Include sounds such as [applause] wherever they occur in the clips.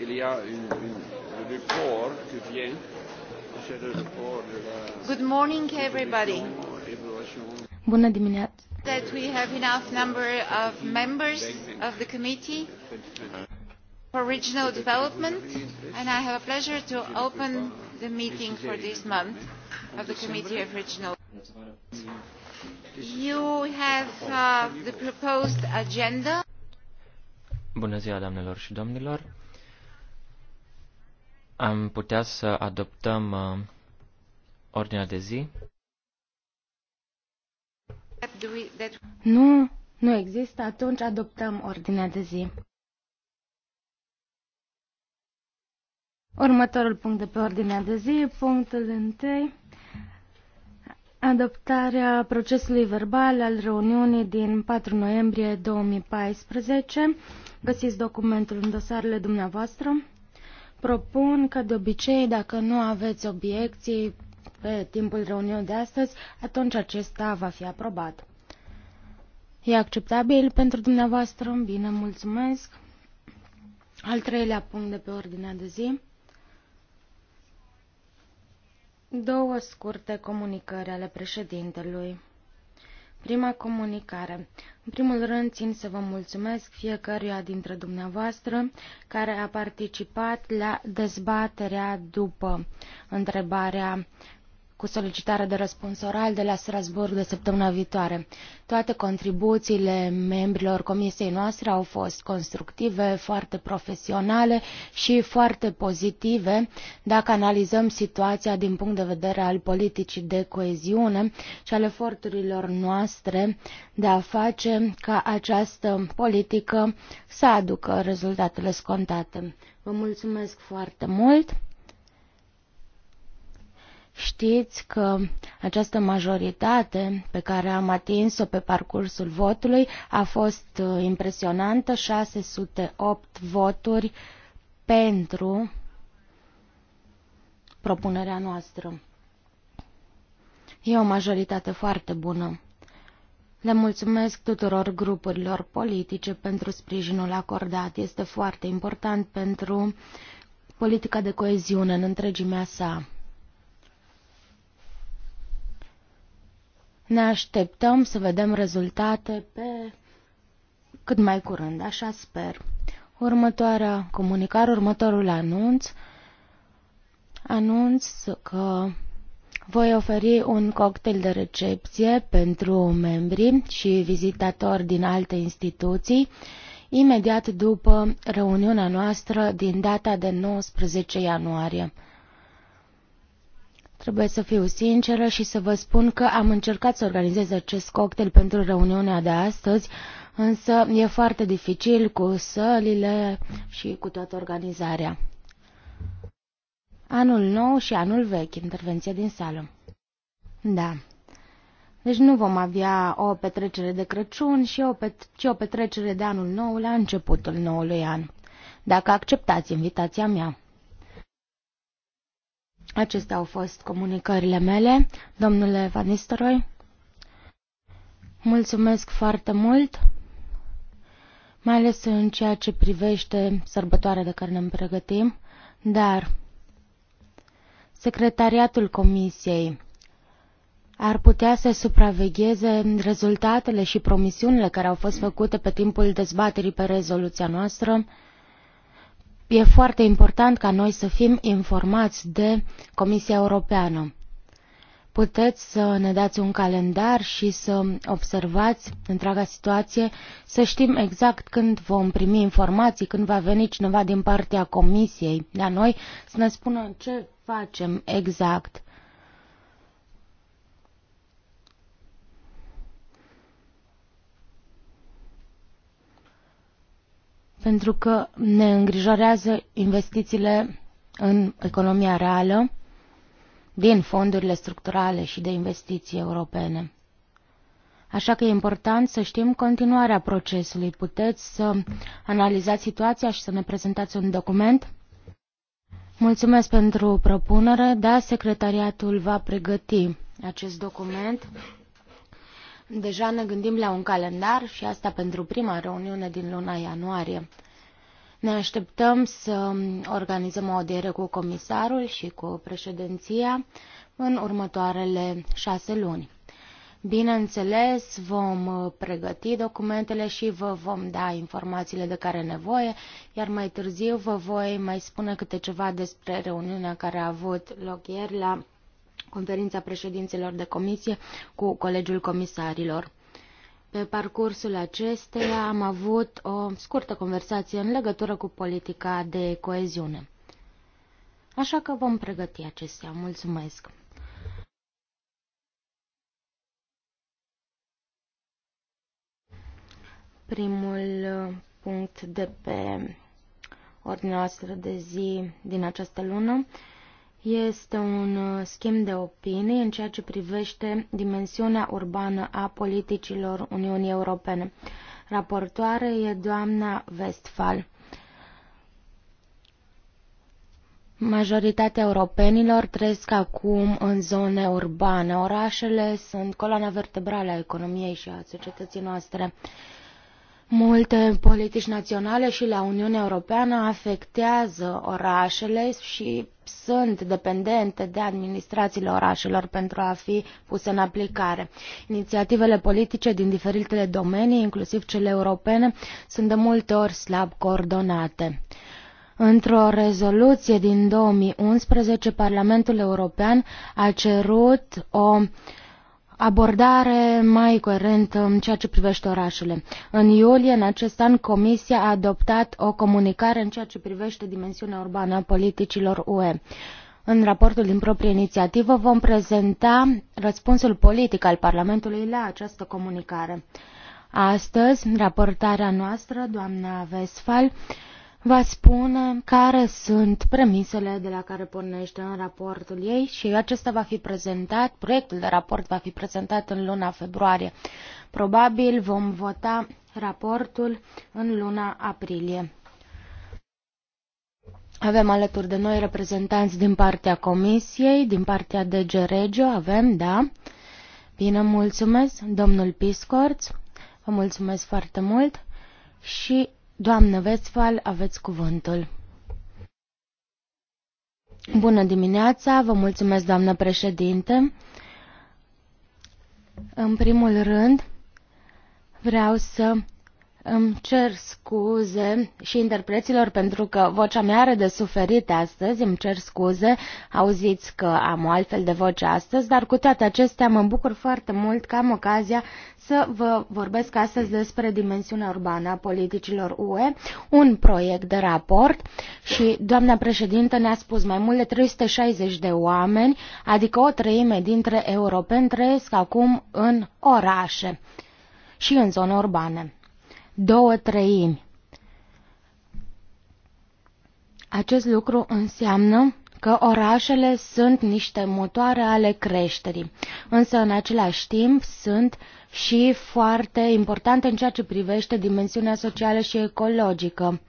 il y a un, report qui vient. C'est le report de la... Good morning, everybody. Bună dimineața. That we have enough number of members of the committee for regional development, and I have a pleasure to open the meeting for this month of the Committee of Regional. You have uh, the proposed agenda. Bună ziua, doamnelor și domnilor. Am putea să adoptăm uh, ordinea de zi? Nu, nu există, atunci adoptăm ordinea de zi. Următorul punct de pe ordinea de zi, punctul întâi, Adoptarea procesului verbal al reuniunii din 4 noiembrie 2014. Găsiți documentul în dosarele dumneavoastră. Propun că de obicei, dacă nu aveți obiecții pe timpul reuniunii de astăzi, atunci acesta va fi aprobat. E acceptabil pentru dumneavoastră? Bine, mulțumesc. Al treilea punct de pe ordinea de zi. Două scurte comunicări ale președintelui. Prima comunicare. În primul rând, țin să vă mulțumesc fiecăruia dintre dumneavoastră care a participat la dezbaterea după întrebarea cu solicitare de răspuns oral de la Strasbourg de săptămâna viitoare. Toate contribuțiile membrilor comisiei noastre au fost constructive, foarte profesionale și foarte pozitive dacă analizăm situația din punct de vedere al politicii de coeziune și al eforturilor noastre de a face ca această politică să aducă rezultatele scontate. Vă mulțumesc foarte mult! Știți că această majoritate pe care am atins-o pe parcursul votului a fost uh, impresionantă, 608 voturi pentru propunerea noastră. E o majoritate foarte bună. Le mulțumesc tuturor grupurilor politice pentru sprijinul acordat. Este foarte important pentru politica de coeziune în întregimea sa. Ne așteptăm să vedem rezultate pe cât mai curând, așa sper. Următoarea comunicare, următorul anunț, anunț că voi oferi un cocktail de recepție pentru membri și vizitatori din alte instituții imediat după reuniunea noastră din data de 19 ianuarie. Trebuie să fiu sinceră și să vă spun că am încercat să organizez acest cocktail pentru reuniunea de astăzi, însă e foarte dificil cu sălile și cu toată organizarea. Anul nou și anul vechi, intervenție din sală. Da. Deci nu vom avea o petrecere de Crăciun și o, pet- și o petrecere de anul nou la începutul noului an. Dacă acceptați invitația mea. Acestea au fost comunicările mele. Domnule Van Nistelrooy, mulțumesc foarte mult, mai ales în ceea ce privește sărbătoarea de care ne pregătim, dar secretariatul comisiei ar putea să supravegheze rezultatele și promisiunile care au fost făcute pe timpul dezbaterii pe rezoluția noastră e foarte important ca noi să fim informați de Comisia Europeană. Puteți să ne dați un calendar și să observați întreaga situație, să știm exact când vom primi informații, când va veni cineva din partea Comisiei la noi să ne spună ce facem exact. pentru că ne îngrijorează investițiile în economia reală din fondurile structurale și de investiții europene. Așa că e important să știm continuarea procesului. Puteți să analizați situația și să ne prezentați un document? Mulțumesc pentru propunere. Da, secretariatul va pregăti acest document. Deja ne gândim la un calendar și asta pentru prima reuniune din luna ianuarie. Ne așteptăm să organizăm o audiere cu comisarul și cu președinția în următoarele șase luni. Bineînțeles, vom pregăti documentele și vă vom da informațiile de care nevoie, iar mai târziu vă voi mai spune câte ceva despre reuniunea care a avut loc ieri la conferința președinților de comisie cu Colegiul Comisarilor. Pe parcursul acesteia am avut o scurtă conversație în legătură cu politica de coeziune. Așa că vom pregăti acestea. Mulțumesc! Primul punct de pe ordinea noastră de zi din această lună este un uh, schimb de opinii în ceea ce privește dimensiunea urbană a politicilor Uniunii Europene. Raportoare e doamna Westphal. Majoritatea europenilor trăiesc acum în zone urbane. Orașele sunt coloana vertebrală a economiei și a societății noastre. Multe politici naționale și la Uniunea Europeană afectează orașele și sunt dependente de administrațiile orașelor pentru a fi puse în aplicare. Inițiativele politice din diferitele domenii, inclusiv cele europene, sunt de multe ori slab coordonate. Într-o rezoluție din 2011, Parlamentul European a cerut o uh, abordare mai coerentă în ceea ce privește orașele. În iulie în acest an, Comisia a adoptat o comunicare în ceea ce privește dimensiunea urbană a politicilor UE. În raportul din proprie inițiativă vom prezenta răspunsul politic al Parlamentului la această comunicare. Astăzi, raportarea noastră, doamna Vesfal, uh, va spune care sunt premisele de la care pornește în raportul ei și acesta va fi prezentat, proiectul de raport va fi prezentat în luna februarie. Probabil vom vota raportul în luna aprilie. Avem alături de noi reprezentanți din partea Comisiei, din partea DG Regio, avem, da. Bine, mulțumesc, domnul Piscorț, vă mulțumesc foarte mult și Doamnă Vesfal, aveți cuvântul. Bună dimineața, vă mulțumesc, doamnă președinte. În primul rând, vreau să îmi cer scuze și interpreților pentru că vocea mea are de suferit astăzi, îmi cer scuze, auziți că am o altfel de voce astăzi, dar cu toate acestea mă bucur foarte mult că am ocazia să vă vorbesc astăzi despre dimensiunea urbană a politicilor UE, un proiect de raport și doamna președintă ne-a spus mai mult de 360 de oameni, adică o treime dintre europeni trăiesc acum în orașe și în zone urbane. Două treimi. Acest lucru înseamnă că orașele sunt niște motoare ale creșterii, însă în același timp sunt uh, și foarte importante în ceea ce privește dimensiunea socială și ecologică.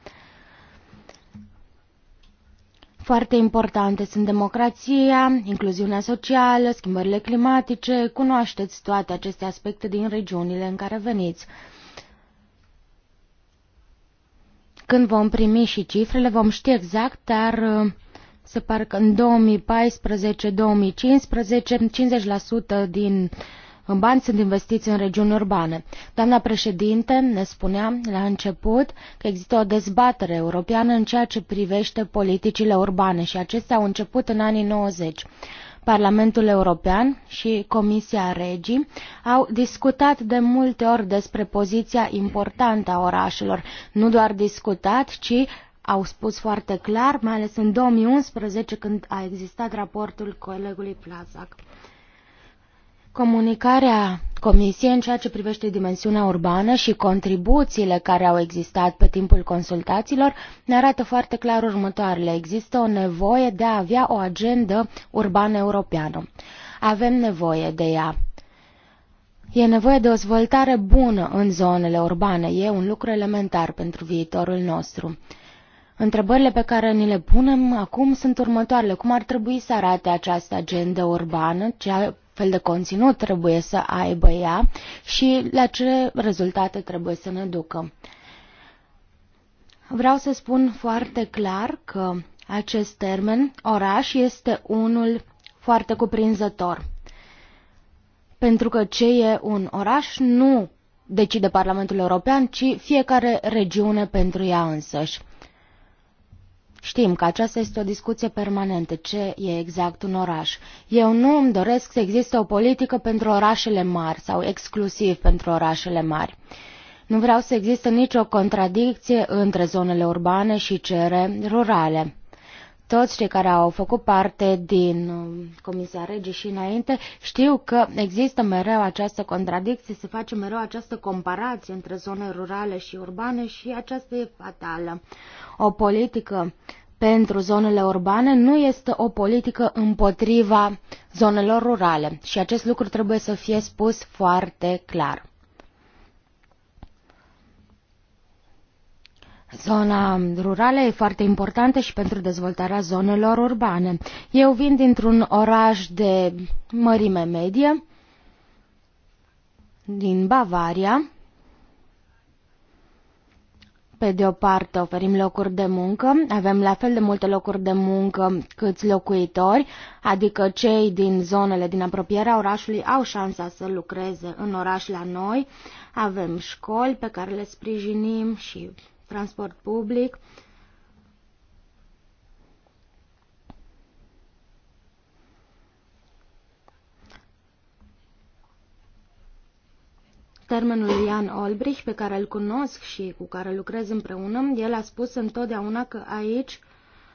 Foarte importante sunt democrația, incluziunea socială, schimbările climatice. Cunoașteți toate aceste aspecte din regiunile în care veniți. Când vom primi și cifrele, vom ști exact, dar uh, se pare că în 2014-2015 50% din uh, în bani sunt investiți în regiuni urbane. Doamna președinte ne spunea la început că există o dezbatere europeană în ceea ce privește politicile urbane și acestea au început în anii 90. Parlamentul European și Comisia Regii au discutat de multe ori despre poziția importantă a orașelor, nu doar discutat, ci au spus foarte clar, mai ales în 2011 când a existat raportul colegului Plazac. Comunicarea Comisiei în ceea ce privește dimensiunea urbană și contribuțiile care au existat pe timpul consultațiilor ne arată foarte clar următoarele. Există o nevoie de a avea o agendă urbană europeană. Avem nevoie de ea. E nevoie de o dezvoltare bună în zonele urbane. E un lucru elementar pentru viitorul nostru. Întrebările pe care ni le punem acum sunt următoarele. Cum ar trebui să arate această agendă urbană, Ce fel de conținut trebuie să aibă ea și la ce rezultate trebuie să ne ducă. Vreau să spun foarte clar că acest termen, oraș, este unul foarte cuprinzător. Pentru că ce e un oraș nu decide Parlamentul European, ci fiecare regiune pentru ea însăși. Știm că aceasta este o discuție permanentă, ce e exact un oraș. Eu nu îmi doresc să existe o politică pentru orașele mari sau exclusiv pentru orașele mari. Nu vreau să existe nicio contradicție între zonele urbane și cele rurale toți cei care au făcut parte din um, Comisia Regii și înainte știu că există mereu această contradicție, se face mereu această comparație între zone rurale și urbane și aceasta e fatală. O politică pentru zonele urbane nu este o politică împotriva zonelor rurale și acest lucru trebuie să fie spus foarte clar. Zona rurală e foarte importantă și pentru dezvoltarea zonelor urbane. Eu vin dintr-un oraș de mărime medie, din Bavaria. Pe de o parte oferim locuri de muncă, avem la fel de multe locuri de muncă cât locuitori, adică cei din zonele din apropierea orașului au șansa să lucreze în oraș la noi. Avem școli pe care le sprijinim și transport public. termenul Ian Olbrich, pe care îl cunosc și cu care lucrez împreună, el a spus întotdeauna că aici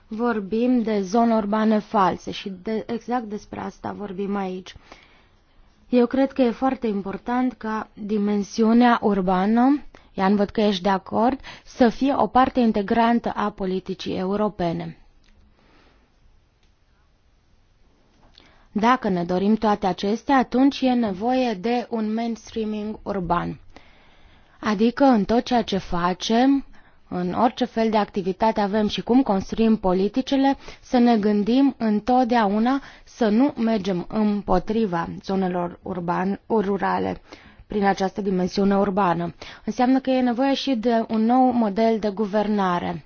vorbim de zone urbane false și de, exact despre asta vorbim aici. Eu cred că e foarte important ca dimensiunea urbană Ian, văd că ești de acord, să fie o parte integrantă a politicii europene. Dacă ne dorim toate acestea, atunci e nevoie de un mainstreaming urban. Adică în tot ceea ce facem, în orice fel de activitate avem și cum construim politicile, să ne gândim întotdeauna să nu mergem împotriva zonelor urban, rurale, prin această dimensiune urbană. Înseamnă că e nevoie și de un nou model de guvernare.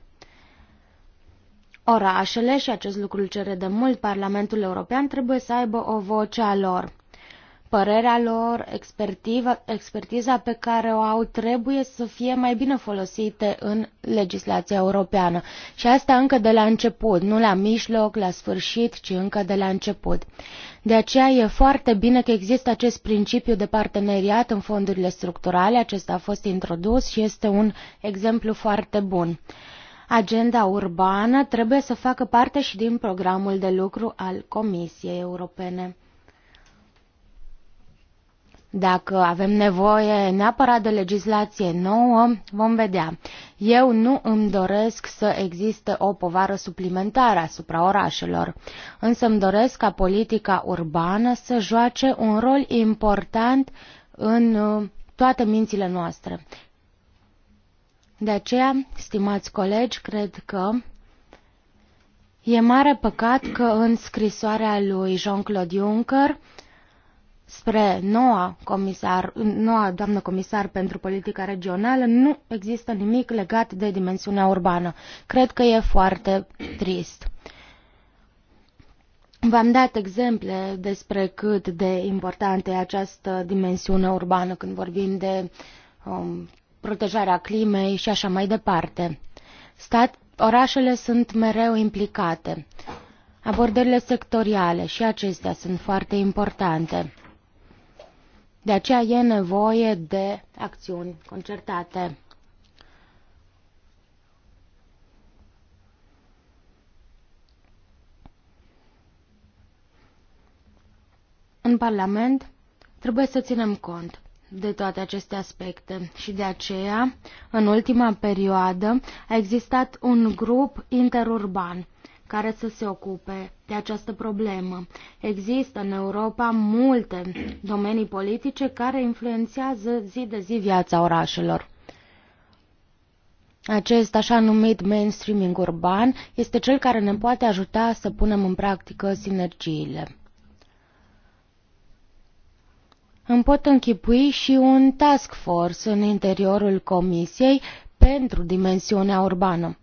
Orașele, și acest lucru cere de mult Parlamentul European, trebuie să aibă o voce a lor părerea lor, expertiza pe care o au trebuie să fie mai bine folosite în legislația europeană. Și asta încă de la început, nu la mijloc, la sfârșit, ci încă de la început. De aceea e foarte bine că există acest principiu de parteneriat în fondurile structurale, acesta a fost introdus și este un exemplu foarte bun. Agenda urbană trebuie să facă parte și din programul de lucru al Comisiei Europene. Dacă avem nevoie neapărat de legislație nouă, vom vedea. Eu nu îmi doresc să existe o povară suplimentară asupra orașelor, însă îmi doresc ca politica urbană să joace un rol important în uh, toate mințile noastre. De aceea, stimați colegi, cred că e mare păcat că în scrisoarea lui Jean-Claude Juncker, spre noua, comisar, noua doamnă comisar pentru politica regională, nu există nimic legat de dimensiunea urbană. Cred că e foarte trist. V-am dat exemple despre cât de importantă e această dimensiune urbană când vorbim de um, protejarea climei și așa mai departe. Stat, orașele sunt mereu implicate. Abordările sectoriale și acestea sunt foarte importante. De aceea e nevoie de acțiuni concertate. În Parlament trebuie să ținem cont de toate aceste aspecte și de aceea, în ultima perioadă, a existat un grup interurban care să se ocupe de această problemă. Există în Europa multe domenii politice care influențează zi de zi viața orașelor. Acest așa numit mainstreaming urban este cel care ne poate ajuta să punem în practică sinergiile. Îmi pot închipui și un task force în interiorul comisiei pentru dimensiunea urbană.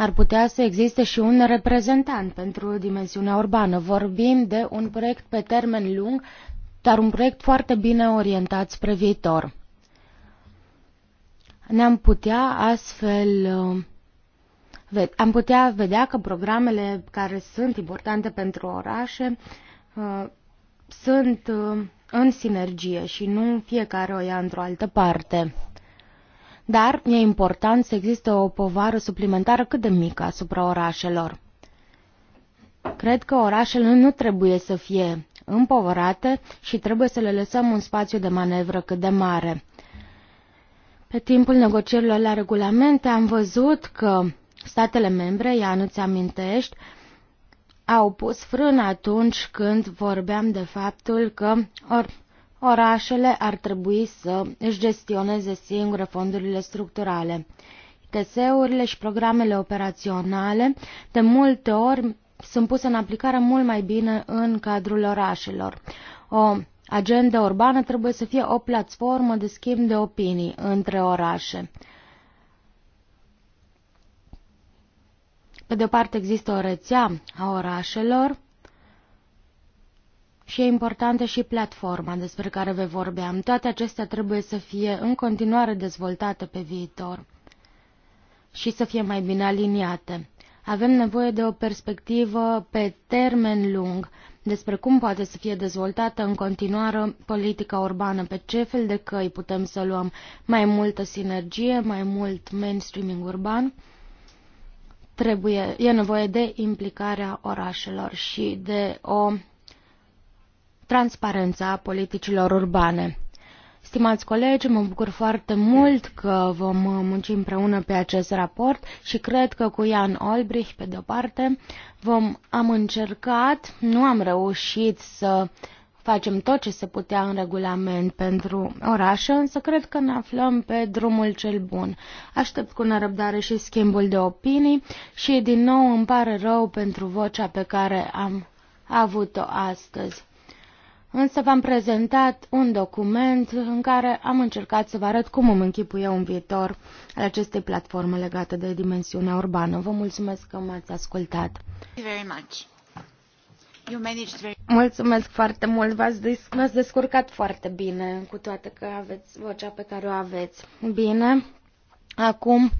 ar putea să existe și un reprezentant pentru dimensiunea urbană. Vorbim de un proiect pe termen lung, dar un proiect foarte bine orientat spre viitor. Ne-am putea astfel uh, am putea vedea că programele care sunt importante pentru orașe uh, sunt uh, în sinergie și nu fiecare o ia într-o altă parte dar e important să existe o povară suplimentară cât de mică asupra orașelor. Cred că orașele nu trebuie să fie împovărate și trebuie să le lăsăm un spațiu de manevră cât de mare. Pe timpul negocierilor la regulamente am văzut că statele membre, ea nu-ți amintești, au pus frână atunci când vorbeam de faptul că or, Orașele ar trebui să își gestioneze singure fondurile structurale. its urile și programele operaționale de multe ori sunt puse în aplicare mult mai bine în cadrul orașelor. O agenda urbană trebuie să fie o platformă de schimb de opinii între orașe. Pe de o parte există o rețea a orașelor, și e importantă și platforma despre care vă vorbeam. Toate acestea trebuie să fie în continuare dezvoltate pe viitor și să fie mai bine aliniate. Avem nevoie de o perspectivă pe termen lung despre cum poate să fie dezvoltată în continuare politica urbană, pe ce fel de căi putem să luăm mai multă sinergie, mai mult mainstreaming urban trebuie, e nevoie de implicarea orașelor și de o transparența politicilor urbane. Stimați colegi, mă bucur foarte mult că vom munci împreună pe acest raport și cred că cu Ian Olbrich, pe de-o parte, vom, am încercat, nu am reușit să facem tot ce se putea în regulament pentru orașe, însă cred că ne aflăm pe drumul cel bun. Aștept cu nerăbdare și schimbul de opinii și din nou îmi pare rău pentru vocea pe care am avut-o astăzi. Însă v-am prezentat un document în care am încercat să vă arăt cum îmi închipuie un viitor al acestei platforme legate de dimensiunea urbană. Vă mulțumesc că m-ați ascultat. Mulțumesc foarte mult, v-ați, descurcat foarte bine, cu toate că aveți vocea pe care o aveți. Bine, acum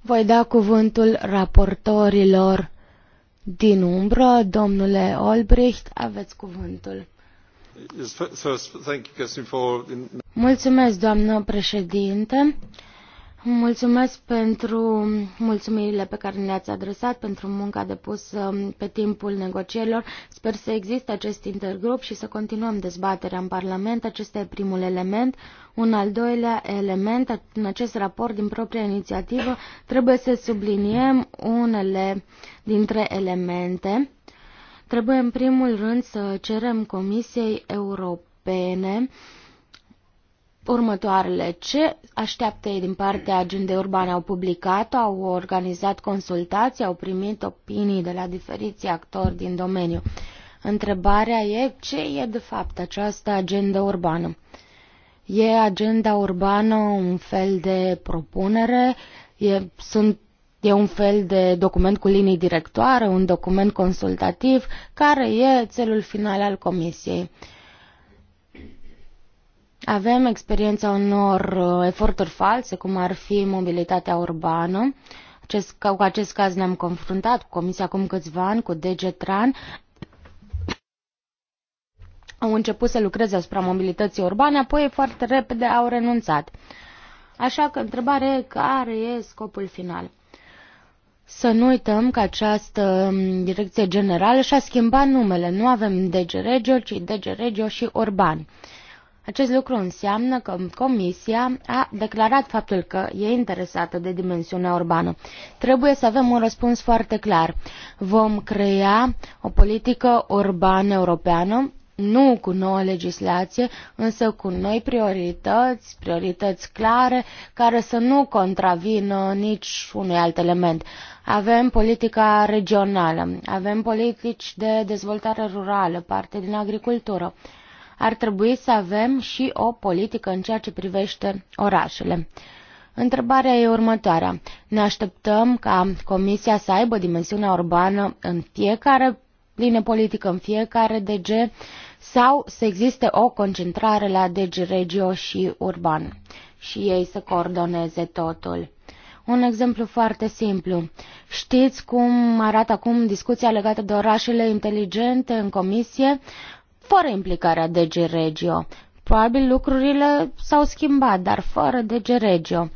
voi da cuvântul raportorilor din umbră. Domnule Olbricht, aveți cuvântul. Mulțumesc, doamnă președinte. Mulțumesc pentru mulțumirile pe care le ați adresat, pentru munca depusă um, pe timpul negocierilor. Sper să existe acest intergrup și să continuăm dezbaterea în Parlament. Acesta e primul element. Un al doilea element, în acest raport din propria inițiativă, trebuie să subliniem unele dintre elemente Trebuie în primul rând să cerem Comisiei Europene următoarele. Ce așteaptă ei din partea agendei urbane? Au publicat, au organizat consultații, au primit opinii de la diferiți actori din domeniu. Întrebarea e ce e de fapt această agenda urbană? E agenda urbană un fel de propunere? E, sunt E un fel de document cu linii directoare, un document consultativ, care e celul final al comisiei. Avem experiența unor uh, eforturi false, cum ar fi mobilitatea urbană. Acest, cu acest caz ne-am confruntat cu Comisia acum câțiva ani, cu DGTRAN. Au început să lucreze asupra mobilității urbane, apoi foarte repede au renunțat. Așa că întrebarea e care e scopul final. Să nu uităm că această um, direcție generală și-a schimbat numele. Nu avem DG Regio, ci DG Regio și Orban. Acest lucru înseamnă că Comisia a declarat faptul că e interesată de dimensiunea urbană. Trebuie să avem un răspuns foarte clar. Vom crea o politică urbană europeană nu cu nouă legislație, însă cu noi priorități, priorități clare, care să nu contravină nici unui alt element. Avem politica regională, avem politici de dezvoltare rurală, parte din agricultură. Ar trebui să avem și o politică în ceea ce privește orașele. Întrebarea e următoarea. Ne așteptăm ca Comisia să aibă dimensiunea urbană în fiecare linie politică, în fiecare DG, sau să existe o concentrare la DG deci Regio și Urban și ei să coordoneze totul. Un exemplu foarte simplu. Știți cum arată acum discuția legată de orașele inteligente în comisie? Fără implicarea DG deci Regio. Probabil lucrurile s-au schimbat, dar fără DG deci Regio.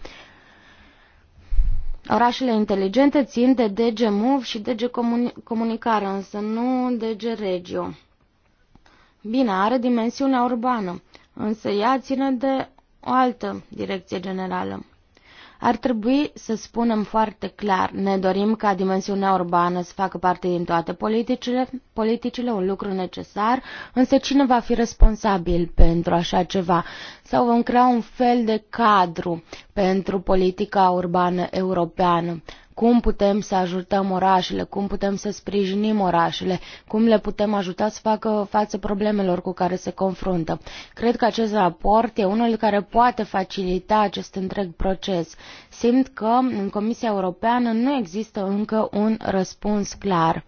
Orașele inteligente țin de DG Move și DG Comunicare, însă nu DG Regio. Bine, are dimensiunea urbană, însă ea ține de o altă direcție generală. Ar trebui să spunem foarte clar, ne dorim ca dimensiunea urbană să facă parte din toate politicile, politicile un lucru necesar, însă cine va fi responsabil pentru așa ceva? Sau vom crea un fel de cadru pentru politica urbană europeană? cum putem să ajutăm orașele, cum putem să sprijinim orașele, cum le putem ajuta să facă față problemelor cu care se confruntă. Cred că acest raport e unul care poate facilita acest întreg proces. Simt că în Comisia Europeană nu există încă un răspuns clar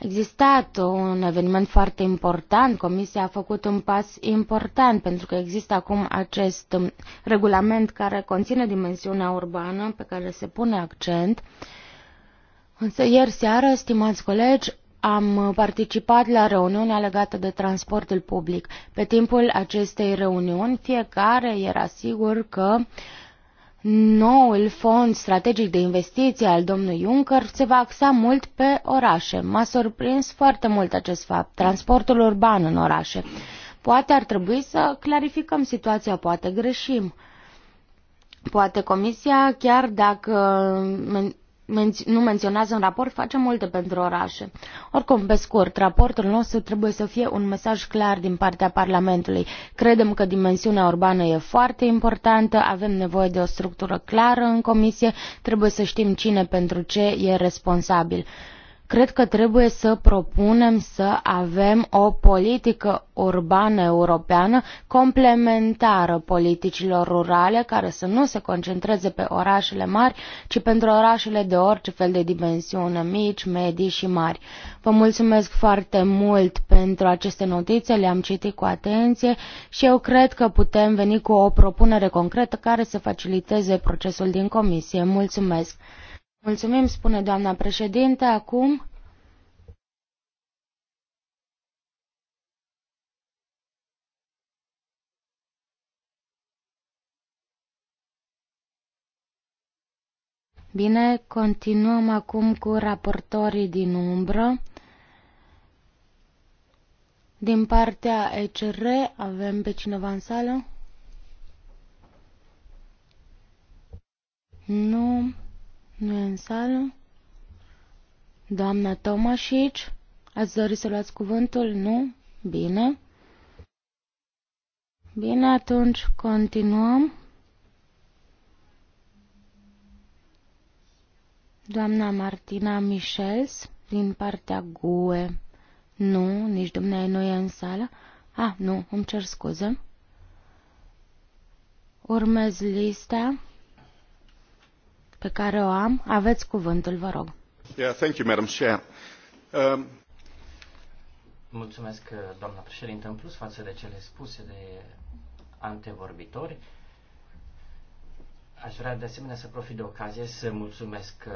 existat un eveniment foarte important, Comisia a făcut un pas important pentru că există acum acest regulament care conține dimensiunea urbană pe care se pune accent. Însă ieri seară, stimați colegi, am participat la reuniunea legată de transportul public. Pe timpul acestei reuniuni, fiecare era sigur că uh, Noul fond strategic de investiții al domnului Juncker se va axa mult pe orașe. M-a surprins foarte mult acest fapt, transportul urban în orașe. Poate ar trebui să clarificăm situația, poate greșim. Poate comisia, chiar dacă nu menționează în raport face multe pentru orașe. Oricum, pe scurt, raportul nostru trebuie să fie un mesaj clar din partea Parlamentului. Credem că dimensiunea urbană e foarte importantă, avem nevoie de o structură clară în comisie, trebuie să știm cine pentru ce e responsabil. Cred că trebuie să propunem să avem o politică urbană europeană complementară politicilor rurale care să nu se concentreze pe orașele mari, ci pentru orașele de orice fel de dimensiune, mici, medii și mari. Vă mulțumesc foarte mult pentru aceste notițe, le-am citit cu atenție și eu cred că putem veni cu o propunere concretă care să faciliteze procesul din comisie. Mulțumesc! Mulțumim, spune doamna președinte. Acum... Bine, continuăm acum cu raportorii din umbră. Din partea ECR avem pe cineva în sală? Nu. Nu e în sală. Doamna Tomașic, ați dori să luați cuvântul? Nu? Bine. Bine, atunci continuăm. Doamna Martina Michels, din partea GUE. Nu, nici dumneai nu e în sală. Ah, nu, îmi cer scuze. Urmez lista pe care o am. Aveți cuvântul, vă rog. Yeah, thank you, Madam Chair. Um... Mulțumesc, doamna președinte. În plus față de cele spuse de antevorbitori, aș vrea de asemenea să profit de ocazie să mulțumesc uh,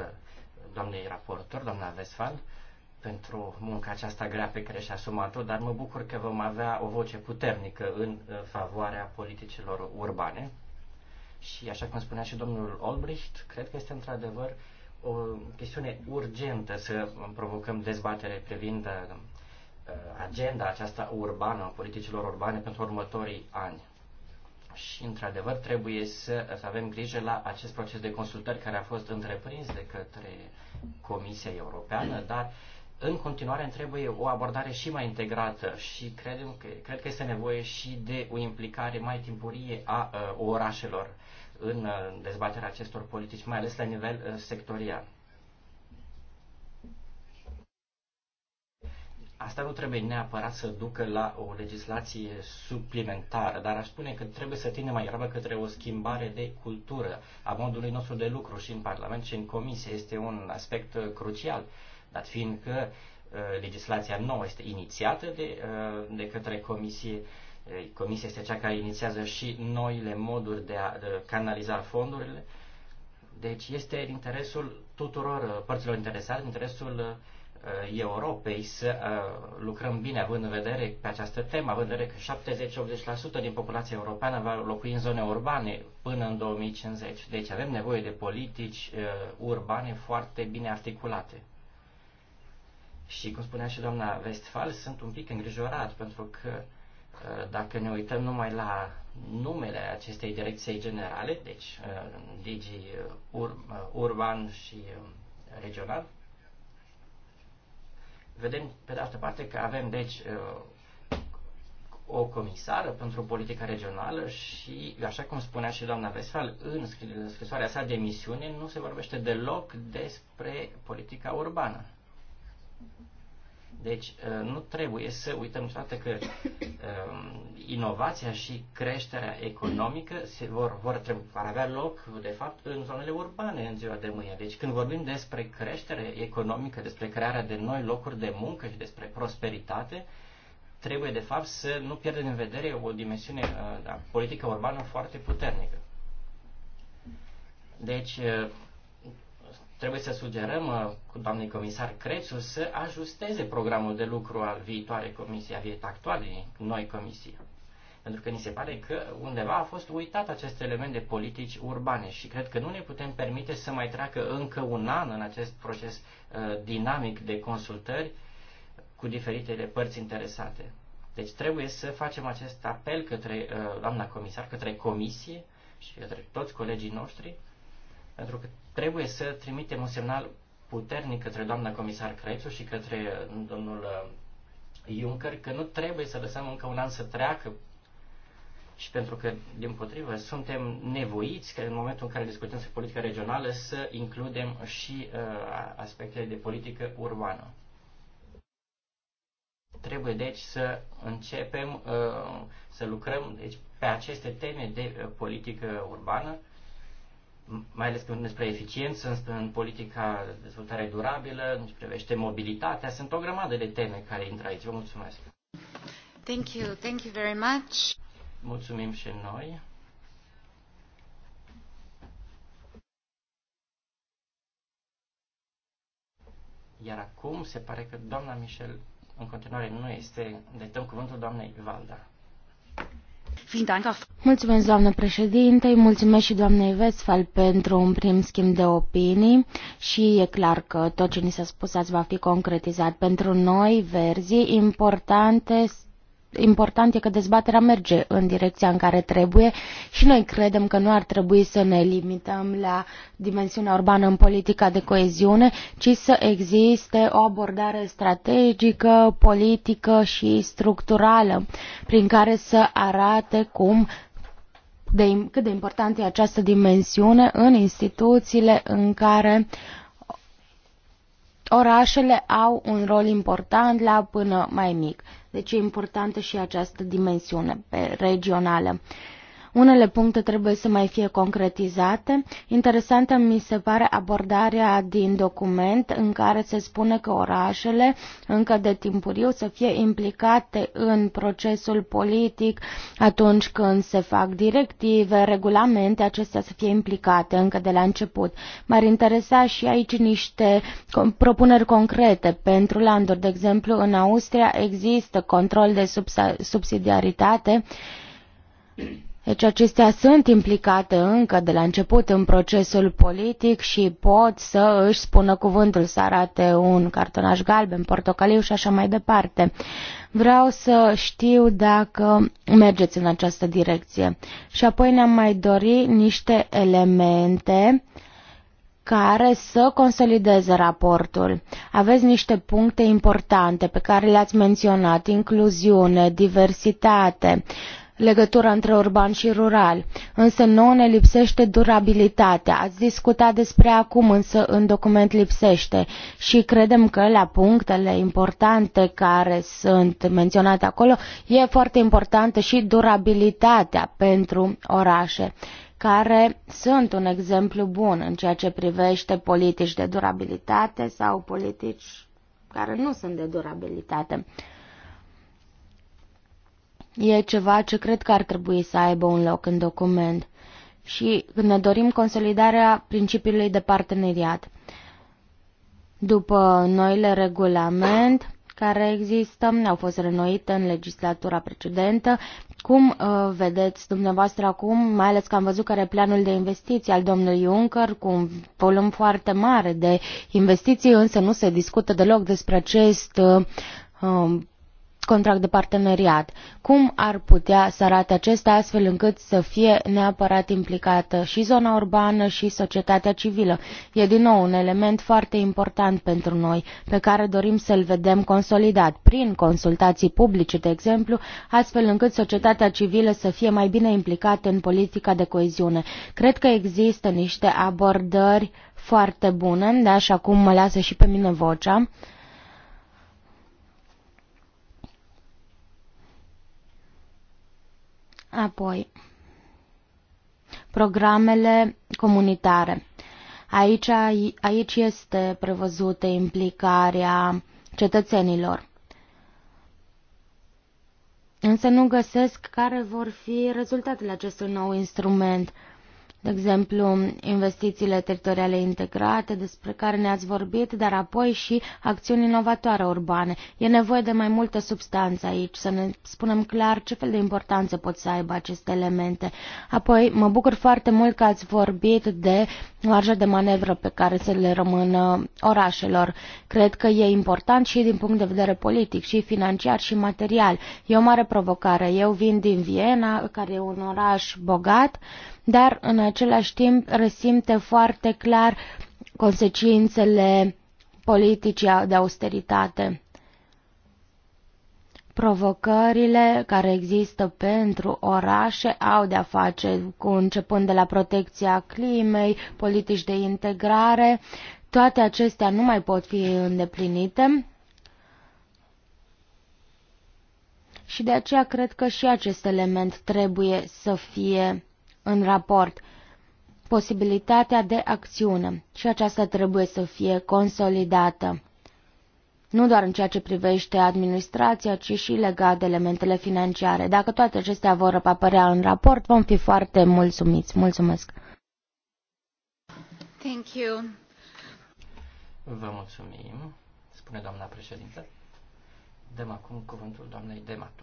doamnei raportor, doamna Vesfal, pentru munca aceasta grea pe care și-a asumat-o, dar mă bucur că vom avea o voce puternică în uh, favoarea politicilor urbane și așa cum spunea și domnul Olbricht, cred că este într-adevăr o chestiune urgentă să provocăm dezbatere privind uh, agenda aceasta urbană, politicilor urbane pentru următorii ani. Și, într-adevăr, trebuie să, să avem grijă la acest proces de consultări care a fost întreprins de către Comisia Europeană, dar în continuare trebuie o abordare și mai integrată și credem că, cred că este nevoie și de o implicare mai timpurie a uh, orașelor în uh, dezbaterea acestor politici, mai ales la nivel uh, sectorial. Asta nu trebuie neapărat să ducă la o legislație suplimentară, dar aș spune că trebuie să tindem mai grabă către o schimbare de cultură a modului nostru de lucru și în Parlament și în Comisie. Este un aspect uh, crucial. Uh, dat fiindcă uh, legislația nouă este inițiată de, uh, de către comisie, uh, comisia este cea care inițiază și noile moduri de a canaliza fondurile, deci este în interesul tuturor părților interesate, în interesul Europei să lucrăm bine, având în vedere pe această temă, având în vedere că 70-80% din populația europeană va locui în zone urbane până în 2050. Deci avem nevoie de politici urbane foarte bine articulate. Și, cum spunea și doamna Westphal, sunt un pic îngrijorat, pentru că uh, dacă ne uităm numai la numele acestei direcții generale, deci uh, Digi uh, Ur- Urban și Regional, vedem, pe de altă parte, că avem, deci, o comisară pentru politica regională și, așa cum spunea și doamna Vesfal, în scrisoarea sa de misiune nu se vorbește deloc despre politica urbană. Deci uh, nu trebuie să uităm niciodată că um, inovația și creșterea economică se vor, vor, trebui, vor avea loc, de fapt, în zonele urbane în ziua de mâine. Deci când vorbim despre creștere economică, despre crearea de noi locuri de muncă și despre prosperitate, trebuie, de fapt, să nu pierdem în vedere o dimensiune uh, da, politică urbană foarte puternică. Deci, uh, Trebuie să sugerăm uh, cu doamnei comisar Crețu să ajusteze programul de lucru al viitoarei comisii, a viitoare actualei noi comisii. Pentru că ni se pare că undeva a fost uitat acest element de politici urbane și cred că nu ne putem permite să mai treacă încă un an în acest proces uh, dinamic de consultări cu diferitele părți interesate. Deci trebuie să facem acest apel către uh, doamna comisar, către comisie și către toți colegii noștri pentru că trebuie să trimitem un semnal puternic către doamna comisar Crețu și către uh, domnul uh, Juncker că nu trebuie să lăsăm încă un an să treacă și pentru că, din potrivă, suntem nevoiți că în momentul în care discutăm despre politică regională să includem și uh, aspectele de politică urbană. Trebuie, deci, să începem uh, să lucrăm deci, pe aceste teme de uh, politică urbană mai ales când despre eficiență, în politica de dezvoltare durabilă, în ce privește mobilitatea. Sunt o grămadă de teme care intră aici. Vă mulțumesc! Thank you. Thank you very much. Mulțumim și noi. Iar acum se pare că doamna Michel în continuare nu este, de deci dăm cuvântul doamnei Valda. Mulțumesc, doamnă președinte, mulțumesc și doamnei Westphal pentru un prim schimb de opinii și e clar că tot ce ni s-a spus azi va fi concretizat. Pentru noi, verzii, importante important e că dezbaterea merge în direcția în care trebuie și noi credem că nu ar trebui să ne limităm la dimensiunea urbană în politica de coeziune, ci să existe o abordare strategică, politică și structurală prin care să arate cum de, cât de importantă e această dimensiune în instituțiile în care uh, orașele au un rol important la până mai mic. Deci e importantă și această dimensiune regională. Uh, unele puncte trebuie să mai fie concretizate. Interesantă mi se pare abordarea din document în care se spune că orașele încă de timpuriu să fie implicate în procesul politic atunci când se fac directive, regulamente, acestea să fie implicate încă de la început. M-ar interesa și aici niște propuneri concrete pentru landuri. De exemplu, în Austria există control de subsidiaritate deci acestea sunt implicate încă de la început în procesul politic și pot să își spună cuvântul, să arate un cartonaș galben, portocaliu și așa mai departe. Vreau să știu dacă mergeți în această direcție. Și apoi ne-am mai dori niște elemente care să consolideze raportul. Aveți niște puncte importante pe care le-ați menționat, incluziune, diversitate, legătura între urban și rural, însă nouă ne lipsește durabilitatea. Ați discutat despre acum, însă în document lipsește și credem că la punctele importante care sunt menționate acolo e foarte importantă și durabilitatea pentru orașe care sunt un exemplu bun în ceea ce privește politici de durabilitate sau politici care nu sunt de durabilitate. E ceva ce cred că ar trebui să aibă un loc în document și când ne dorim consolidarea principiului de parteneriat. După noile regulament care există, au fost renoite în legislatura precedentă, cum uh, vedeți dumneavoastră acum, mai ales că am văzut care planul de investiții al domnului Juncker cu un volum foarte mare de investiții, însă nu se discută deloc despre acest uh, um, contract de parteneriat. Cum ar putea să arate acesta astfel încât să fie neapărat implicată și zona urbană și societatea civilă? E din nou un element foarte important pentru noi, pe care dorim să-l vedem consolidat prin consultații publice, de exemplu, astfel încât societatea civilă să fie mai bine implicată în politica de coeziune. Cred că există niște abordări foarte bune, de așa cum mă lasă și pe mine vocea. Apoi, programele comunitare. Aici, aici este prevăzută implicarea cetățenilor. Însă nu găsesc care vor fi rezultatele acestui nou instrument de exemplu, investițiile teritoriale integrate despre care ne-ați vorbit, dar apoi și acțiuni inovatoare urbane. E nevoie de mai multă substanță aici, să ne spunem clar ce fel de importanță pot să aibă aceste elemente. Apoi, mă bucur foarte mult că ați vorbit de marja de manevră pe care să le rămână orașelor. Cred că e important și din punct de vedere politic, și financiar, și material. E o mare provocare. Eu vin din Viena, care e un oraș bogat, dar în același timp resimte foarte clar consecințele politicii de austeritate. Provocările care există pentru orașe au de-a face cu începând de la protecția climei, politici de integrare, toate acestea nu mai pot fi îndeplinite și de aceea cred că și acest element trebuie să fie în raport posibilitatea de acțiune și aceasta trebuie să fie consolidată, nu doar în ceea ce privește administrația, ci și legat de elementele financiare. Dacă toate acestea vor apărea în raport, vom fi foarte mulțumiți. Mulțumesc! Thank you. Vă mulțumim, spune doamna președinte. Dăm acum cuvântul doamnei Demato.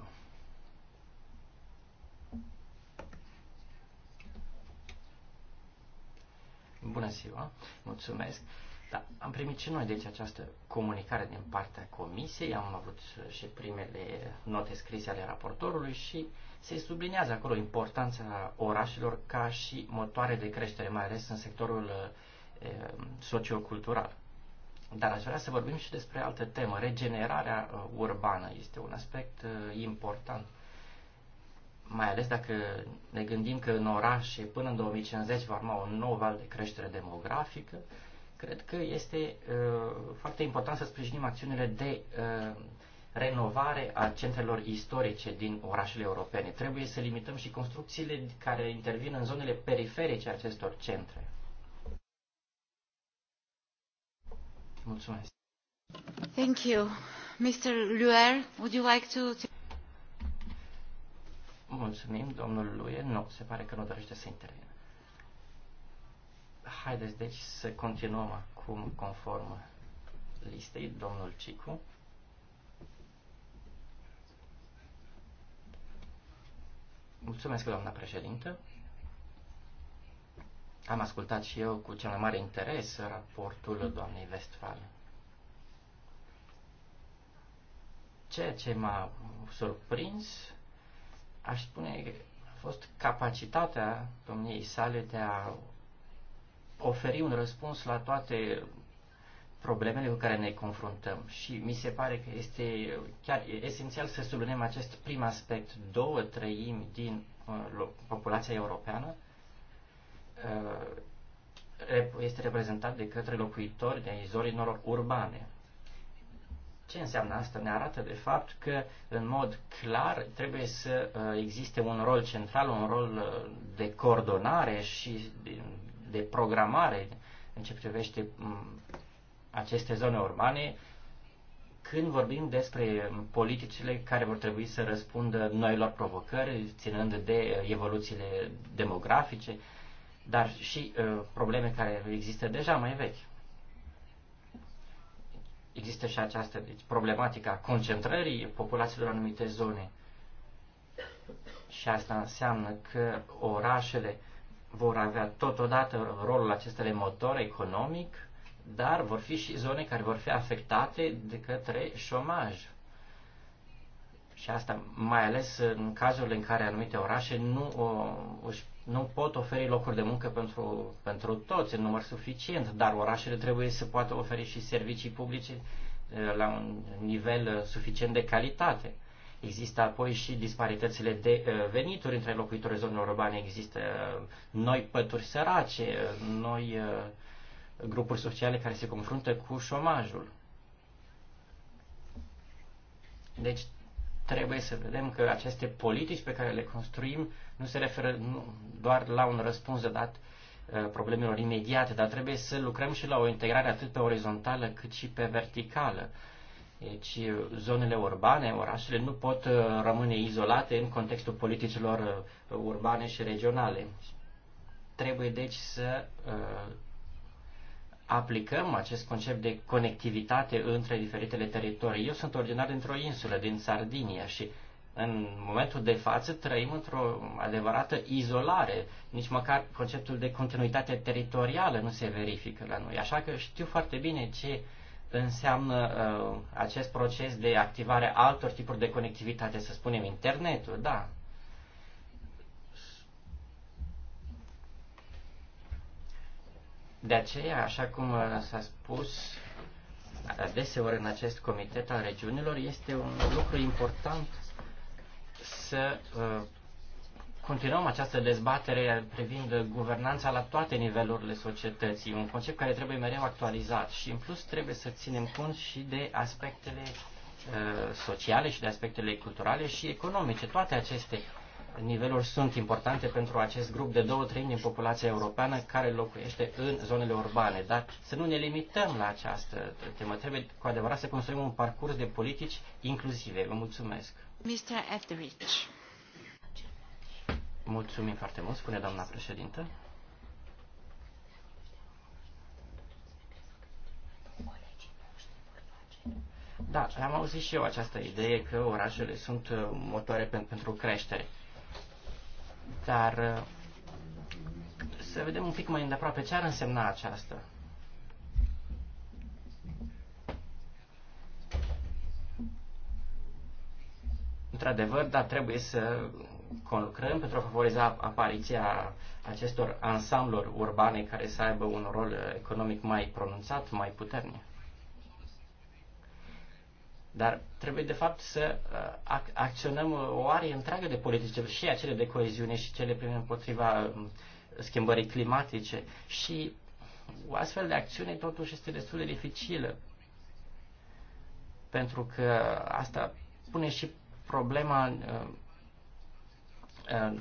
Bună ziua, mulțumesc. Da, am primit și noi deci această comunicare din partea comisiei, am avut și primele note scrise ale raportorului și se sublinează acolo importanța orașelor ca și motoare de creștere, mai ales în sectorul e, eh, sociocultural. Dar aș vrea să vorbim și despre altă temă. Regenerarea eh, urbană este un aspect eh, important mai ales dacă ne gândim că în orașe până în 2050 va urma un nou val de creștere demografică, cred că este uh, foarte important să sprijinim acțiunile de uh, renovare a centrelor istorice din orașele europene. Trebuie să limităm și construcțiile care intervin în zonele periferice acestor centre. Mulțumesc. Thank you. Mr. Luer, would you like to... Mulțumim, domnul Luie. Nu, se pare că nu dorește să intervină. Haideți, deci, să continuăm acum conform listei, domnul Cicu. Mulțumesc, doamna președintă. Am ascultat și eu cu cel mai mare interes raportul doamnei Westphal. Ceea ce m-a surprins aș spune, a fost capacitatea domniei sale de a oferi un răspuns la toate problemele cu care ne confruntăm. Și mi se pare că este chiar esențial să subliniem acest prim aspect. Două treimi din uh, populația europeană uh, este reprezentat de către locuitori de zonelor urbane. Ce înseamnă asta? Ne arată de fapt că, în mod clar, trebuie să uh, existe un rol central, un rol uh, de coordonare și de programare în ce privește mm, aceste zone urbane, când vorbim despre politicile care vor trebui să răspundă noilor provocări, ținând de uh, evoluțiile demografice, dar și probleme care există deja mai vechi există și această deci, problematică a concentrării populațiilor în anumite zone. Și asta înseamnă că orașele vor avea totodată rolul acesta de motor economic, dar vor fi și zone care vor fi afectate de către șomaj. Și asta mai ales în cazurile în care anumite orașe nu o, uh, își nu pot oferi locuri de muncă pentru, pentru toți în număr suficient, dar orașele trebuie să poată oferi și servicii publice eh, la un nivel eh, suficient de calitate. Există apoi și disparitățile de eh, venituri între locuitorii zonelor urbane. Există noi pături sărace, noi grupuri sociale care se confruntă cu șomajul. Deci trebuie să vedem că aceste politici pe care le construim nu se referă doar la un răspuns dat uh, problemelor imediate, dar trebuie să lucrăm și la o integrare atât pe orizontală cât și pe verticală. Deci uh, zonele urbane, orașele nu pot uh, rămâne izolate în contextul politicilor urbane și regionale. Trebuie deci să aplicăm acest concept de conectivitate între diferitele teritorii. Eu sunt originar dintr-o insulă, din Sardinia și în momentul de față trăim într-o adevărată izolare. Nici măcar conceptul de continuitate teritorială nu se verifică la noi. Așa că știu foarte bine ce înseamnă uh, acest proces de activare altor tipuri de conectivitate, să spunem internetul, da, De aceea, așa cum uh, s-a spus adeseori în acest comitet al regiunilor, este un lucru important să uh, continuăm această dezbatere privind guvernanța la toate nivelurile societății, un concept care trebuie mereu actualizat și în plus trebuie să ținem cont și de aspectele uh, sociale și de aspectele culturale și economice. Toate aceste niveluri sunt importante pentru acest grup de două treimi din populația europeană care locuiește în zonele urbane. Dar să nu ne limităm la această temă. Trebuie cu adevărat să construim un parcurs de politici inclusive. Vă mulțumesc. Mr. Etheridge. Mulțumim foarte mult, spune doamna președintă. Da, am auzit și eu această idee că orașele sunt motoare pentru creștere. Dar uh, să vedem un pic mai îndeaproape ce ar însemna aceasta. Într-adevăr, dar trebuie să conlucrăm pentru a favoriza apariția acestor ansambluri urbane care să aibă un rol uh, economic mai pronunțat, mai puternic. Dar trebuie, de fapt, să uh, acționăm uh, o arie întreagă de politice, și acele de coeziune și cele prime împotriva um, schimbării climatice. Și o astfel de acțiune, totuși, este destul de dificilă. Pentru că asta pune și problema uh,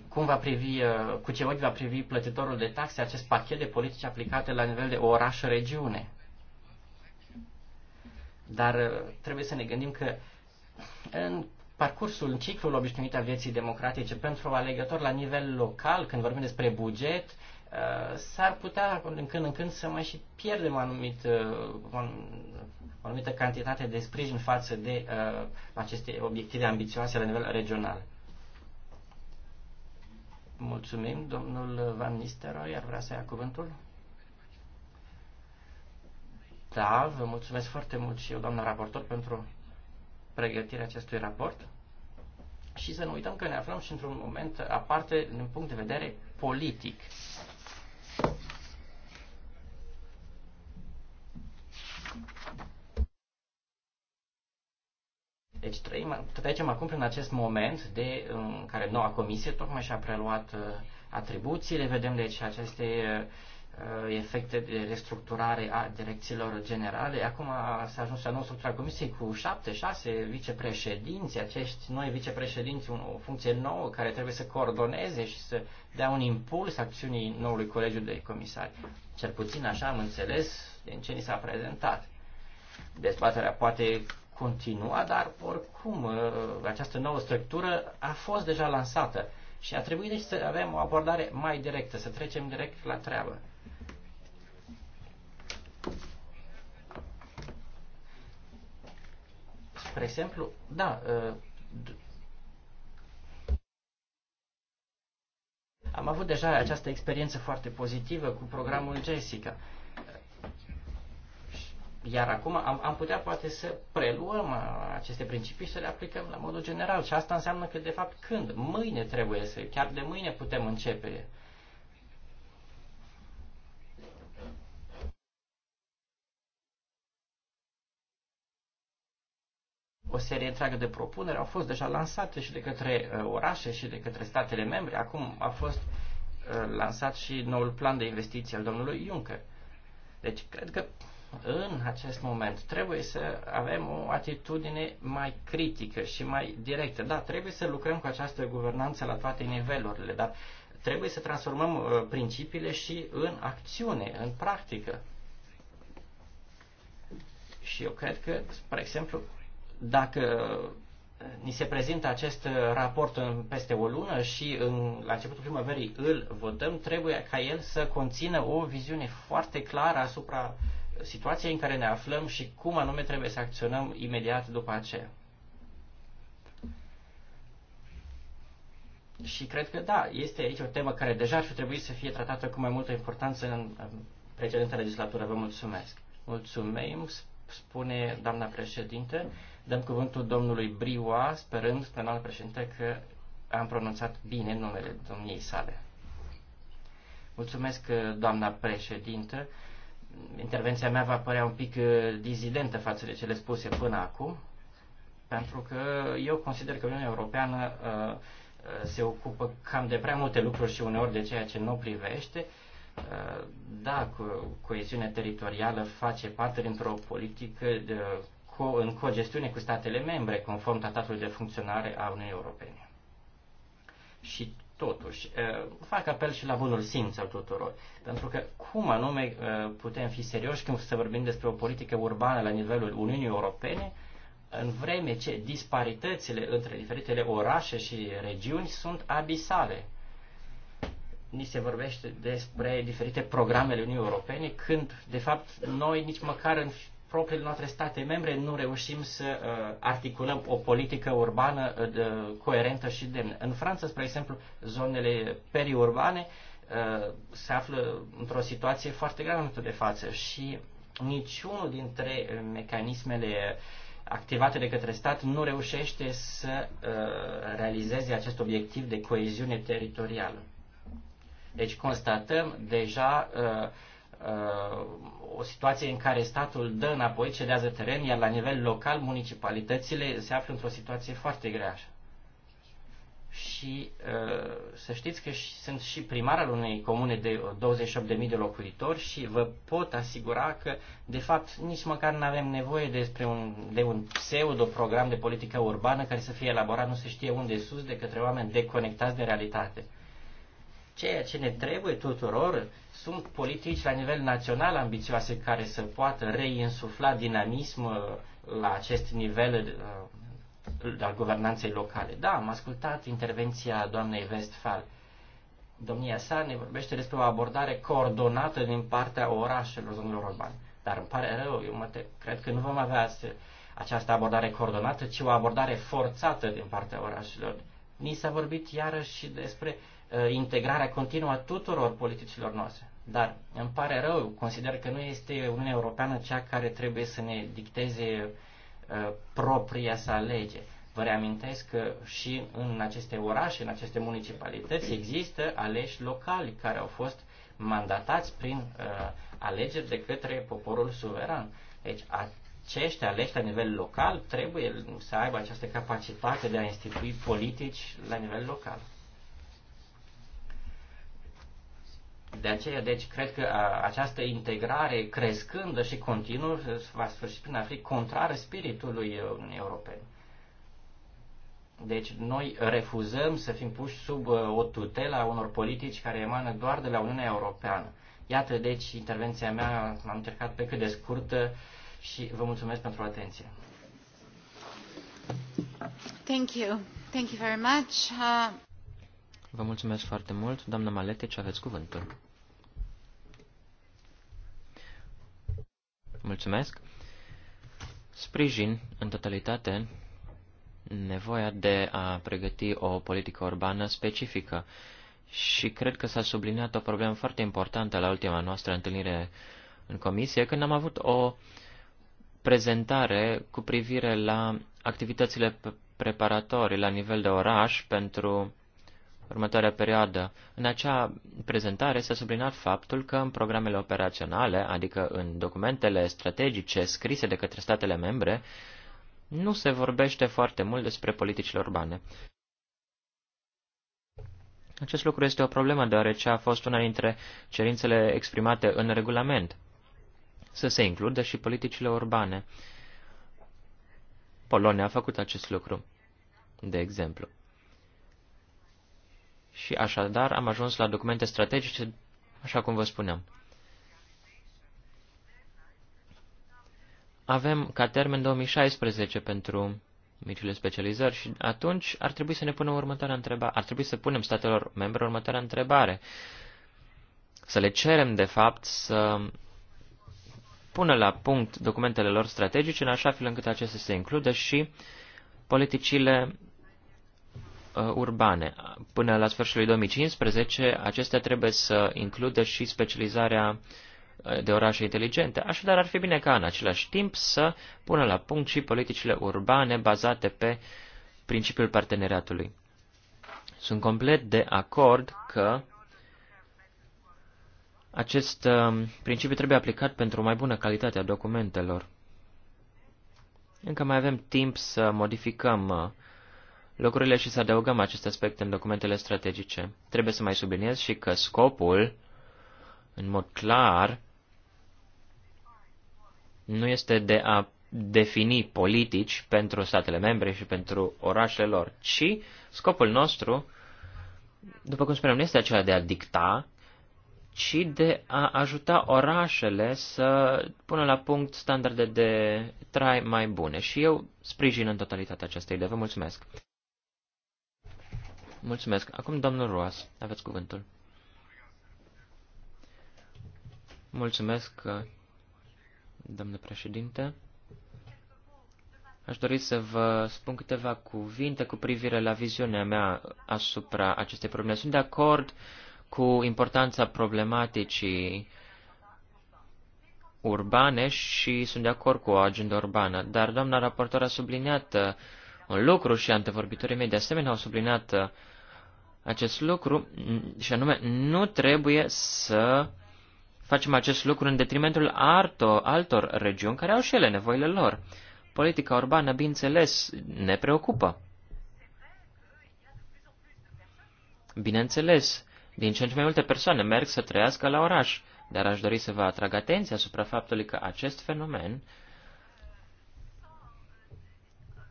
cum va privi, cu ce ochi va privi plătitorul de taxe acest pachet de politici aplicate la nivel de oraș-regiune. Dar uh, trebuie să ne gândim că în parcursul, în ciclul obișnuit a vieții democratice pentru alegător la nivel local, când vorbim despre buget, uh, s-ar putea în când în când să mai și pierdem anumit, uh, o anumită cantitate de sprijin față de aceste obiective ambițioase la nivel regional. Mulțumim, domnul Van Nistelrooy, ar vrea să ia cuvântul? Da, vă mulțumesc foarte mult și eu, doamna raportor, pentru pregătirea acestui raport. Și să nu uităm că ne aflăm și într-un moment aparte din punct de vedere politic. Deci trăim, trecem acum prin acest moment de, în care noua comisie tocmai și-a preluat uh, atribuțiile, vedem deci aceste uh, Uh, efecte de restructurare a direcțiilor generale. Acum s-a ajuns la nouă structura comisiei cu șapte, șase vicepreședinți, acești noi vicepreședinți, o funcție nouă care trebuie să coordoneze și să dea un impuls acțiunii noului colegiu de comisari. Cel puțin așa am înțeles din ce ni s-a prezentat. Dezbaterea poate continua, dar oricum uh, această nouă structură a fost deja lansată și a trebuit deci să avem o abordare mai directă, să trecem direct la treabă. Spre exemplu, da, ă, am avut deja această experiență foarte pozitivă cu programul Jessica. Iar acum am, am putea poate să preluăm ă, aceste principii și să le aplicăm la modul general. Și asta înseamnă că, de fapt, când? Mâine trebuie să, chiar de mâine putem începe o serie întreagă de propuneri au fost deja lansate și de către uh, orașe și de către statele membre. Acum a fost uh, lansat și noul plan de investiții al domnului Juncker. Deci cred că în acest moment trebuie să avem o atitudine mai critică și mai directă. Da, trebuie să lucrăm cu această guvernanță la toate nivelurile, dar trebuie să transformăm uh, principiile și în acțiune, în practică. Și eu cred că, spre exemplu, dacă eh, ni se prezintă acest eh, raport în, peste o lună și în, la începutul primăverii îl votăm, trebuie ca el să conțină o viziune foarte clară asupra situației în care ne aflăm și cum anume trebuie să acționăm imediat după aceea. Și cred că da, este aici o temă care deja ar fi trebuit să fie tratată cu mai multă importanță în precedenta legislatură. Vă mulțumesc. Mulțumim, spune doamna președinte. Dăm cuvântul domnului Briua, sperând, spre președinte, că am pronunțat bine numele domniei sale. Mulțumesc, doamna președintă. Intervenția mea va părea un pic uh, dizidentă față de cele spuse până acum, pentru că eu consider că Uniunea Europeană uh, uh, se ocupă cam de prea multe lucruri și uneori de ceea ce nu privește. Da, coeziunea teritorială face parte dintr-o politică de co- în cogestiune cu statele membre, conform tratatului de funcționare a Uniunii Europene. Și totuși, fac apel și la bunul simț al tuturor, pentru că cum anume putem fi serioși când să vorbim despre o politică urbană la nivelul Uniunii Europene, în vreme ce disparitățile între diferitele orașe și regiuni sunt abisale. Ni se vorbește despre diferite programele Uniunii Europene, când, de fapt, noi nici măcar în propriile noastre state membre nu reușim să uh, articulăm o politică urbană uh, coerentă și demnă. În Franța, spre exemplu, zonele periurbane uh, se află într-o situație foarte gravă în momentul de față și niciunul dintre uh, mecanismele activate de către stat nu reușește să uh, realizeze acest obiectiv de coeziune teritorială. Deci constatăm deja uh, Uh, o situație în care statul dă înapoi, cedează teren, iar la nivel local municipalitățile se află într-o situație foarte grea. Și uh, să știți că sunt și primar al unei comune de 28.000 de locuitori și vă pot asigura că, de fapt, nici măcar nu avem nevoie despre un, de un pseudo-program de politică urbană care să fie elaborat nu se știe unde sus de către oameni deconectați de realitate. Ceea ce ne trebuie tuturor sunt politici la nivel național ambițioase care să poată reinsufla dinamism uh, la acest nivel uh, al guvernanței locale. Da, am ascultat intervenția doamnei Westphal. Domnia sa ne vorbește despre o abordare coordonată din partea orașelor, zonelor urbane. Dar îmi pare rău, eu mă te, cred că nu vom avea astfel această abordare coordonată, ci o abordare forțată din partea orașelor. Ni s-a vorbit iarăși despre Uh, integrarea continuă a tuturor politicilor noastre. Dar îmi pare rău, consider că nu este Uniunea Europeană cea care trebuie să ne dicteze uh, propria sa lege. Vă reamintesc că și în aceste orașe, în aceste municipalități, există aleși locali care au fost mandatați prin uh, alegeri de către poporul suveran. Deci acești aleși la nivel local trebuie să aibă această capacitate de a institui politici la nivel local. De aceea, deci, cred că această integrare crescândă și continuă va sfârși prin a fi contrară spiritului Uniunii Europene. Deci noi refuzăm să fim puși sub uh, o tutelă a unor politici care emană doar de la Uniunea Europeană. Iată, deci, intervenția mea, m-am încercat pe cât de scurtă și vă mulțumesc pentru atenție. Thank you. Thank you very much. Uh... Vă mulțumesc foarte mult. Doamna ce aveți cuvântul. Mulțumesc. Sprijin în totalitate nevoia de a pregăti o politică urbană specifică și cred că s-a subliniat o problemă foarte importantă la ultima noastră întâlnire în comisie, când am avut o prezentare cu privire la activitățile preparatorii la nivel de oraș pentru următoarea perioadă. În acea prezentare s-a sublinat faptul că în programele operaționale, adică în documentele strategice scrise de către statele membre, nu se vorbește foarte mult despre politicile urbane. Acest lucru este o problemă, deoarece a fost una dintre cerințele exprimate în regulament, să se includă și politicile urbane. Polonia a făcut acest lucru, de exemplu și așadar am ajuns la documente strategice, așa cum vă spuneam. Avem ca termen 2016 pentru micile specializări și atunci ar trebui să ne punem următoarea întrebare, ar trebui să punem statelor membre următoarea întrebare, să le cerem de fapt să pună la punct documentele lor strategice în așa fel încât acestea să includă și politicile Uh, urbane. Până la sfârșitul 2015, acestea trebuie să includă și specializarea uh, de orașe inteligente. Așadar, ar fi bine ca în același timp să pună la punct și politicile urbane bazate pe principiul parteneriatului. Sunt complet de acord că acest uh, principiu trebuie aplicat pentru o mai bună calitate a documentelor. Încă mai avem timp să modificăm lucrurile și să adăugăm acest aspect în documentele strategice. Trebuie să mai subliniez și că scopul, în mod clar, nu este de a defini politici pentru statele membre și pentru orașele lor, ci scopul nostru, după cum spuneam, nu este acela de a dicta, ci de a ajuta orașele să pună la punct standarde de trai mai bune. Și eu sprijin în totalitate această idee. Vă mulțumesc! Mulțumesc. Acum, domnul Roas, aveți cuvântul. Mulțumesc, domnule președinte. Aș dori să vă spun câteva cuvinte cu privire la viziunea mea asupra acestei probleme. Sunt de acord cu importanța problematicii urbane și sunt de acord cu o agenda urbană, dar doamna raportor a subliniat un lucru și antevorbitorii mei de asemenea au subliniat acest lucru mm, și anume nu trebuie să facem acest lucru în detrimentul altor, altor regiuni care au și ele nevoile lor. Politica urbană, bineînțeles, ne preocupă. Bineînțeles, din ce în ce mai multe persoane merg să trăiască la oraș, dar aș dori să vă atrag atenția asupra faptului că acest fenomen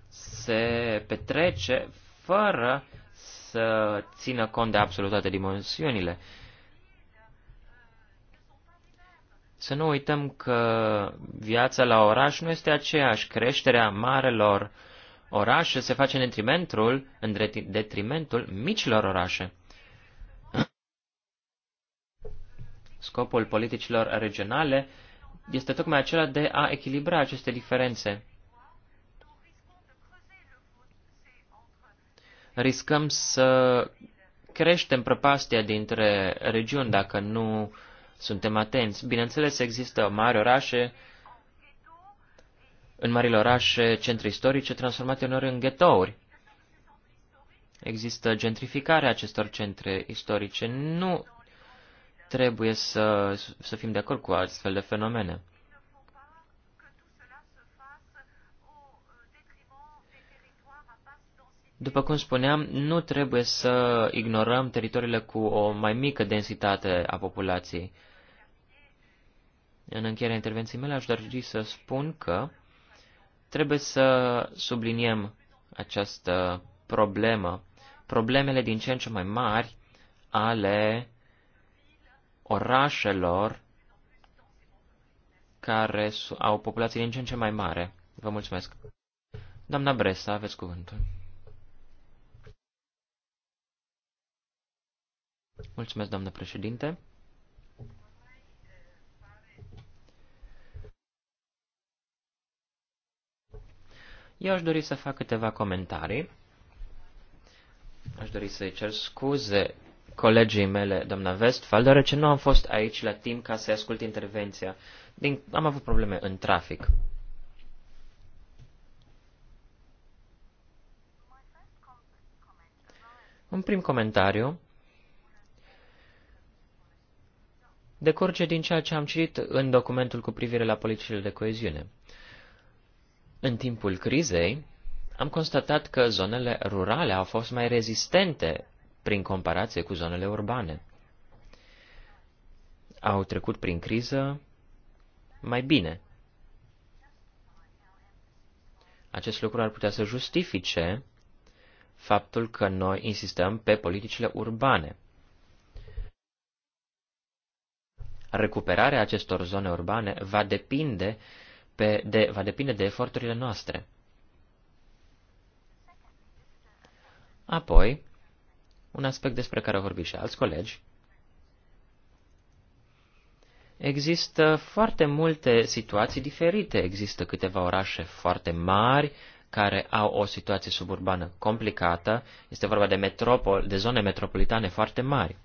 se petrece fără să țină cont de absolut toate dimensiunile. Să nu uităm că viața la oraș nu este aceeași. Creșterea marelor orașe se face în detrimentul, în detrimentul micilor orașe. Scopul politicilor regionale este tocmai acela de a echilibra aceste diferențe. riscăm să creștem prăpastia dintre regiuni dacă nu suntem atenți. Bineînțeles, există mari orașe, în marile orașe, centre istorice transformate uneori în ghetouri. Există gentrificarea acestor centre istorice. Nu trebuie să, să fim de acord cu astfel de fenomene. După cum spuneam, nu trebuie să ignorăm teritoriile cu o mai mică densitate a populației. În încheierea intervenției mele aș dori să spun că trebuie să subliniem această problemă, problemele din ce în ce mai mari ale orașelor care au populații din ce în ce mai mare. Vă mulțumesc. Doamna Bresa, aveți cuvântul. Mulțumesc, doamnă președinte. Eu aș dori să fac câteva comentarii. Aș dori să-i cer scuze colegii mele, doamna Westphal, deoarece nu am fost aici la timp ca să ascult intervenția. Din, am avut probleme în trafic. Un prim comentariu decurge din ceea ce am citit în documentul cu privire la politicile de coeziune. În timpul crizei, am constatat că zonele rurale au fost mai rezistente prin comparație cu zonele urbane. Au trecut prin criză mai bine. Acest lucru ar putea să justifice faptul că noi insistăm pe politicile urbane. recuperarea acestor zone urbane va depinde, pe, de, va depinde de eforturile noastre. Apoi, un aspect despre care au vorbit și alți colegi, există foarte multe situații diferite. Există câteva orașe foarte mari care au o situație suburbană complicată. Este vorba de, metropol, de zone metropolitane foarte mari.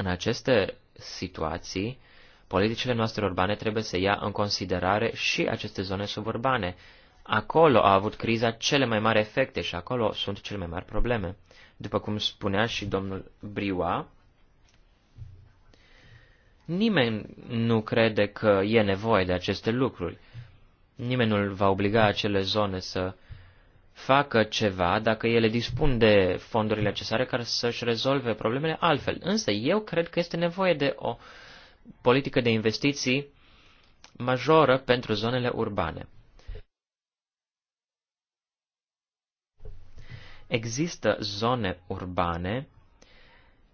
În aceste situații, politicile noastre urbane trebuie să ia în considerare și aceste zone suburbane. Acolo a avut criza cele mai mari efecte și acolo sunt cele mai mari probleme. După cum spunea și domnul Briua, nimeni nu crede că e nevoie de aceste lucruri. Nimeni nu va obliga acele zone să facă ceva dacă ele dispun de fondurile necesare care să-și rezolve problemele altfel. Însă eu cred că este nevoie de o politică de investiții majoră pentru zonele urbane. Există zone urbane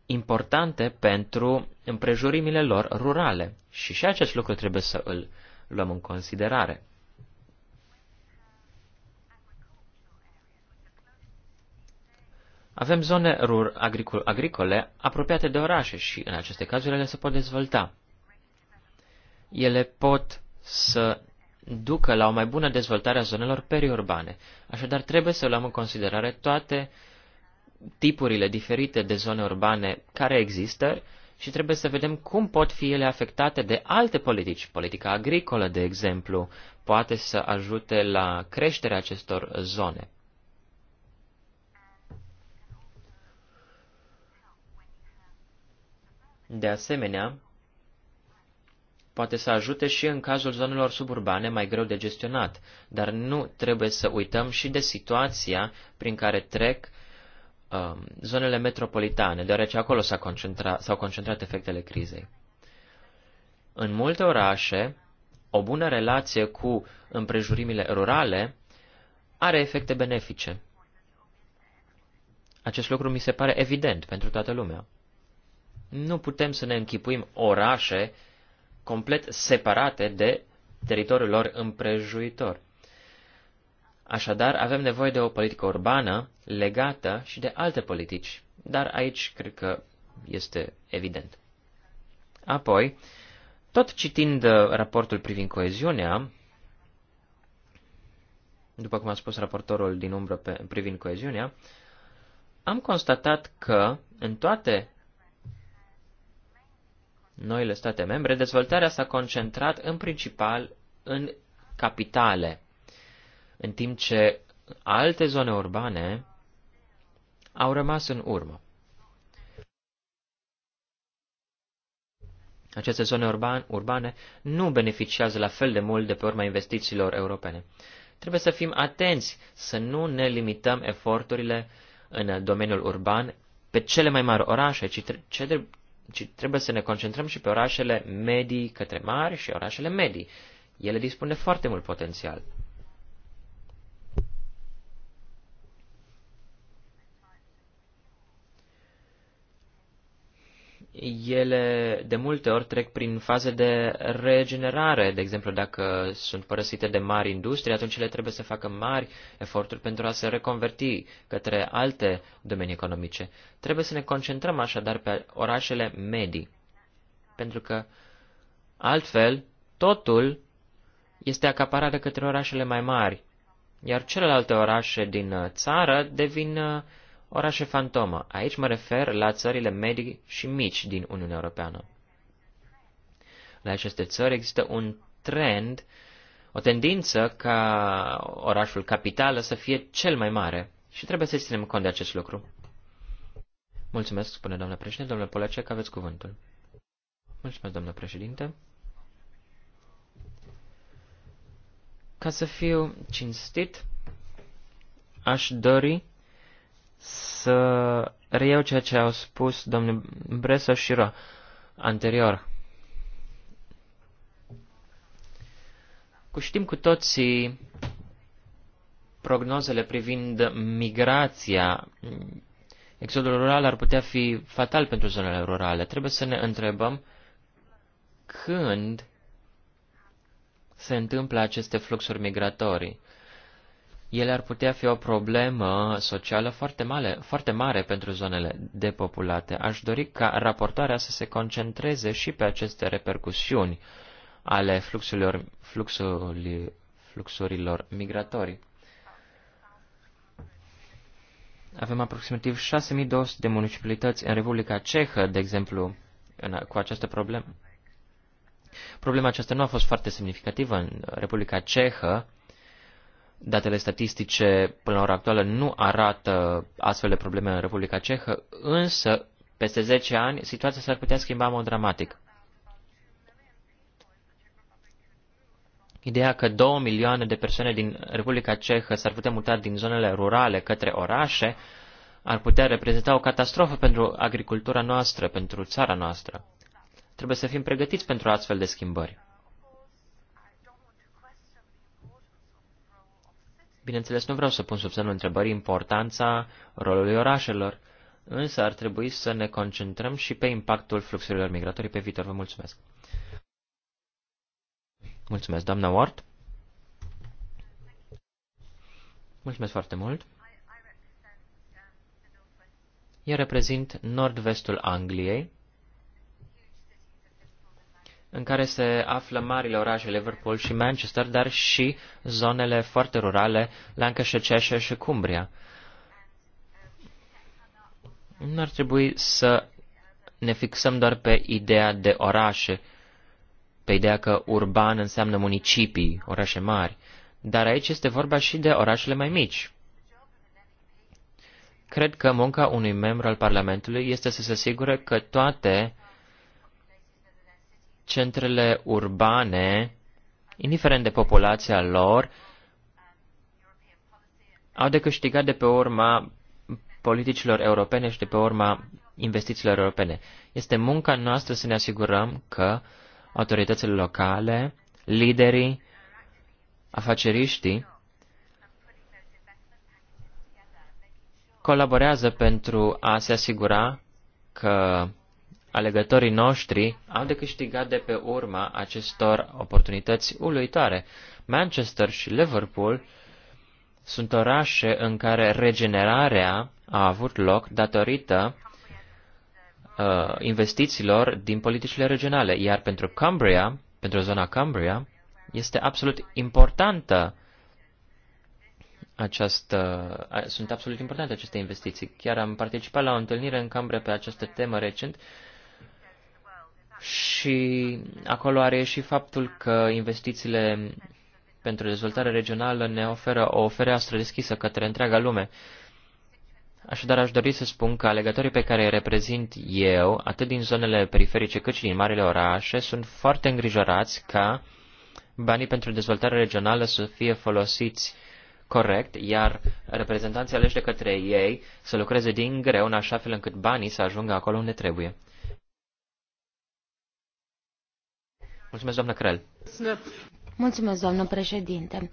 importante pentru împrejurimile lor rurale și și acest lucru trebuie să îl luăm în considerare. Avem zone agricole apropiate de orașe și în aceste cazuri ele se pot dezvolta. Ele pot să ducă la o mai bună dezvoltare a zonelor periurbane. Așadar, trebuie să luăm în considerare toate tipurile diferite de zone urbane care există și trebuie să vedem cum pot fi ele afectate de alte politici. Politica agricolă, de exemplu, poate să ajute la creșterea acestor zone. De asemenea, poate să ajute și în cazul zonelor suburbane mai greu de gestionat, dar nu trebuie să uităm și de situația prin care trec um, zonele metropolitane, deoarece acolo s-au concentra, concentrat efectele crizei. În multe orașe, o bună relație cu împrejurimile rurale are efecte benefice. Acest lucru mi se pare evident pentru toată lumea. Nu putem să ne închipuim orașe complet separate de teritoriul lor împrejuitor. Așadar, avem nevoie de o politică urbană legată și de alte politici, dar aici cred că este evident. Apoi, tot citind uh, raportul privind coeziunea, după cum a spus raportorul din umbră pe, privind coeziunea, am constatat că în toate noile state membre, dezvoltarea s-a concentrat în principal în capitale, în timp ce alte zone urbane au rămas în urmă. Aceste zone urban, urbane nu beneficiază la fel de mult de pe urma investițiilor europene. Trebuie să fim atenți să nu ne limităm eforturile în domeniul urban pe cele mai mari orașe, ci, tre- ci trebuie să ne concentrăm și pe orașele medii către mari și orașele medii. Ele dispun de foarte mult potențial. ele de multe ori trec prin faze de regenerare. De exemplu, dacă sunt părăsite de mari industrie, atunci ele trebuie să facă mari eforturi pentru a se reconverti către alte domenii economice. Trebuie să ne concentrăm așadar pe orașele medii, pentru că altfel totul este acaparat de către orașele mai mari, iar celelalte orașe din țară devin uh, Orașe fantomă. Aici mă refer la țările medii și mici din Uniunea Europeană. La aceste țări există un trend, o tendință ca orașul capitală să fie cel mai mare și trebuie să ținem cont de acest lucru. Mulțumesc, spune doamna președinte. Domnule că aveți cuvântul. Mulțumesc, domnule președinte. Ca să fiu cinstit, aș dori să reiau ceea ce au spus domnul Bresa și Ră anterior. Cu știm cu toții prognozele privind migrația, exodul rural ar putea fi fatal pentru zonele rurale. Trebuie să ne întrebăm când se întâmplă aceste fluxuri migratorii ele ar putea fi o problemă socială foarte mare, foarte mare pentru zonele depopulate. Aș dori ca raportarea să se concentreze și pe aceste repercusiuni ale fluxurilor, fluxului, fluxurilor migratorii. Avem aproximativ 6200 de municipalități în Republica Cehă, de exemplu, în, cu această problemă. Problema aceasta nu a fost foarte semnificativă în Republica Cehă, Datele statistice până la ora actuală nu arată astfel de probleme în Republica Cehă, însă peste 10 ani situația s-ar putea schimba mult dramatic. Ideea că 2 milioane de persoane din Republica Cehă s-ar putea muta din zonele rurale către orașe ar putea reprezenta o catastrofă pentru agricultura noastră, pentru țara noastră. Trebuie să fim pregătiți pentru astfel de schimbări. Bineînțeles, nu vreau să pun sub semnul întrebării importanța rolului orașelor, însă ar trebui să ne concentrăm și pe impactul fluxurilor migratorii pe viitor. Vă mulțumesc! Mulțumesc, doamna Ward! Mulțumesc foarte mult! Eu reprezint nord-vestul Angliei, în care se află marile orașe Liverpool și Manchester, dar și zonele foarte rurale, Lancashire, Cheshire și Cumbria. Nu ar trebui să ne fixăm doar pe ideea de orașe, pe ideea că urban înseamnă municipii, orașe mari, dar aici este vorba și de orașele mai mici. Cred că munca unui membru al Parlamentului este să se asigure că toate centrele urbane, indiferent de populația lor, au de câștigat de pe urma politicilor europene și de pe urma investițiilor europene. Este munca noastră să ne asigurăm că autoritățile locale, liderii, afaceriștii colaborează pentru a se asigura că alegătorii noștri au de câștigat de pe urma acestor oportunități uluitoare. Manchester și Liverpool sunt orașe în care regenerarea a avut loc datorită uh, investițiilor din politicile regionale, iar pentru Cumbria, pentru zona Cumbria, este absolut importantă această, sunt absolut importante aceste investiții. Chiar am participat la o întâlnire în Cambria pe această temă recent și acolo are și faptul că investițiile pentru dezvoltare regională ne oferă o fereastră deschisă către întreaga lume. Așadar, aș dori să spun că alegătorii pe care îi reprezint eu, atât din zonele periferice cât și din marile orașe, sunt foarte îngrijorați ca banii pentru dezvoltare regională să fie folosiți corect, iar reprezentanții aleși de către ei să lucreze din greu în așa fel încât banii să ajungă acolo unde trebuie. Mulțumesc, doamnă Crel. Mulțumesc, doamnă președinte.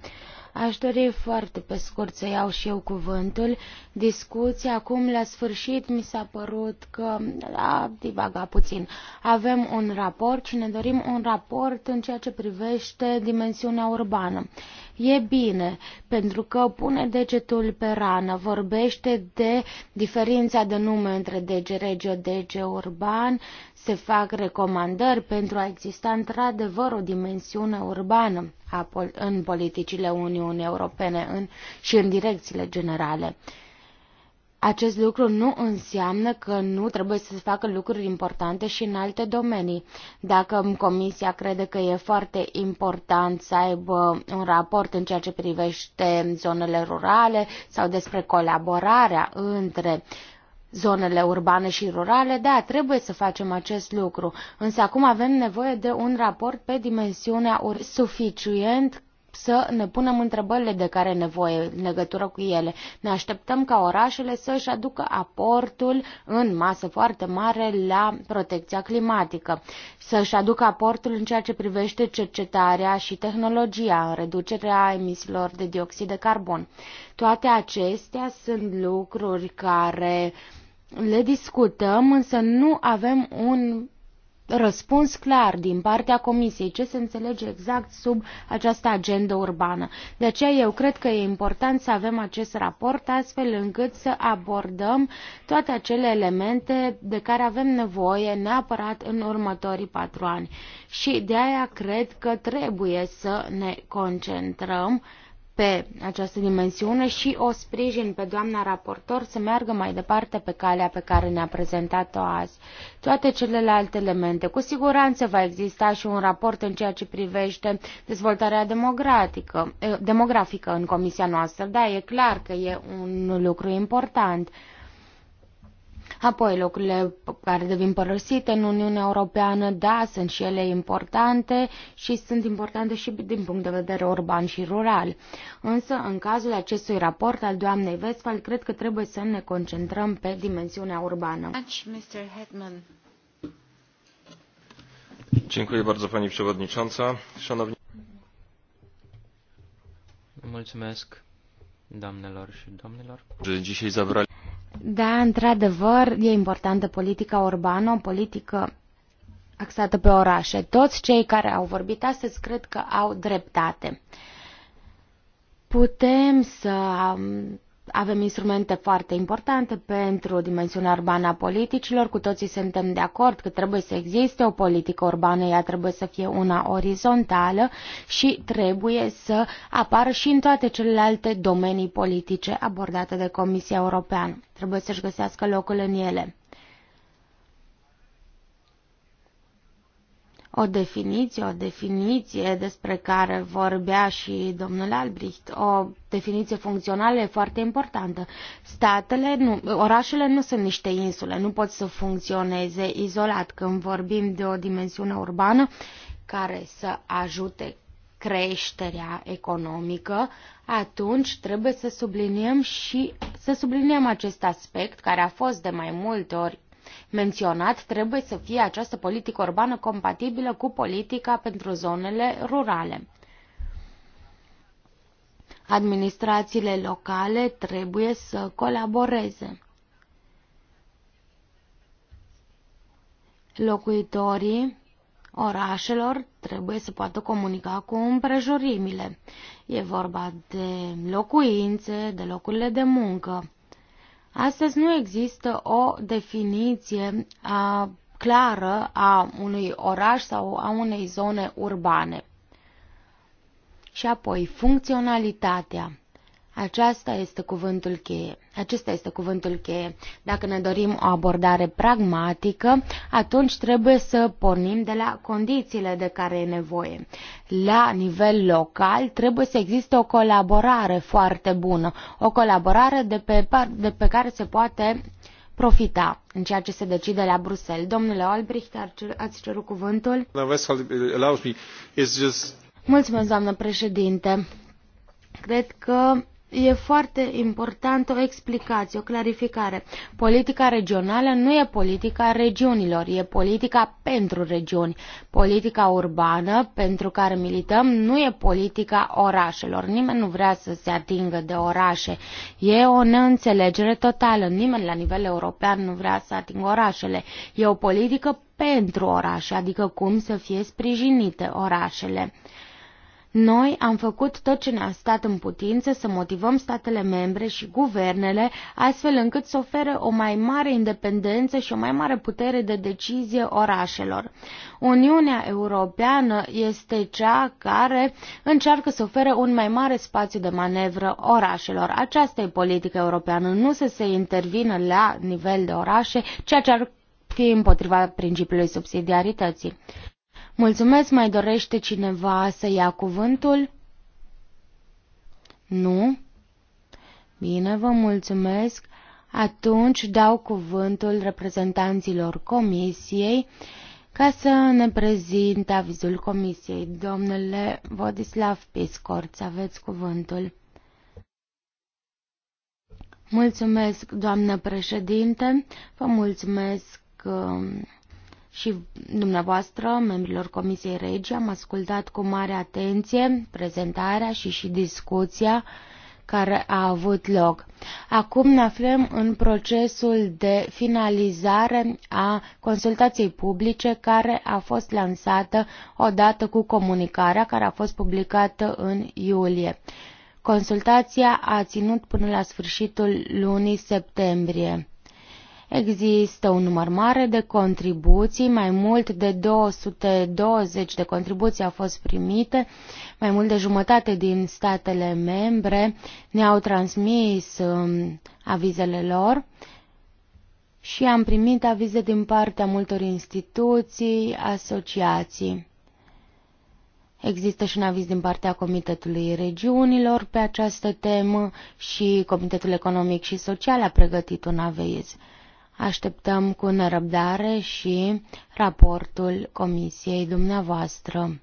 Aș dori foarte pe scurt să iau și eu cuvântul. Discuția acum la sfârșit mi s-a părut că a da, divaga puțin. Avem un raport și ne dorim un raport în ceea ce privește dimensiunea urbană. E bine, pentru că pune degetul pe rană, vorbește de diferența de nume între DG Regio, DG Urban, se fac recomandări pentru a exista într-adevăr o dimensiune urbană în politicile Uniunii Europene în, și în direcțiile generale. Acest lucru nu înseamnă că nu trebuie să se facă lucruri importante și în alte domenii. Dacă Comisia crede că e foarte important să aibă un raport în ceea ce privește zonele rurale sau despre colaborarea între uh, zonele urbane și rurale, da, trebuie să facem acest lucru, însă acum avem nevoie de un raport pe dimensiunea suficient să ne punem întrebările de care nevoie în legătură cu ele. Ne așteptăm ca orașele să-și aducă aportul în masă foarte mare la protecția climatică, să-și aducă aportul în ceea ce privește cercetarea și tehnologia, reducerea emisiilor de dioxid de carbon. Toate acestea sunt lucruri care uh, le discutăm, însă nu avem un răspuns clar din partea Comisiei ce se înțelege exact sub această agendă urbană. De aceea eu cred că e important să avem acest raport astfel încât să abordăm toate acele elemente de care avem nevoie neapărat în următorii patru ani. Și de aia cred că trebuie să ne concentrăm pe această dimensiune și o sprijin pe doamna raportor să meargă mai departe pe calea pe care ne-a prezentat-o azi. Toate celelalte elemente. Cu siguranță va exista și un raport în ceea ce privește dezvoltarea eh, demografică în comisia noastră. Da, e clar că e un lucru important. Apoi locurile care devin părăsite în Uniunea Europeană, da, sunt și ele importante și sunt importante și din punct de vedere urban și rural. Însă, în cazul acestui raport al doamnei Westphal, cred că trebuie să ne concentrăm pe dimensiunea urbană. Dziękuję bardzo Pani Przewodnicząca. Szanowni Mulțumesc, Doamnelor și domnilor. Da, într-adevăr, e importantă politica urbană, o politică axată pe orașe. Toți cei care au vorbit astăzi cred că au dreptate. Putem să avem instrumente foarte importante pentru dimensiunea urbană a politicilor. Cu toții suntem de acord că trebuie să existe o politică urbană, ea trebuie să fie una orizontală și trebuie să apară și în toate celelalte domenii politice abordate de Comisia Europeană. Trebuie să-și găsească locul în ele. o definiție, o definiție despre care vorbea și domnul Albrecht, o definiție funcțională e foarte importantă. Statele, nu, orașele nu sunt niște insule, nu pot să funcționeze izolat. Când vorbim de o dimensiune urbană care să ajute creșterea economică, atunci trebuie să subliniem și să subliniem acest aspect care a fost de mai multe ori menționat, trebuie să fie această politică urbană compatibilă cu politica pentru zonele rurale. Administrațiile locale trebuie să colaboreze. Locuitorii orașelor trebuie să poată comunica cu împrejurimile. E vorba de locuințe, de locurile de muncă. Astăzi nu există o definiție a, clară a unui oraș sau a unei zone urbane. Și apoi, funcționalitatea. Aceasta este cuvântul cheie. Acesta este cuvântul cheie. Dacă ne dorim o abordare pragmatică, atunci trebuie să pornim de la condițiile de care e nevoie. La nivel local trebuie să existe o colaborare foarte bună, o colaborare de pe, de pe care se poate profita în ceea ce se decide la Bruxelles. Domnule Albrecht, ați cerut cuvântul? Mulțumesc, doamnă președinte. Cred că E foarte important o explicație, o clarificare. Politica regională nu e politica regiunilor, e politica pentru regiuni. Politica urbană pentru care milităm nu e politica orașelor. Nimeni nu vrea să se atingă de orașe. E o neînțelegere totală. Nimeni la nivel european nu vrea să atingă orașele. E o politică pentru orașe, adică cum să fie sprijinite orașele. Noi am făcut tot ce ne-a stat în putință să motivăm statele membre și guvernele astfel încât să ofere o mai mare independență și o mai mare putere de decizie orașelor. Uniunea Europeană este cea care încearcă să ofere un mai mare spațiu de manevră orașelor. Aceasta e politica europeană, nu să se intervină la nivel de orașe, ceea ce ar fi împotriva principiului subsidiarității. Mulțumesc, mai dorește cineva să ia cuvântul? Nu? Bine, vă mulțumesc. Atunci dau cuvântul reprezentanților comisiei ca să ne prezinte avizul comisiei. Domnule Vodislav Piscorț, aveți cuvântul. Mulțumesc, doamnă președinte, vă mulțumesc um, și dumneavoastră, membrilor Comisiei Regi, am ascultat cu mare atenție prezentarea și și discuția care a avut loc. Acum ne aflăm în procesul de finalizare a consultației publice care a fost lansată odată cu comunicarea care a fost publicată în iulie. Consultația a ținut până la sfârșitul lunii septembrie. Există un număr mare de contribuții, mai mult de 220 de contribuții au fost primite, mai mult de jumătate din statele membre ne-au transmis um, avizele lor și am primit avize din partea multor instituții, asociații. Există și un aviz din partea Comitetului Regiunilor pe această temă și Comitetul Economic și Social a pregătit un aviz. Așteptăm cu nerăbdare și raportul comisiei dumneavoastră.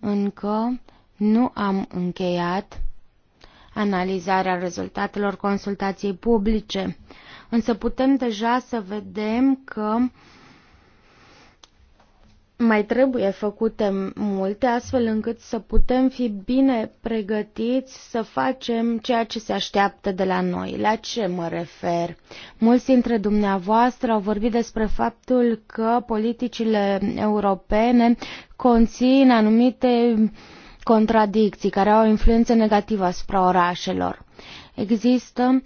Încă nu am încheiat analizarea rezultatelor consultației publice, însă putem deja să vedem că mai trebuie făcute multe astfel încât să putem fi bine pregătiți să facem ceea ce se așteaptă de la noi. La ce mă refer? Mulți dintre dumneavoastră au vorbit despre faptul că politicile europene conțin anumite contradicții care au o influență negativă asupra orașelor. Există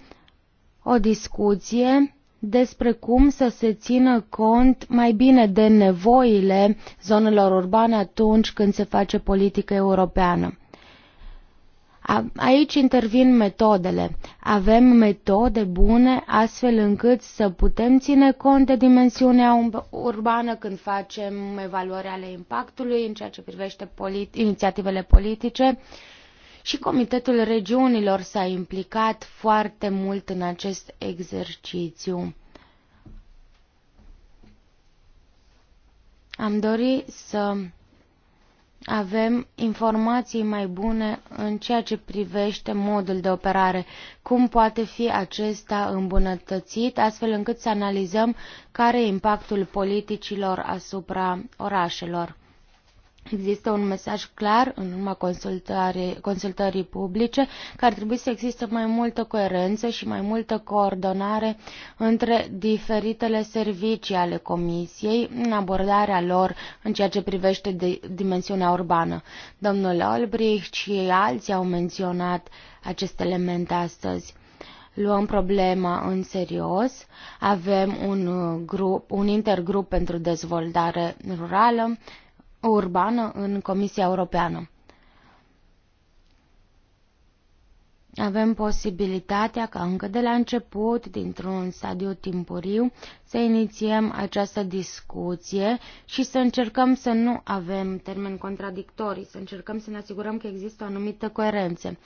o discuție despre cum să se țină cont mai bine de nevoile zonelor urbane atunci când se face politică europeană. Aici intervin metodele. Avem metode bune astfel încât să putem ține cont de dimensiunea urbană când facem evaluări ale impactului în ceea ce privește politi- inițiativele politice. Uh, și Comitetul Regiunilor s-a implicat foarte mult în acest exercițiu. Am dorit să avem informații mai bune în ceea ce privește modul de operare, cum poate fi acesta îmbunătățit, astfel încât să analizăm care e impactul politicilor asupra orașelor. Există un mesaj clar în urma consultării, publice că ar trebui să existe mai multă coerență și mai multă coordonare între diferitele servicii ale Comisiei în abordarea lor în ceea ce privește de dimensiunea urbană. Domnul Olbrich și alții au menționat acest element astăzi luăm problema în serios. Avem un uh, grup, un intergrup pentru dezvoltare rurală urbană în Comisia Europeană. Avem posibilitatea ca încă de la început, dintr-un stadiu timpuriu, să inițiem această discuție și să încercăm să nu avem termeni contradictorii, să încercăm să ne asigurăm că există o anumită coerență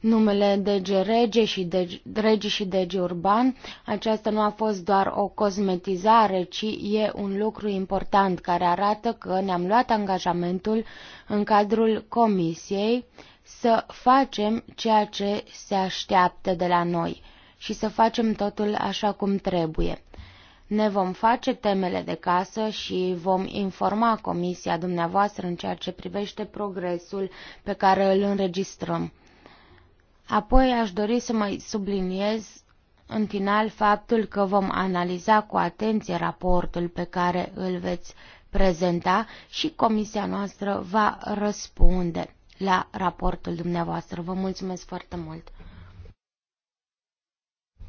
numele DG Rege și DG, Regi și DG Urban. Aceasta nu a fost doar o cosmetizare, ci e un lucru important care arată că ne-am luat angajamentul în cadrul comisiei să facem ceea ce se așteaptă de la noi și să facem totul așa cum trebuie. Ne vom face temele de casă și vom informa comisia dumneavoastră în ceea ce privește progresul pe care îl înregistrăm. Apoi aș dori să mai subliniez în final faptul că vom analiza cu atenție raportul pe care îl veți prezenta și comisia noastră va răspunde la raportul dumneavoastră. Vă mulțumesc foarte mult!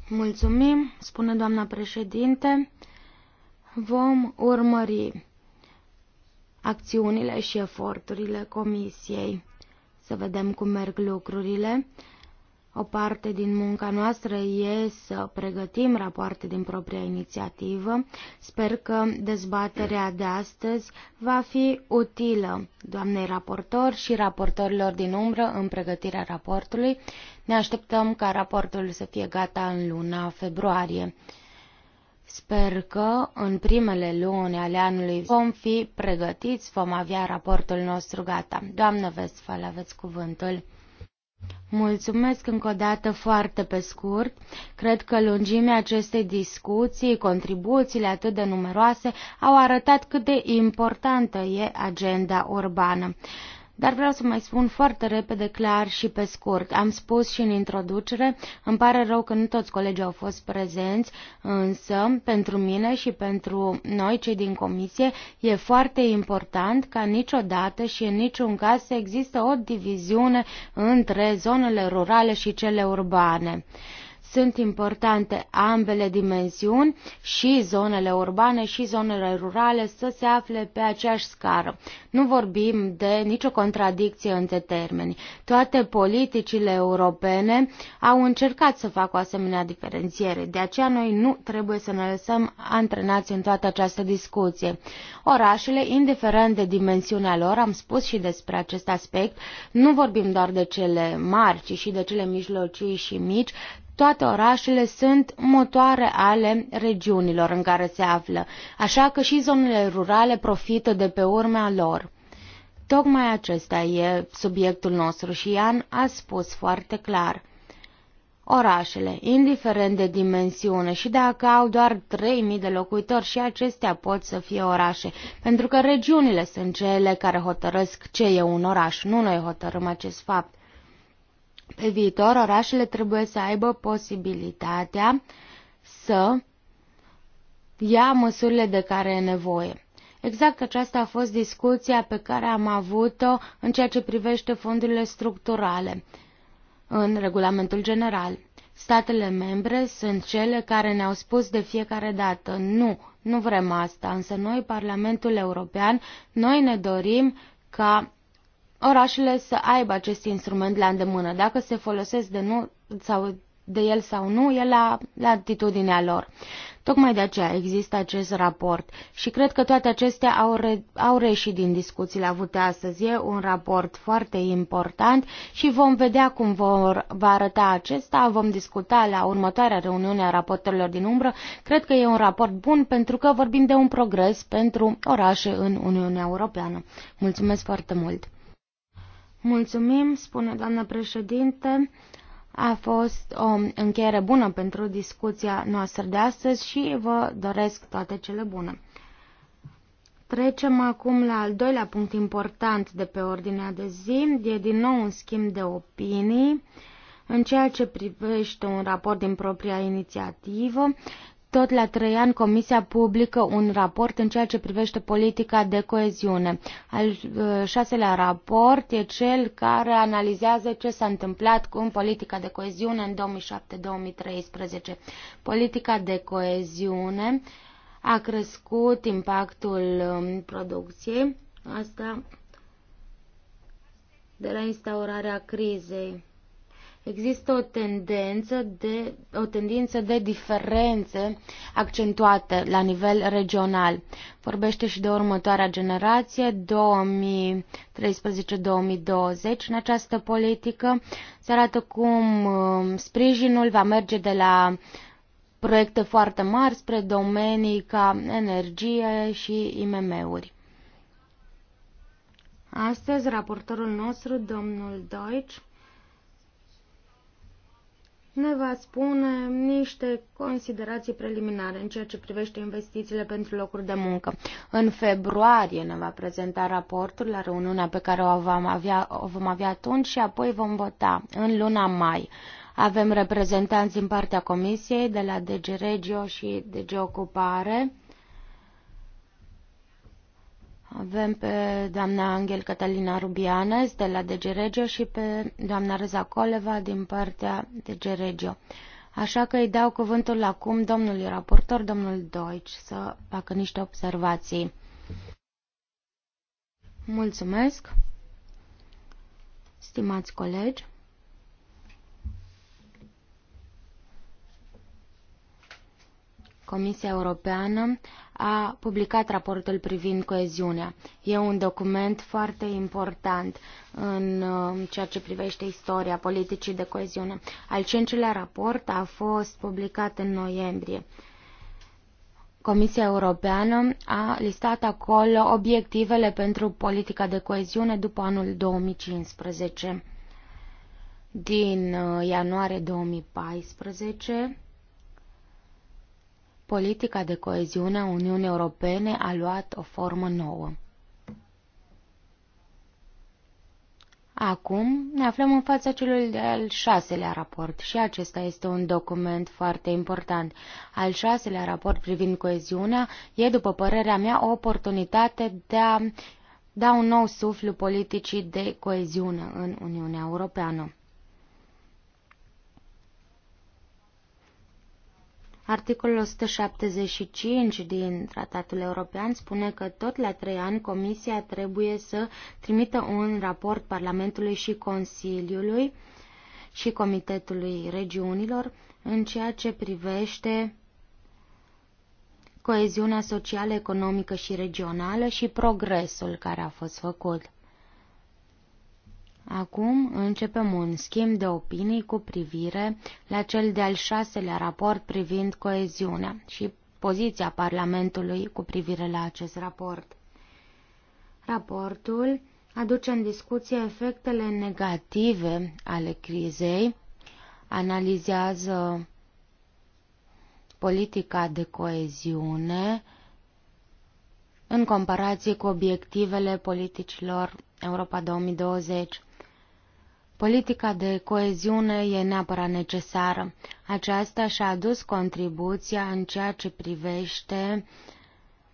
Mulțumim, spune doamna președinte. Vom urmări acțiunile și eforturile comisiei. Să vedem cum merg lucrurile. O parte din munca noastră e să pregătim rapoarte din propria inițiativă. Sper că dezbaterea de astăzi va fi utilă doamnei raportor și raportorilor din umbră în pregătirea raportului. Ne așteptăm ca raportul să fie gata în luna februarie. Sper că în primele luni ale anului vom fi pregătiți, vom avea raportul nostru gata. Doamnă Vestfal, aveți cuvântul. Mulțumesc încă o dată foarte pe scurt. Cred că lungimea acestei discuții, contribuțiile atât de numeroase, au arătat cât de importantă e agenda urbană. Dar vreau să mai spun foarte repede, clar și pe scurt. Am spus și în introducere, îmi pare rău că nu toți colegii au fost prezenți, însă pentru mine și pentru noi, cei din comisie, e foarte important ca niciodată și în niciun caz să există o diviziune între zonele rurale și cele urbane. Sunt importante ambele dimensiuni și zonele urbane și zonele rurale să se afle pe aceeași scară. Nu vorbim de nicio contradicție între termeni. Toate politicile europene au încercat să facă o asemenea diferențiere. De aceea noi nu trebuie să ne lăsăm antrenați în toată această discuție. Orașele, indiferent de dimensiunea lor, am spus și despre acest aspect, nu vorbim doar de cele mari, ci și de cele mijlocii și mici, toate orașele sunt motoare ale regiunilor în care se află, așa că și zonele rurale profită de pe urmea lor. Tocmai acesta e subiectul nostru și Ian a spus foarte clar. Orașele, indiferent de dimensiune și dacă au doar 3.000 de locuitori și acestea pot să fie orașe, pentru că regiunile sunt cele care hotărăsc ce e un oraș, nu noi hotărâm acest fapt. Pe viitor, orașele trebuie să aibă posibilitatea să ia măsurile de care e nevoie. Exact aceasta a fost discuția pe care am avut-o în ceea ce privește fondurile structurale în regulamentul general. Statele membre sunt cele care ne-au spus de fiecare dată, nu, nu vrem asta, însă noi, Parlamentul European, noi ne dorim ca orașele să aibă acest instrument la îndemână. Dacă se folosesc de, nu, sau de el sau nu, e la, la atitudinea lor. Tocmai de aceea există acest raport și cred că toate acestea au, re, au reșit din discuțiile avute astăzi. E un raport foarte important și vom vedea cum vor, va arăta acesta. Vom discuta la următoarea reuniune a raportelor din umbră. Cred că e un raport bun pentru că vorbim de un progres pentru orașe în Uniunea Europeană. Mulțumesc foarte mult! Mulțumim, spune doamna președinte. A fost o încheiere bună pentru discuția noastră de astăzi și vă doresc toate cele bune. Trecem acum la al doilea punct important de pe ordinea de zi. E din nou un schimb de opinii în ceea ce privește un raport din propria inițiativă tot la trei ani Comisia publică un raport în ceea ce privește politica de coeziune. Al uh, șaselea raport e cel care analizează ce s-a întâmplat cu politica de coeziune în 2007-2013. Politica de coeziune a crescut impactul um, producției, asta de la instaurarea crizei. Există o tendință de, o tendință de diferențe accentuate la nivel regional. Vorbește și de următoarea generație, 2013-2020, în această politică. Se arată cum um, sprijinul va merge de la proiecte foarte mari spre domenii ca energie și IMM-uri. Astăzi, raportorul nostru, domnul Deutsch, ne va spune niște considerații preliminare în ceea ce privește investițiile pentru locuri de muncă. În februarie ne va prezenta raportul la reuniunea pe care o vom avea, o vom avea atunci și apoi vom vota în luna mai. Avem reprezentanți din partea Comisiei de la DG Regio și DG Ocupare avem pe doamna Angel Catalina Rubianes de la DG Regio și pe doamna Reza Coleva din partea DG Regio. Așa că îi dau cuvântul acum domnului raportor, domnul Deutsch, să facă niște observații. Mulțumesc, stimați colegi. Comisia Europeană a publicat raportul privind coeziunea. E un document foarte important uh, în ceea ce privește istoria politicii de coeziune. Al cincilea raport a fost publicat în noiembrie. Comisia Europeană a listat acolo obiectivele pentru politica de coeziune după anul 2015. Din uh, ianuarie 2014, politica de coeziune a Uniunii Europene a luat o formă nouă. Acum ne aflăm în fața celui de-al șaselea raport și acesta este un document foarte important. Al șaselea raport privind coeziunea e, după părerea mea, o oportunitate de a da un nou suflu politicii de coeziune în Uniunea Europeană. Articolul 175 din Tratatul European spune că tot la trei ani Comisia trebuie să trimită un raport Parlamentului și Consiliului și Comitetului Regiunilor în ceea ce privește coeziunea socială, economică și regională și progresul care a fost făcut. Acum începem un schimb de opinii cu privire la cel de-al șaselea raport privind coeziunea și poziția Parlamentului cu privire la acest raport. Raportul aduce în discuție efectele negative ale crizei, analizează politica de coeziune în comparație cu obiectivele politicilor Europa 2020. Politica de coeziune e neapărat necesară. Aceasta și-a adus contribuția în ceea ce privește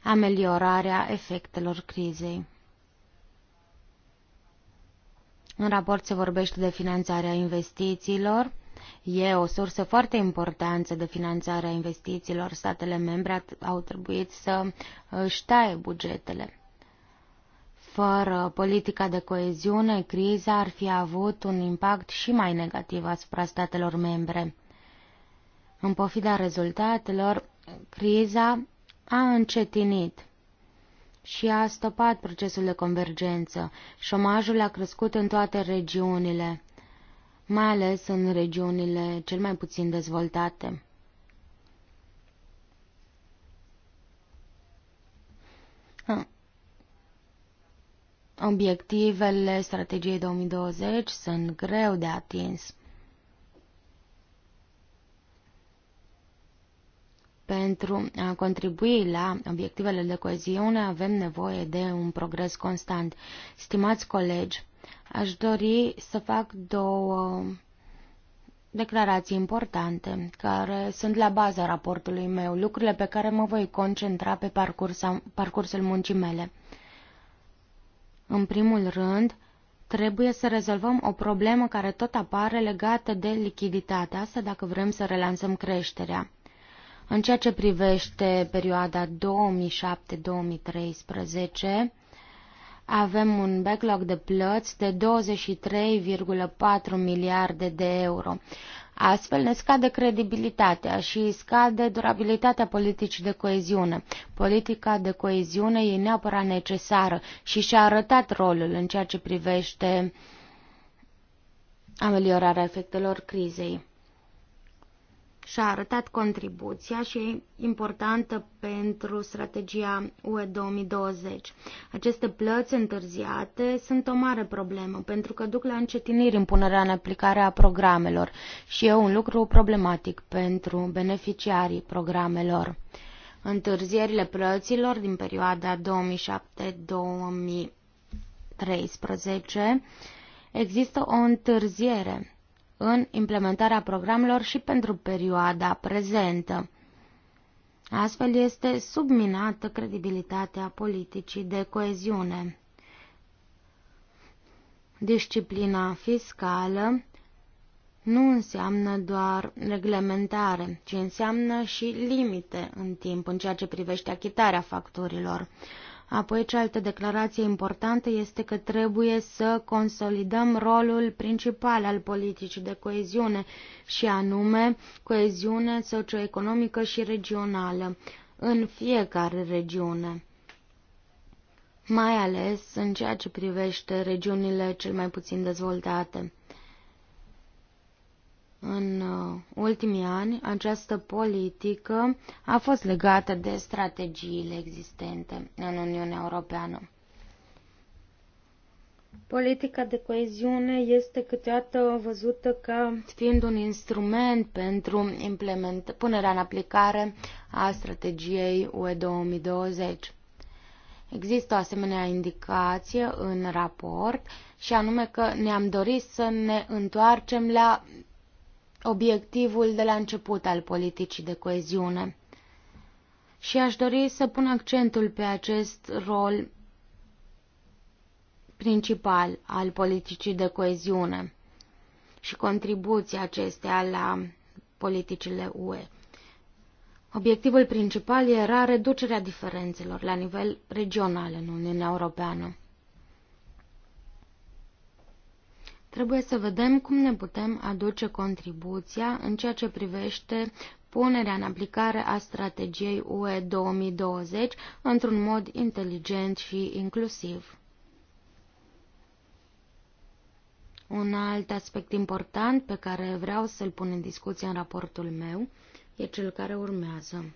ameliorarea efectelor crizei. În raport se vorbește de finanțarea investițiilor. E o sursă foarte importantă de finanțare a investițiilor. Statele membre au trebuit să își taie bugetele. Fără politica de coeziune, criza ar fi avut un impact și mai negativ asupra statelor membre. În pofida rezultatelor, criza a încetinit și a stopat procesul de convergență. Șomajul a crescut în toate regiunile, mai ales în regiunile cel mai puțin dezvoltate. Obiectivele strategiei 2020 sunt greu de atins. Pentru a contribui la obiectivele de coeziune avem nevoie de un progres constant. Stimați colegi, aș dori să fac două declarații importante care sunt la baza raportului meu, lucrurile pe care mă voi concentra pe parcursul muncii mele. În primul rând, trebuie să rezolvăm o problemă care tot apare legată de lichiditatea asta dacă vrem să relansăm creșterea. În ceea ce privește perioada 2007-2013, avem un backlog de plăți de 23,4 miliarde de euro. Astfel ne scade credibilitatea și scade durabilitatea politicii de coeziune. Politica de coeziune e neapărat necesară și și-a arătat rolul în ceea ce privește ameliorarea efectelor crizei și-a arătat contribuția și e importantă pentru strategia UE 2020. Aceste plăți întârziate sunt o mare problemă pentru că duc la încetiniri în punerea în aplicare a programelor și e un lucru problematic pentru beneficiarii programelor. Întârzierile plăților din perioada 2007-2013 există o întârziere în implementarea programelor și pentru perioada prezentă. Astfel este subminată credibilitatea politicii de coeziune. Disciplina fiscală nu înseamnă doar reglementare, ci înseamnă și limite în timp în ceea ce privește achitarea factorilor. Apoi, cealaltă declarație importantă este că trebuie să consolidăm rolul principal al politicii de coeziune, și anume coeziune socioeconomică și regională, în fiecare regiune mai ales în ceea ce privește regiunile cel mai puțin dezvoltate. În uh, ultimii ani, această politică a fost legată de strategiile existente în Uniunea Europeană. Politica de coeziune este câteodată văzută ca fiind un instrument pentru implement, punerea în aplicare a strategiei UE 2020. Există o asemenea indicație în raport și anume că ne-am dorit să ne întoarcem la obiectivul de la început al politicii de coeziune. Și aș dori să pun accentul pe acest rol principal al politicii de coeziune și contribuția acestea la politicile UE. Obiectivul principal era reducerea diferențelor la nivel regional în Uniunea Europeană. Trebuie să vedem cum ne putem aduce contribuția în ceea ce privește punerea în aplicare a strategiei UE 2020 într-un mod inteligent și inclusiv. Un alt aspect important pe care vreau să-l pun în discuție în raportul meu e cel care urmează.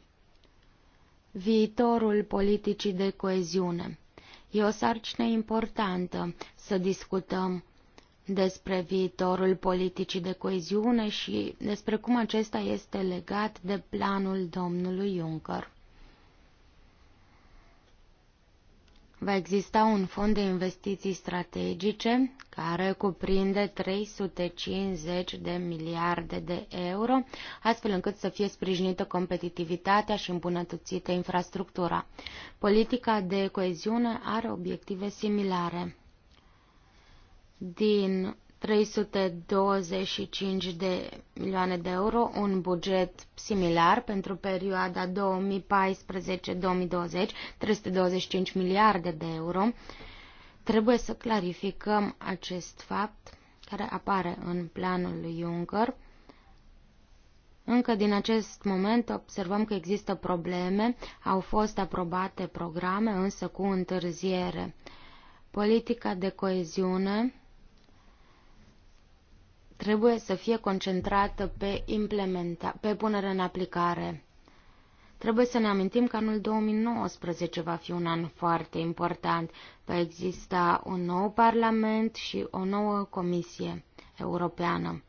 Viitorul politicii de coeziune. E o sarcină importantă să discutăm despre viitorul politicii de coeziune și despre cum acesta este legat de planul domnului Juncker. Va exista un fond de investiții strategice care cuprinde 350 de miliarde de euro, astfel încât să fie sprijinită competitivitatea și îmbunătățită infrastructura. Politica de coeziune are obiective similare din 325 de milioane de euro, un buget similar pentru perioada 2014-2020, 325 miliarde de euro. Trebuie să clarificăm acest fapt care apare în planul lui Juncker. Încă din acest moment observăm că există probleme, au fost aprobate programe, însă cu întârziere. Politica de coeziune trebuie să fie concentrată pe, implementa- pe punere în aplicare. Trebuie să ne amintim că anul 2019 va fi un an foarte important. Va exista un nou Parlament și o nouă Comisie Europeană.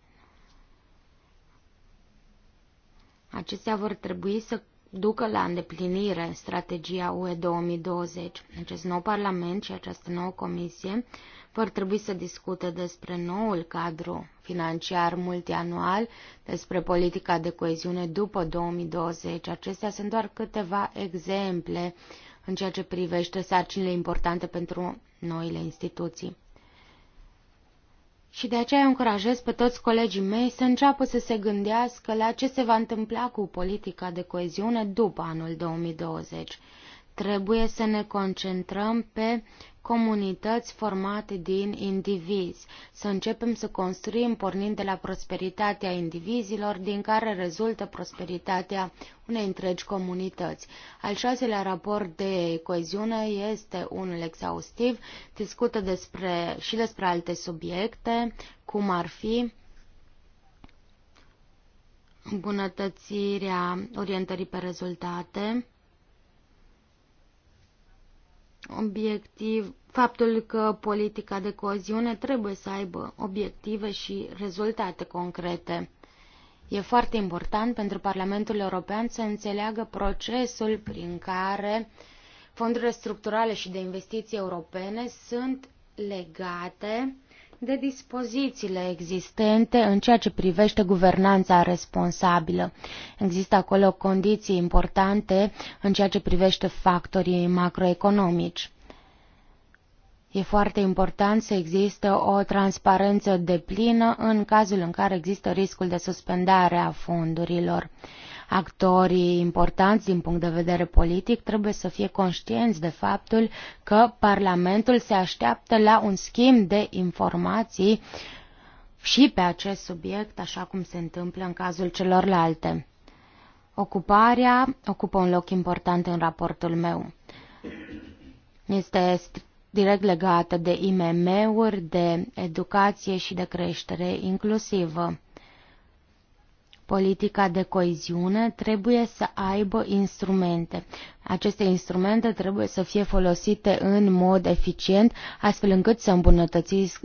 Acestea vor trebui să ducă la îndeplinire strategia UE 2020. Acest nou Parlament și această nouă Comisie uh, vor trebui să discute despre noul cadru financiar multianual, despre politica de coeziune după 2020. Acestea sunt doar câteva exemple în ceea ce privește sarcinile importante pentru noile instituții. Și de aceea încurajez pe toți colegii mei să înceapă să se gândească la ce se va întâmpla cu politica de coeziune după anul 2020 Trebuie să ne concentrăm pe comunități formate din indivizi, să începem să construim pornind de la prosperitatea indivizilor, din care rezultă prosperitatea unei întregi comunități. Al șaselea raport de coeziune este unul exhaustiv, discută despre, și despre alte subiecte, cum ar fi îmbunătățirea orientării pe rezultate, obiectiv, faptul că politica de coziune trebuie să aibă obiective și rezultate concrete. E foarte important pentru Parlamentul European să înțeleagă procesul prin care fondurile structurale și de investiții europene sunt legate de dispozițiile existente în ceea ce privește guvernanța responsabilă. Există acolo condiții importante în ceea ce privește factorii macroeconomici. E foarte important să există o transparență deplină în cazul în care există riscul de suspendare a fondurilor. Actorii importanți din punct de vedere politic trebuie să fie conștienți de faptul că Parlamentul se așteaptă la un schimb de informații și pe acest subiect, așa cum se întâmplă în cazul celorlalte. Ocuparea ocupă un loc important în raportul meu. Este direct legată de IMM-uri, de educație și de creștere inclusivă. Politica de coeziune trebuie să aibă instrumente. Aceste instrumente trebuie să fie folosite în mod eficient, astfel încât să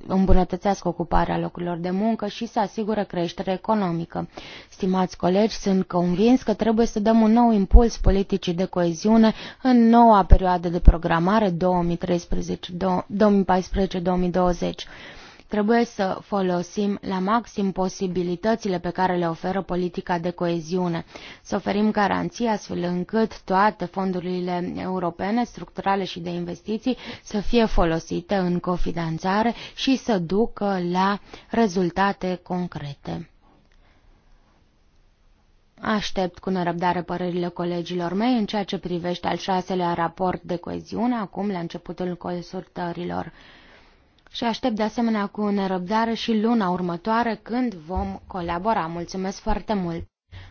îmbunătățească ocuparea locurilor de muncă și să asigură creștere economică. Stimați colegi, sunt convins că trebuie să dăm un nou impuls politicii de coeziune în noua perioadă de programare 2013-2020. Trebuie să folosim la maxim posibilitățile pe care le oferă politica de coeziune, să oferim garanții astfel încât toate fondurile europene, structurale și de investiții să fie folosite în cofinanțare și să ducă la rezultate concrete. Aștept cu nerăbdare părerile colegilor mei în ceea ce privește al șaselea raport de coeziune acum la începutul consultărilor și aștept de asemenea cu nerăbdare și luna următoare când vom colabora. Mulțumesc foarte mult!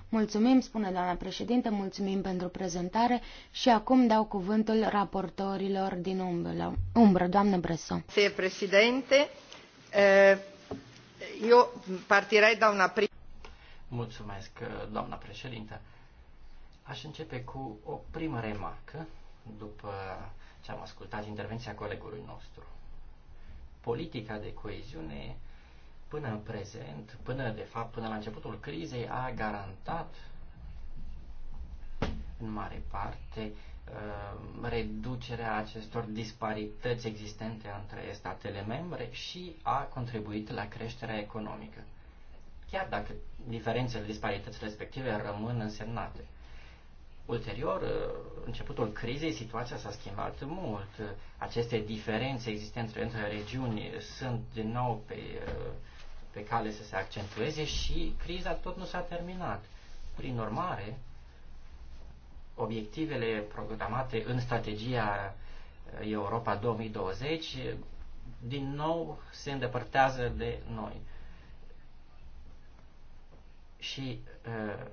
Mulțumim, spune doamna președinte, mulțumim pentru prezentare și acum dau cuvântul raportorilor din umbră. umbră doamnă Se președinte, eh, eu partirei doamna una Mulțumesc, eh, doamna președinte. Aș începe cu o primă remarcă după ce am ascultat intervenția colegului nostru politica de coeziune până în prezent, până de fapt, până la începutul crizei, a garantat în mare parte uh, reducerea acestor disparități existente între statele membre și a contribuit la creșterea economică. Chiar dacă diferențele, disparitățile respective rămân însemnate. Ulterior, uh, începutul crizei, situația s-a schimbat mult. Aceste diferențe existente între regiuni sunt din nou pe, uh, pe cale să se accentueze și criza tot nu s-a terminat. Prin urmare, obiectivele programate în strategia uh, Europa 2020 din nou se îndepărtează de noi. Și uh,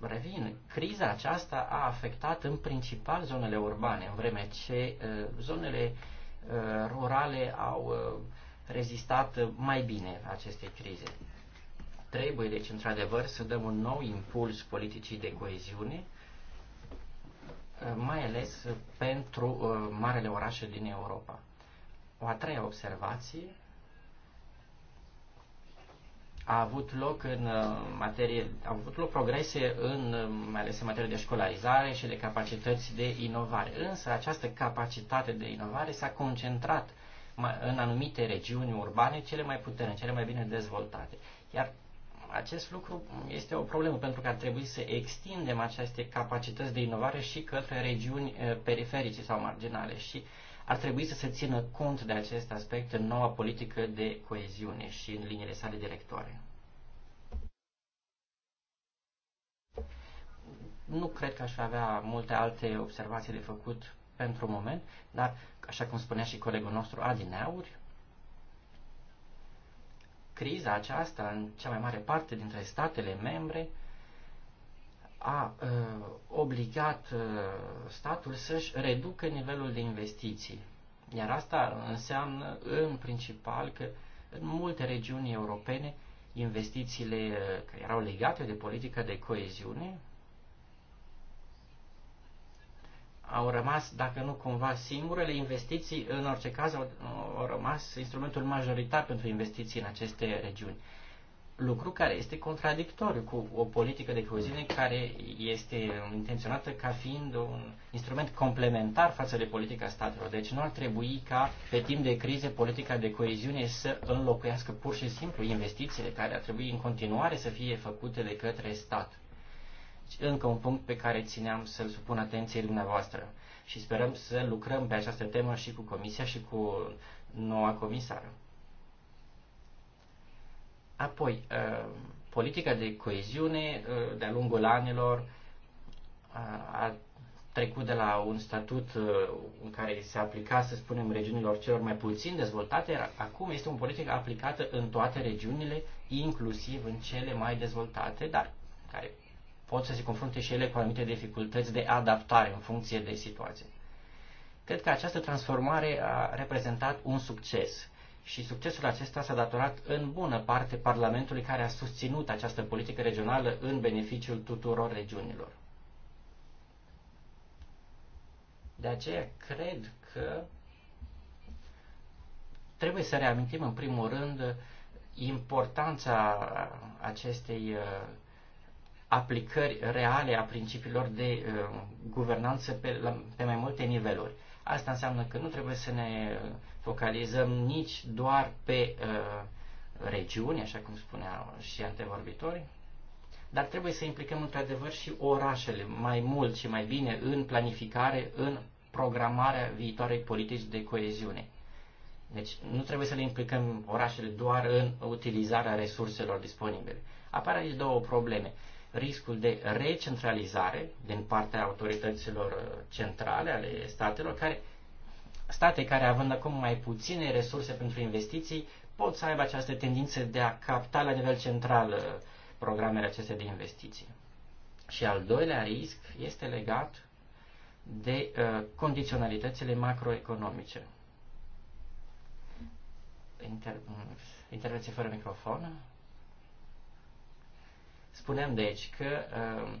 Revin, criza aceasta a afectat în principal zonele urbane, în vreme ce eh, zonele eh, rurale au eh, rezistat mai bine acestei crize. Trebuie, deci, într-adevăr, să dăm un nou impuls politicii de coeziune, mai ales pentru marele orașe din Europa. O a treia observație a avut loc în uh, materie, au avut loc progrese în, uh, mai ales în materie de școlarizare și de capacități de inovare. Însă această capacitate de inovare s-a concentrat în anumite regiuni urbane cele mai puternice, cele mai bine dezvoltate. Iar acest lucru este o problemă pentru că ar trebui să extindem aceste capacități de inovare și către regiuni uh, periferice sau marginale și uh, ar trebui să se țină cont de acest aspect în noua politică de coeziune și în liniile sale directoare. Nu cred că aș avea multe alte observații de făcut pentru moment, dar, așa cum spunea și colegul nostru Adineauri, criza aceasta în cea mai mare parte dintre statele membre a uh, obligat uh, statul să-și reducă nivelul de investiții. Iar asta înseamnă în principal că în multe regiuni europene investițiile uh, care erau legate de politica de coeziune au rămas, dacă nu cumva singurele investiții, în orice caz au, au rămas instrumentul majoritar pentru investiții în aceste regiuni. Uh, lucru care este contradictoriu cu o politică de coeziune care este intenționată ca fiind un instrument complementar față de politica statelor. Deci nu ar trebui ca pe timp de crize politica de coeziune să înlocuiască pur și simplu investițiile care ar trebui în continuare să fie făcute de către stat. Deci, încă un punct pe care țineam să-l supun atenției dumneavoastră și sperăm să lucrăm pe această temă și cu Comisia și cu noua comisară. Apoi, uh, politica de coeziune uh, de-a lungul anilor uh, a trecut de la un statut în care se aplica, să spunem, regiunilor celor mai puțin dezvoltate, iar acum este o politică aplicată în toate regiunile, inclusiv în cele mai dezvoltate, dar care pot să se confrunte și ele cu anumite dificultăți de adaptare în funcție de situație. Cred că această transformare a reprezentat un succes și succesul acesta s-a datorat în bună parte Parlamentului care a susținut această politică regională în beneficiul tuturor regiunilor. De aceea cred că trebuie să reamintim în primul rând importanța acestei uh, aplicări reale a principiilor de uh, guvernanță pe, pe mai multe niveluri. Asta înseamnă că nu trebuie să ne focalizăm nici doar pe uh, regiuni, așa cum spunea și antevorbitorii, dar trebuie să implicăm într-adevăr și orașele mai mult și mai bine în planificare, în programarea viitoarei politici de coeziune. Deci nu trebuie să le implicăm orașele doar în utilizarea resurselor disponibile. Apar aici două probleme. Riscul de recentralizare din partea autorităților uh, centrale ale statelor, care state care, având acum mai puține resurse pentru investiții, pot să aibă această tendință de a capta la nivel central uh, programele acestea de investiții. Și al doilea risc este legat de uh, condiționalitățile macroeconomice. Inter- mm, intervenție fără microfon. Spuneam deci că uh,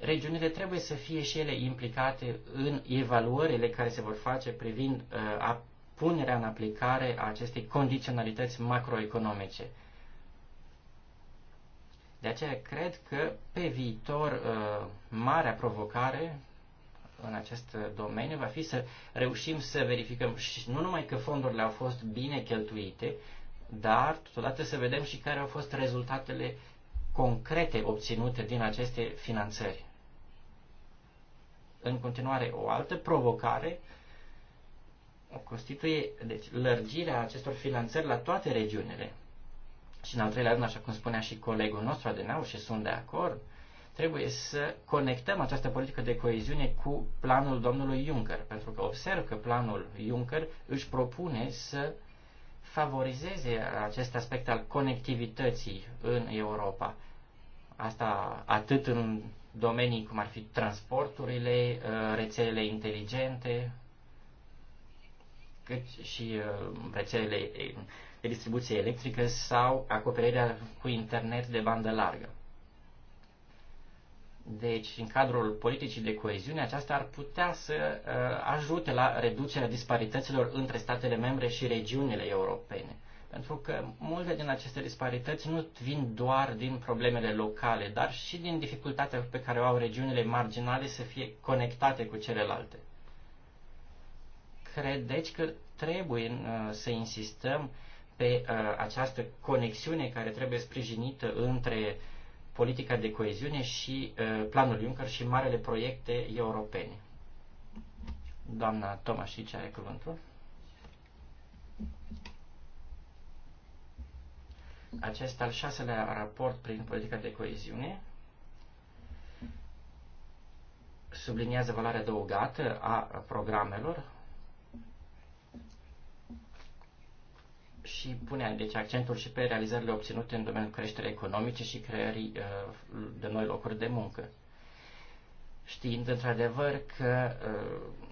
regiunile trebuie să fie și ele implicate în evaluările care se vor face privind uh, a punerea în aplicare a acestei condiționalități macroeconomice. De aceea cred că pe viitor uh, marea provocare în acest domeniu va fi să reușim să verificăm și nu numai că fondurile au fost bine cheltuite, dar totodată să vedem și care au fost rezultatele concrete obținute din aceste finanțări în continuare o altă provocare o constituie deci, lărgirea acestor finanțări la toate regiunile. Și în al treilea rând, așa cum spunea și colegul nostru Adenau și sunt de acord, trebuie să conectăm această politică de coeziune cu planul domnului Juncker, pentru că observ că planul Juncker își propune să favorizeze acest aspect al conectivității în Europa. Asta atât în domenii cum ar fi transporturile, uh, rețelele inteligente, cât și uh, rețelele uh, de distribuție electrică sau acoperirea cu internet de bandă largă. Deci, în cadrul politicii de coeziune, aceasta ar putea să uh, ajute la reducerea disparităților între statele membre și regiunile europene. Pentru că multe din aceste disparități nu vin doar din problemele locale, dar și din dificultatea pe care o au regiunile marginale să fie conectate cu celelalte. Credeți deci, că trebuie uh, să insistăm pe uh, această conexiune care trebuie sprijinită între politica de coeziune și uh, planul Juncker și marele proiecte europene? Doamna Tomașici are cuvântul. acest al șaselea raport prin politica de coeziune subliniază valoarea adăugată a programelor și pune deci, accentul și pe realizările obținute în domeniul creșterii economice și creării uh, de noi locuri de muncă. Știind într-adevăr că uh,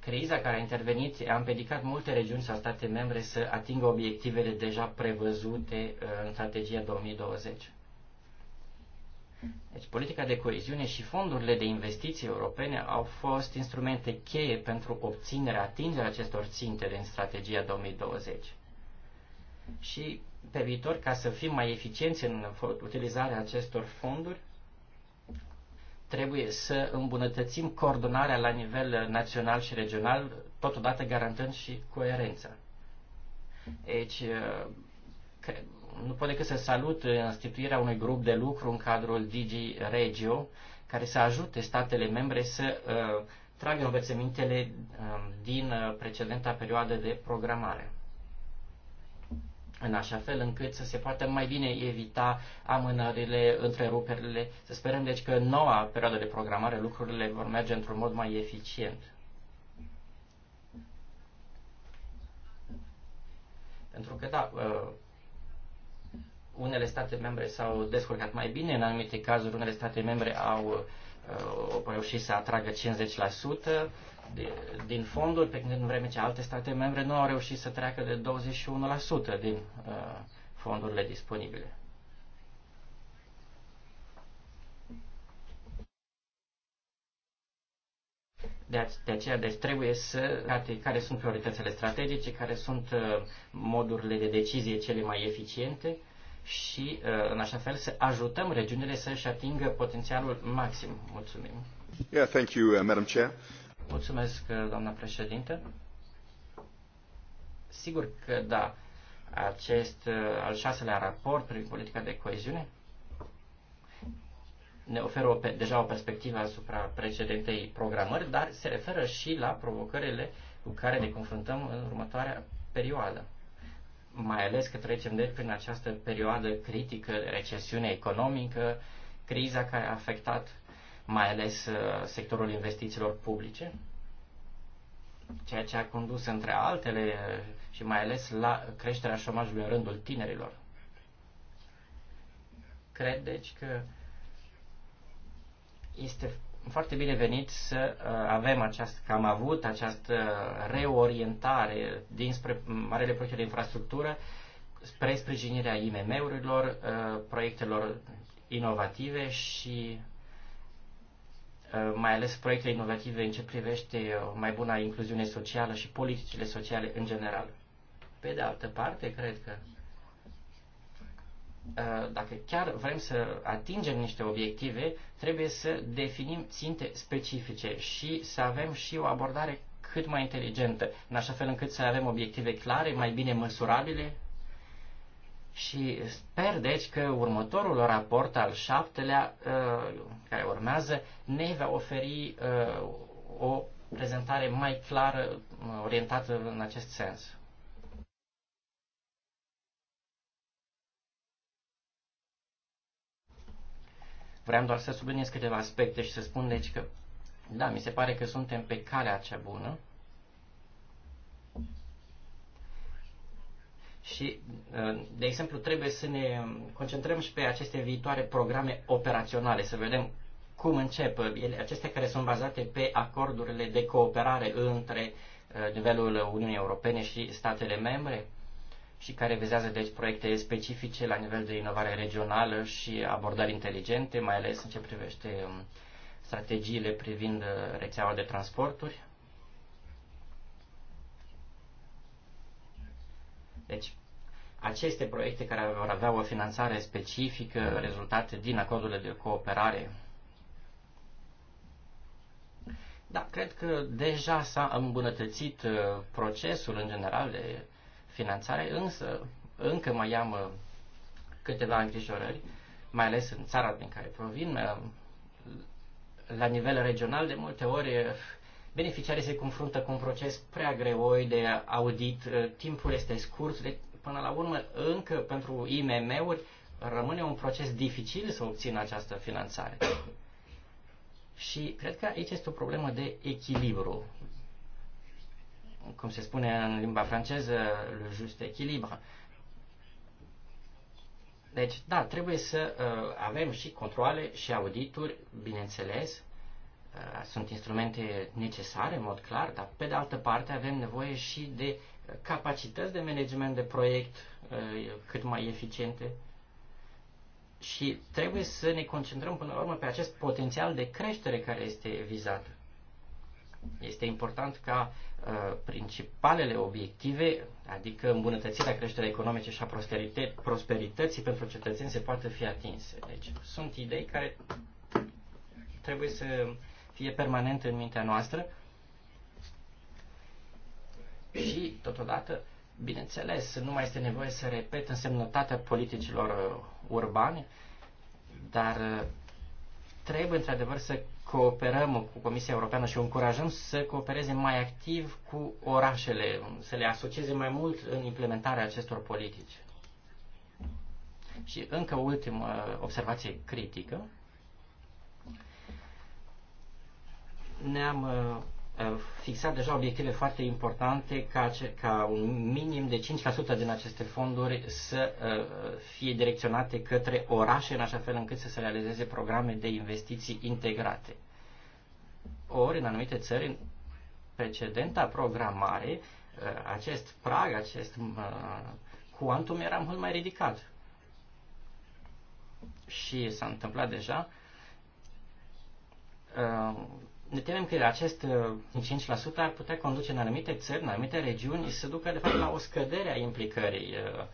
criza care a intervenit a împiedicat multe regiuni sau state membre să atingă obiectivele deja prevăzute uh, în strategia 2020. Deci politica de coeziune și fondurile de investiții europene au fost instrumente cheie pentru obținerea, atingerea acestor ținte din strategia 2020. Și pe viitor, ca să fim mai eficienți în utilizarea acestor fonduri, trebuie să îmbunătățim coordonarea la nivel național și regional, totodată garantând și coerența. Deci, uh, nu pot decât să salut instituirea unui grup de lucru în cadrul Digi Regio, care să ajute statele membre să uh, tragă învățămintele uh, din uh, precedenta perioadă de programare în așa fel încât să se poată mai bine evita amânările, întreruperile. Să sperăm deci că în noua perioadă de programare lucrurile vor merge într-un mod mai eficient. Pentru că, da, uh, unele state membre s-au descurcat mai bine, în anumite cazuri unele state membre au, uh, reușit să atragă 50%, din fonduri, pe când în vreme ce alte state membre nu au reușit să treacă de 21% din uh, fondurile disponibile. De aceea, deci trebuie să care sunt prioritățile strategice, care sunt uh, modurile de decizie cele mai eficiente și uh, în așa fel să ajutăm regiunile să-și atingă potențialul maxim. Mulțumim. Yeah, thank you, Madam Chair. Mulțumesc, doamna președinte. Sigur că da, acest al șaselea raport privind politica de coeziune ne oferă o, deja o perspectivă asupra precedentei programări, dar se referă și la provocările cu care ne confruntăm în următoarea perioadă. Mai ales că trecem de prin această perioadă critică recesiune economică, criza care a afectat mai ales uh, sectorul investițiilor publice, ceea ce a condus între altele uh, și mai ales la creșterea șomajului în rândul tinerilor. Cred deci că este foarte bine venit să uh, avem această, că am avut această reorientare dinspre marele proiecte de infrastructură spre sprijinirea IMM-urilor, proiectelor inovative și Uh, mai ales proiecte inovative în ce privește o uh, mai bună incluziune socială și politicile sociale în general. Pe de altă parte, cred că uh, dacă chiar vrem să atingem niște obiective, trebuie să definim ținte specifice și să avem și o abordare cât mai inteligentă, în așa fel încât să avem obiective clare, mai bine măsurabile și sper, deci, că următorul raport, al șaptelea, uh, care urmează, ne va oferi uh, o prezentare mai clară, uh, orientată în acest sens. Vreau doar să subliniez câteva aspecte și să spun, deci, că, da, mi se pare că suntem pe calea cea bună, și, ă, de exemplu, trebuie să ne concentrăm și pe aceste viitoare programe operaționale, să vedem cum încep ele, acestea care sunt bazate pe acordurile de cooperare între ă, nivelul Uniunii Europene și statele membre și care vizează deci proiecte specifice la nivel de inovare regională și abordări inteligente, mai ales în ce privește ă, strategiile privind rețeaua de transporturi. Deci, aceste proiecte care vor avea o finanțare specifică rezultate din acordurile de cooperare. Da, cred că deja s-a îmbunătățit uh, procesul în general de finanțare, însă încă mai am uh, câteva îngrijorări, mai ales în țara din care provin. Uh, la nivel regional, de multe ori, beneficiarii se confruntă cu un proces prea greoi de audit, timpul este scurt, deci până la urmă, încă pentru IMM-uri rămâne un proces dificil să obțină această finanțare. Și cred că aici este o problemă de echilibru. Cum se spune în limba franceză, le just echilibre. Deci, da, trebuie să uh, avem și controle și audituri, bineînțeles, Uh, sunt instrumente necesare, în mod clar, dar pe de altă parte avem nevoie și de uh, capacități de management de proiect uh, cât mai eficiente și trebuie să ne concentrăm până la urmă pe acest potențial de creștere care este vizat. Este important ca principalele obiective, adică îmbunătățirea creșterii economice și a prosperității, prosperității pentru cetățeni, se poată fi atinse. Deci sunt idei care trebuie să fie permanent în mintea noastră și, totodată, bineînțeles, nu mai este nevoie să repet însemnătatea politicilor uh, urbane, dar uh, trebuie, într-adevăr, să cooperăm cu Comisia Europeană și o încurajăm să coopereze mai activ cu orașele, să le asocieze mai mult în implementarea acestor politici. Și încă o ultimă observație critică. ne-am uh, uh, fixat deja obiective foarte importante ca, ca un minim de 5% din aceste fonduri să uh, fie direcționate către orașe în așa fel încât să se realizeze programe de investiții integrate. Ori, în anumite țări, în precedenta programare, acest prag, acest cuantum era mult mai ridicat. Și s-a întâmplat deja ne temem că acest 5% uh, ar putea conduce în anumite țări, în anumite regiuni, să ducă de fapt la o scădere a implicării uh,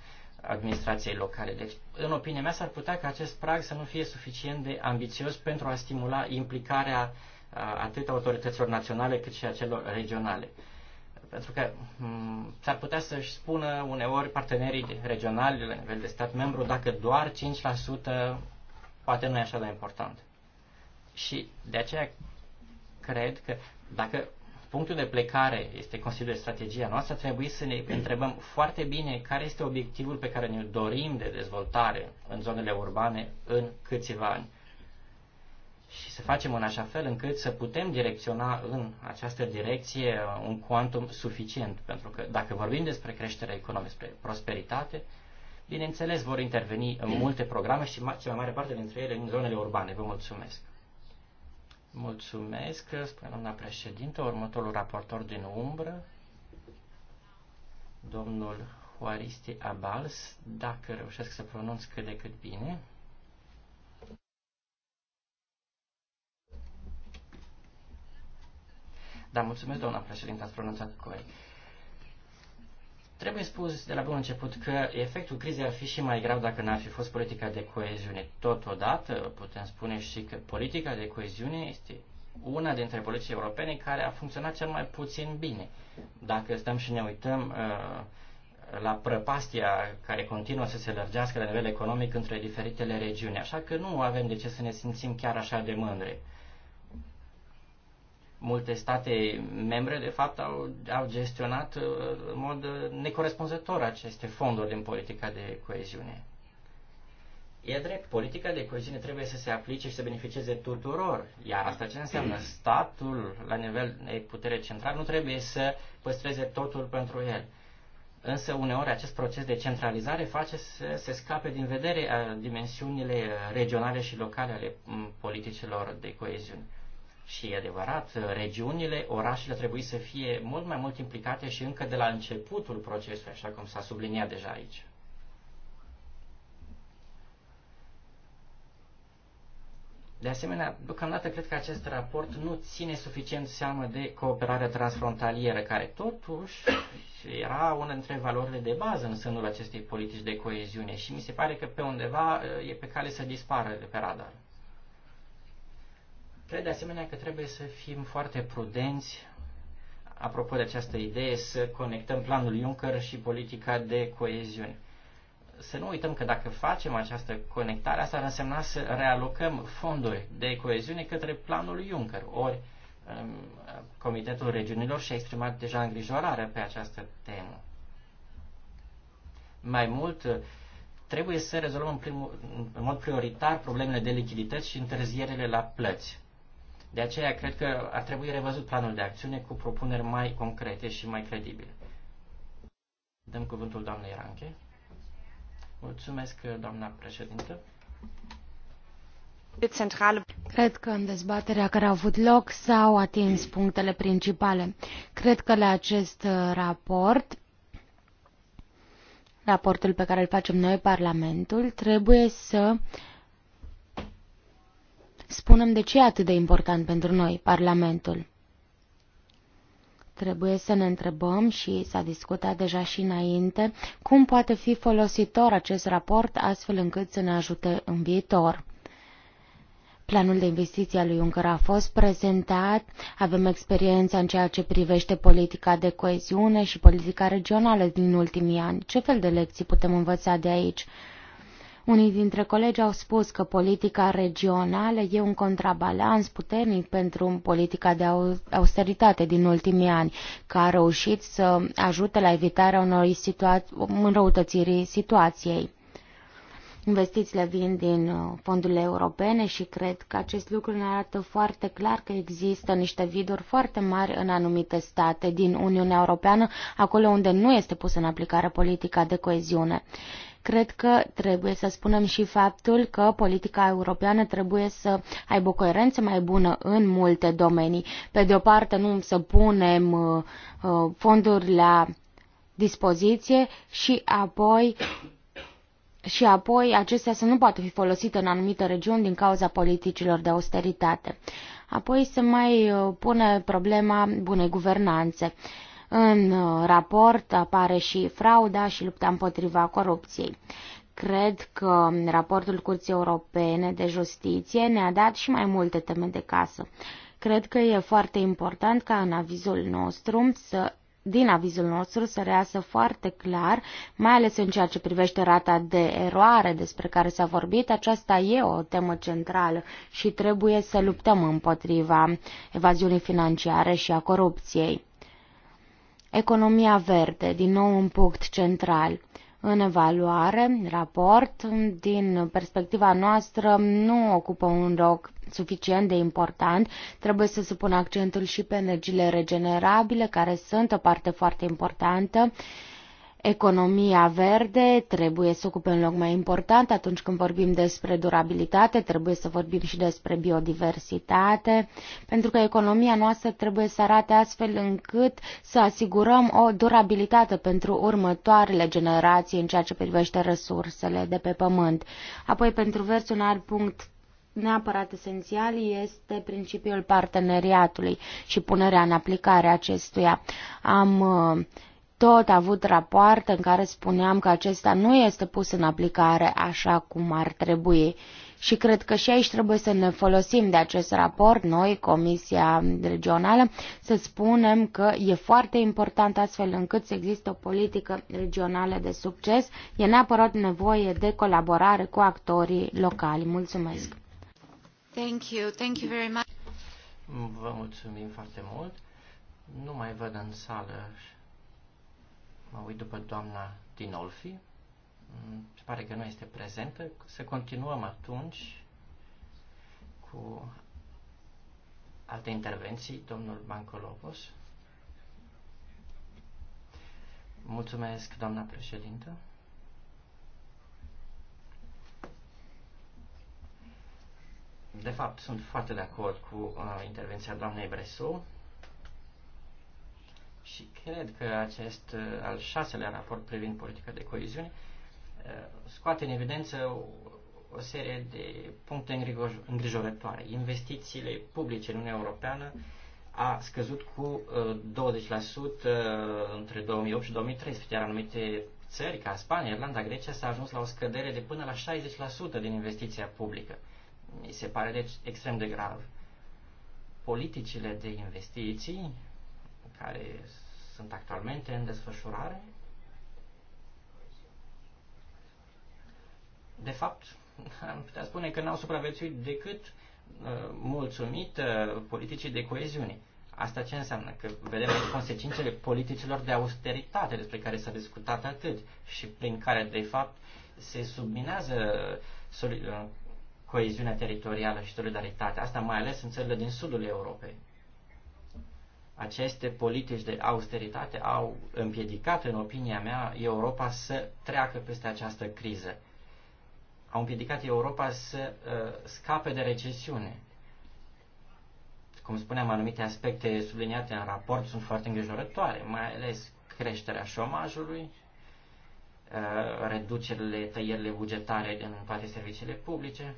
administrației locale. Deci, în opinia mea, s-ar putea ca acest prag să nu fie suficient de ambițios pentru a stimula implicarea uh, atât autorităților naționale cât și a celor regionale. Pentru că mm, s-ar putea să-și spună uneori partenerii regionali la nivel de stat membru dacă doar 5% poate nu e așa de important. Și de aceea cred că dacă punctul de plecare este, consider, strategia noastră, trebuie să ne întrebăm foarte bine care este obiectivul pe care ne dorim de dezvoltare în zonele urbane în câțiva ani. Și să facem în așa fel încât să putem direcționa în această direcție un cuantum suficient. Pentru că dacă vorbim despre creșterea economică, despre prosperitate, bineînțeles vor interveni în multe programe și cea mai mare parte dintre ele în zonele urbane. Vă mulțumesc! Mulțumesc, spune doamna președinte, următorul raportor din umbră, domnul Huaristi Abals, dacă reușesc să pronunț cât de cât bine. Da, mulțumesc, doamna președinte, ați pronunțat corect. Trebuie spus de la bun început că efectul crizei ar fi și mai grav dacă n-ar fi fost politica de coeziune. Totodată putem spune și că politica de coeziune este una dintre politicile europene care a funcționat cel mai puțin bine. Dacă stăm și ne uităm uh, la prăpastia care continuă să se lărgească la nivel economic între diferitele regiuni, așa că nu avem de ce să ne simțim chiar așa de mândri multe state membre, de fapt, au, au gestionat uh, în mod uh, necorespunzător aceste fonduri din politica de coeziune. E drept, politica de coeziune trebuie să se aplice și să beneficieze tuturor, iar asta ce înseamnă? [clears throat] Statul, la nivel de putere central, nu trebuie să păstreze totul pentru el. Însă, uneori, acest proces de centralizare face să se scape din vedere a dimensiunile regionale și locale ale politicilor de coeziune. Și e adevărat, regiunile, orașele trebuie să fie mult mai mult implicate și încă de la începutul procesului, așa cum s-a subliniat deja aici. De asemenea, deocamdată cred că acest raport nu ține suficient seamă de cooperarea transfrontalieră, care totuși era una dintre valorile de bază în sânul acestei politici de coeziune și mi se pare că pe undeva e pe cale să dispară de pe radar. Cred de asemenea că trebuie să fim foarte prudenți apropo de această idee să conectăm planul Juncker și politica de coeziune. Să nu uităm că dacă facem această conectare, asta ar însemna să realocăm fonduri de coeziune către planul Juncker. Ori Comitetul Regiunilor și-a exprimat deja îngrijorare pe această temă. Mai mult, trebuie să rezolvăm în, primul, în mod prioritar problemele de lichidități și întârzierele la plăți. De aceea cred că ar trebui revăzut planul de acțiune cu propuneri mai concrete și mai credibile. Dăm cuvântul doamnei Ranche. Mulțumesc, doamna președintă. Cred că în dezbaterea care a avut loc s-au atins punctele principale. Cred că la acest uh, raport, raportul pe care îl facem noi, Parlamentul, trebuie să uh, Spunem de ce e atât de important pentru noi Parlamentul. Trebuie să ne întrebăm și s-a discutat deja și înainte cum poate fi folositor acest raport astfel încât să ne ajute în viitor. Planul de investiții al lui Juncker a fost prezentat, avem experiența în ceea ce privește politica de coeziune și politica regională din ultimii ani. Ce fel de lecții putem învăța de aici? Unii dintre colegi au spus că politica regională e un contrabalans puternic pentru politica de austeritate din ultimii ani, care a reușit să ajute la evitarea unor situa- înrăutățirii situației. Investițiile vin din uh, fondurile europene și cred că acest lucru ne arată foarte clar că există niște viduri foarte mari în anumite state din Uniunea Europeană, acolo unde nu este pusă în aplicare politica de coeziune. Cred că trebuie să spunem și faptul că politica europeană trebuie să aibă o coerență mai bună în multe domenii. Pe de o parte nu să punem uh, uh, fonduri la dispoziție și apoi și apoi acestea să nu poată fi folosite în anumite regiuni din cauza politicilor de austeritate. Apoi se mai uh, pune problema bunei guvernanțe. Uh, în uh, raport apare și frauda și lupta împotriva corupției. Cred că um, raportul Curții Europene de Justiție ne-a dat și mai multe teme de casă. Cred că e foarte important ca în avizul nostru să din avizul nostru să reasă foarte clar, mai ales în ceea ce privește rata de eroare despre care s-a vorbit, aceasta e o temă centrală și trebuie să luptăm împotriva evaziunii financiare și a corupției. Economia verde, din nou un punct central în evaluare, raport, din perspectiva noastră, nu ocupă un loc suficient de important. Trebuie să se pună accentul și pe energiile regenerabile, care sunt o parte foarte importantă. Uh, Economia verde trebuie să ocupe un loc mai important atunci când vorbim despre durabilitate, trebuie să vorbim și despre biodiversitate, pentru că economia noastră trebuie să arate astfel încât să asigurăm o durabilitate pentru următoarele generații în ceea ce privește resursele de pe pământ. Apoi, pentru vers un alt punct neapărat esențial este principiul parteneriatului și punerea în aplicare acestuia. Am uh, tot avut rapoarte în care spuneam că acesta nu este pus în aplicare așa cum ar trebui. Și cred că și aici trebuie să ne folosim de acest raport, noi, Comisia Regională, să spunem că e foarte important astfel încât să există o politică regională de succes. E neapărat nevoie de colaborare cu actorii locali. Mulțumesc! Thank you. Thank you very much. Vă mulțumim foarte mult. Nu mai văd în sală Mă uit după doamna Dinolfi. Mm, se pare că nu este prezentă. Să continuăm atunci cu alte intervenții. Domnul Bancolobos. Mulțumesc, doamna președintă. De fapt, sunt foarte de acord cu uh, intervenția doamnei Bresu și cred că acest uh, al șaselea raport privind politica de coeziune uh, scoate în evidență o serie de puncte îngrijorătoare. Investițiile publice în Uniunea Europeană a scăzut cu 20% uh, între 2008 și 2013, iar anumite țări ca Spania, Irlanda, Grecia s-a ajuns la o scădere de până la 60% din investiția publică. Mi se pare deci extrem de grav. Politicile de investiții care sunt actualmente în desfășurare. De fapt, [laughs] am putea spune că n-au supraviețuit decât uh, mulțumit uh, politicii de coeziune. Asta ce înseamnă? Că vedem aici consecințele politicilor de austeritate despre care s-a discutat atât și prin care, de fapt, se subminează uh, coeziunea teritorială și solidaritatea. Asta mai ales în țările din sudul Europei. Aceste politici de austeritate au împiedicat, în opinia mea, Europa să treacă peste această criză. Au împiedicat Europa să uh, scape de recesiune. Cum spuneam, anumite aspecte subliniate în raport sunt foarte îngrijorătoare, mai ales creșterea șomajului, uh, reducerile, tăierile bugetare în toate serviciile publice,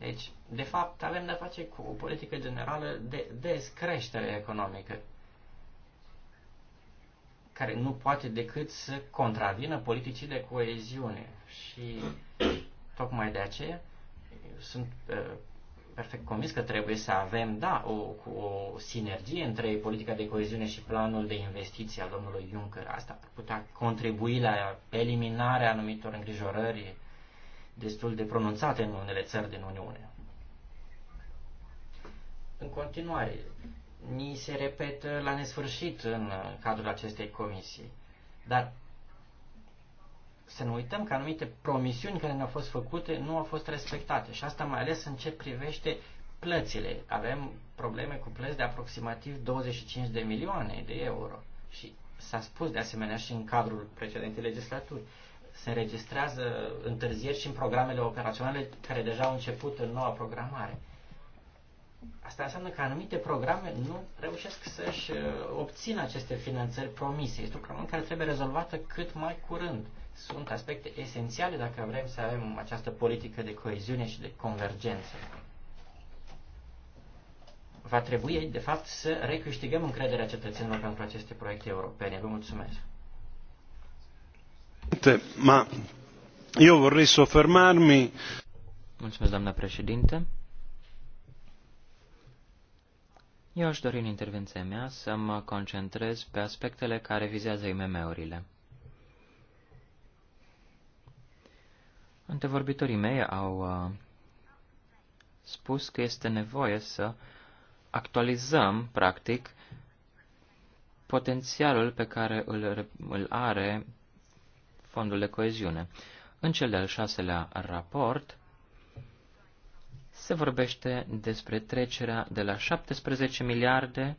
deci, de fapt, avem de-a face cu o politică generală de descreștere economică, care nu poate decât să contravină politicii de coeziune. Și tocmai de aceea sunt uh, perfect convins că trebuie să avem, da, o, o sinergie între politica de coeziune și planul de investiții al domnului Juncker. Asta ar putea contribui la eliminarea anumitor îngrijorări destul de pronunțate în unele țări din Uniune. În continuare, ni se repetă la nesfârșit în cadrul acestei comisii, dar să nu uităm că anumite promisiuni care ne-au fost făcute nu au fost respectate și asta mai ales în ce privește plățile. Avem probleme cu plăți de aproximativ 25 de milioane de euro și s-a spus de asemenea și în cadrul precedentei legislaturi se registrează întârzieri și în programele operaționale care deja au început în noua programare. Asta înseamnă că anumite programe nu reușesc să-și uh, obțină aceste finanțări promise. Este un problemă care trebuie rezolvată cât mai curând. Sunt aspecte esențiale dacă vrem să avem această politică de coeziune și de convergență. Va trebui, de fapt, să recâștigăm încrederea cetățenilor pentru aceste proiecte europene. Vă mulțumesc! Ma eu vorrei soffermarmi. Mulțumesc, doamna președinte. Eu aș dori în intervenția mea să mă concentrez pe aspectele care vizează IMM-urile. Antevorbitorii mei au uh, spus că este nevoie să actualizăm, practic, potențialul pe care îl, îl are fondul de coeziune. În cel de-al șaselea raport se vorbește despre trecerea de la 17 miliarde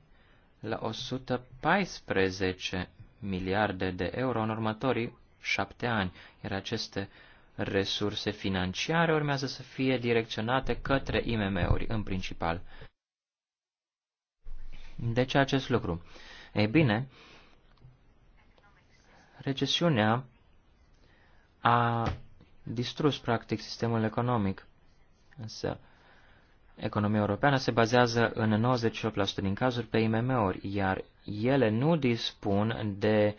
la 114 miliarde de euro în următorii șapte ani, iar aceste resurse financiare urmează să fie direcționate către IMM-uri în principal. De ce acest lucru? Ei bine, recesiunea a distrus practic sistemul economic. Însă, economia europeană se bazează în 98% din cazuri pe IMM-uri, iar ele nu dispun de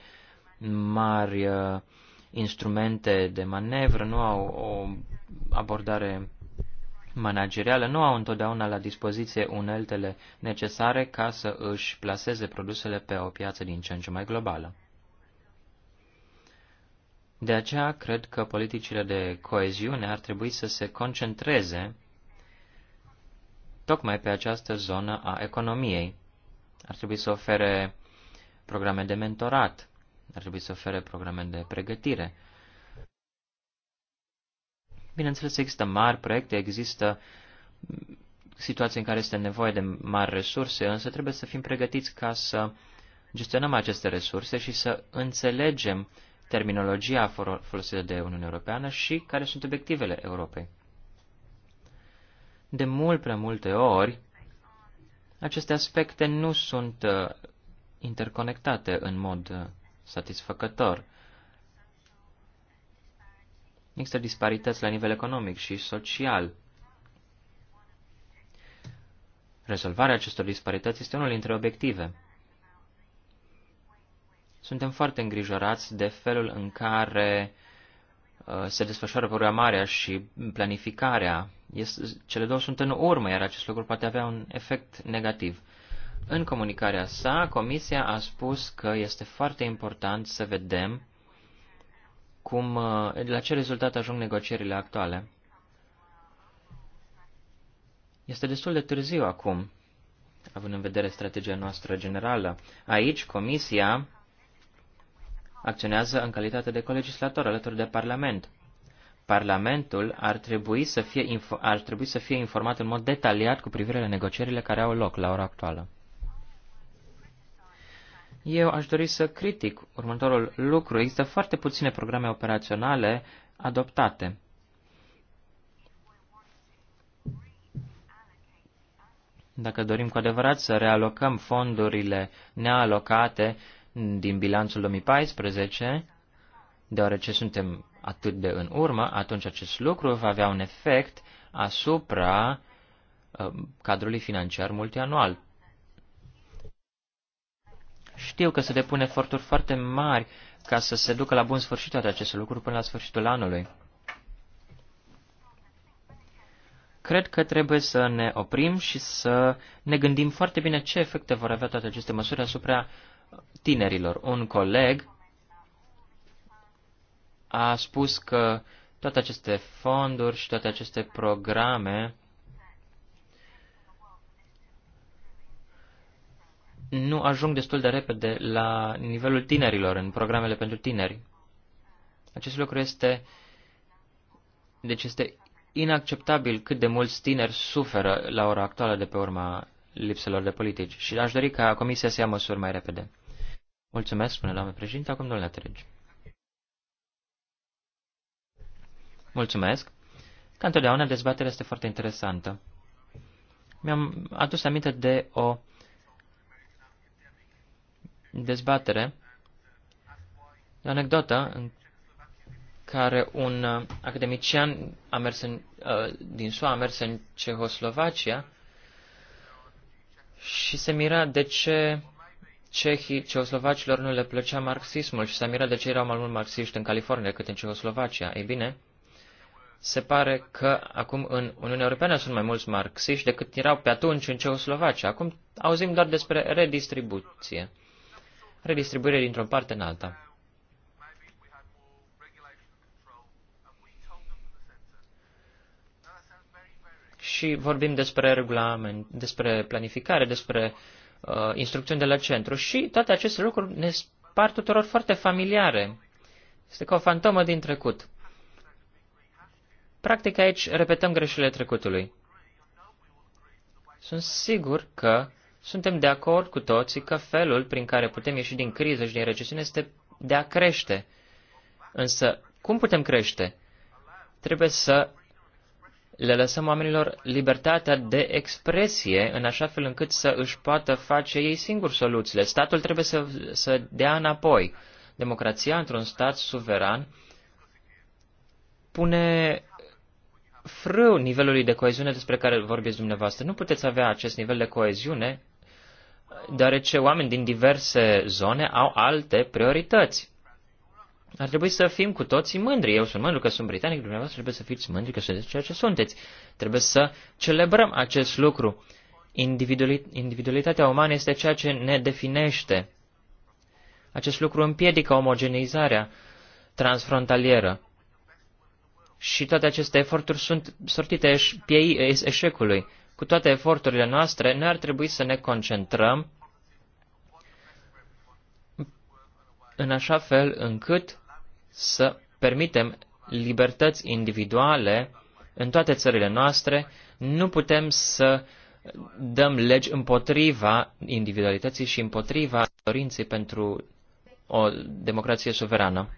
mari uh, instrumente de manevră, nu au o abordare managerială, nu au întotdeauna la dispoziție uneltele necesare ca să își placeze produsele pe o piață din ce în ce mai globală. De aceea, cred că politicile de coeziune ar trebui să se concentreze tocmai pe această zonă a economiei. Ar trebui să ofere programe de mentorat, ar trebui să ofere programe de pregătire. Bineînțeles, există mari proiecte, există situații în care este nevoie de mari resurse, însă trebuie să fim pregătiți ca să gestionăm aceste resurse și să înțelegem terminologia folosită de Uniunea Europeană și care sunt obiectivele Europei. De mult prea multe ori, aceste aspecte nu sunt uh, interconectate în mod uh, satisfăcător. Există disparități la nivel economic și social. Rezolvarea acestor disparități este unul dintre obiective. Suntem foarte îngrijorați de felul în care uh, se desfășoară programarea și planificarea. Cele două sunt în urmă, iar acest lucru poate avea un efect negativ. În comunicarea sa, Comisia a spus că este foarte important să vedem cum, uh, la ce rezultat ajung negocierile actuale. Este destul de târziu acum, având în vedere strategia noastră generală. Aici, Comisia acționează în calitate de colegislator alături de Parlament. Parlamentul ar trebui, să fie ar trebui să fie informat în mod detaliat cu privire la negocierile care au loc la ora actuală. Eu aș dori să critic următorul lucru. Există foarte puține programe operaționale adoptate. Dacă dorim cu adevărat să realocăm fondurile nealocate din bilanțul 2014, deoarece suntem atât de în urmă, atunci acest lucru va avea un efect asupra uh, cadrului financiar multianual. Știu că se depun eforturi foarte mari ca să se ducă la bun sfârșit toate aceste lucruri până la sfârșitul anului. Cred că trebuie să ne oprim și să ne gândim foarte bine ce efecte vor avea toate aceste măsuri asupra tinerilor. Un coleg a spus că toate aceste fonduri și toate aceste programe nu ajung destul de repede la nivelul tinerilor în programele pentru tineri. Acest lucru este, deci este inacceptabil cât de mulți tineri suferă la ora actuală de pe urma lipselor de politici și aș dori ca Comisia să ia măsuri mai repede. Mulțumesc, spune doamne președinte. Acum domnule Atregi. Mulțumesc. Ca întotdeauna, dezbaterea este foarte interesantă. Mi-am adus aminte de o dezbatere, de o anecdotă în care un uh, academician a mers în, uh, din SUA a mers în Cehoslovacia și se mira de ce cehii, ceoslovacilor nu le plăcea marxismul și s-a mirat de ce erau mai mult marxiști în California decât în Cehoslovacia. Ei bine, se pare că acum în Uniunea Europeană sunt mai mulți marxiști decât erau pe atunci în Cehoslovacia. Acum auzim doar despre redistribuție. Redistribuire dintr-o parte în alta. Și vorbim despre regulament, despre planificare, despre uh, Uh, instrucțiuni de la centru și toate aceste lucruri ne par tuturor foarte familiare. Este ca o fantomă din trecut. Practic aici repetăm greșelile trecutului. Sunt sigur că suntem de acord cu toții că felul prin care putem ieși din criză și din recesiune este de a crește. Însă, cum putem crește? Trebuie să le lăsăm oamenilor libertatea de expresie în așa fel încât să își poată face ei singuri soluțiile. Statul trebuie să, să dea înapoi. Democrația într-un stat suveran pune frâu nivelului de coeziune despre care vorbiți dumneavoastră. Nu puteți avea acest nivel de coeziune deoarece oameni din diverse zone au alte priorități. Ar trebui să fim cu toții mândri. Eu sunt mândru că sunt britanic, dumneavoastră trebuie să fiți mândri că sunteți ceea ce sunteți. Trebuie să celebrăm acest lucru. Individualitatea umană este ceea ce ne definește. Acest lucru împiedică omogenizarea transfrontalieră. Și toate aceste eforturi sunt sortite eș- piei eșecului. Cu toate eforturile noastre, noi ar trebui să ne concentrăm în așa fel încât să permitem libertăți individuale în toate țările noastre, nu putem să dăm legi împotriva individualității și împotriva dorinței pentru o democrație suverană.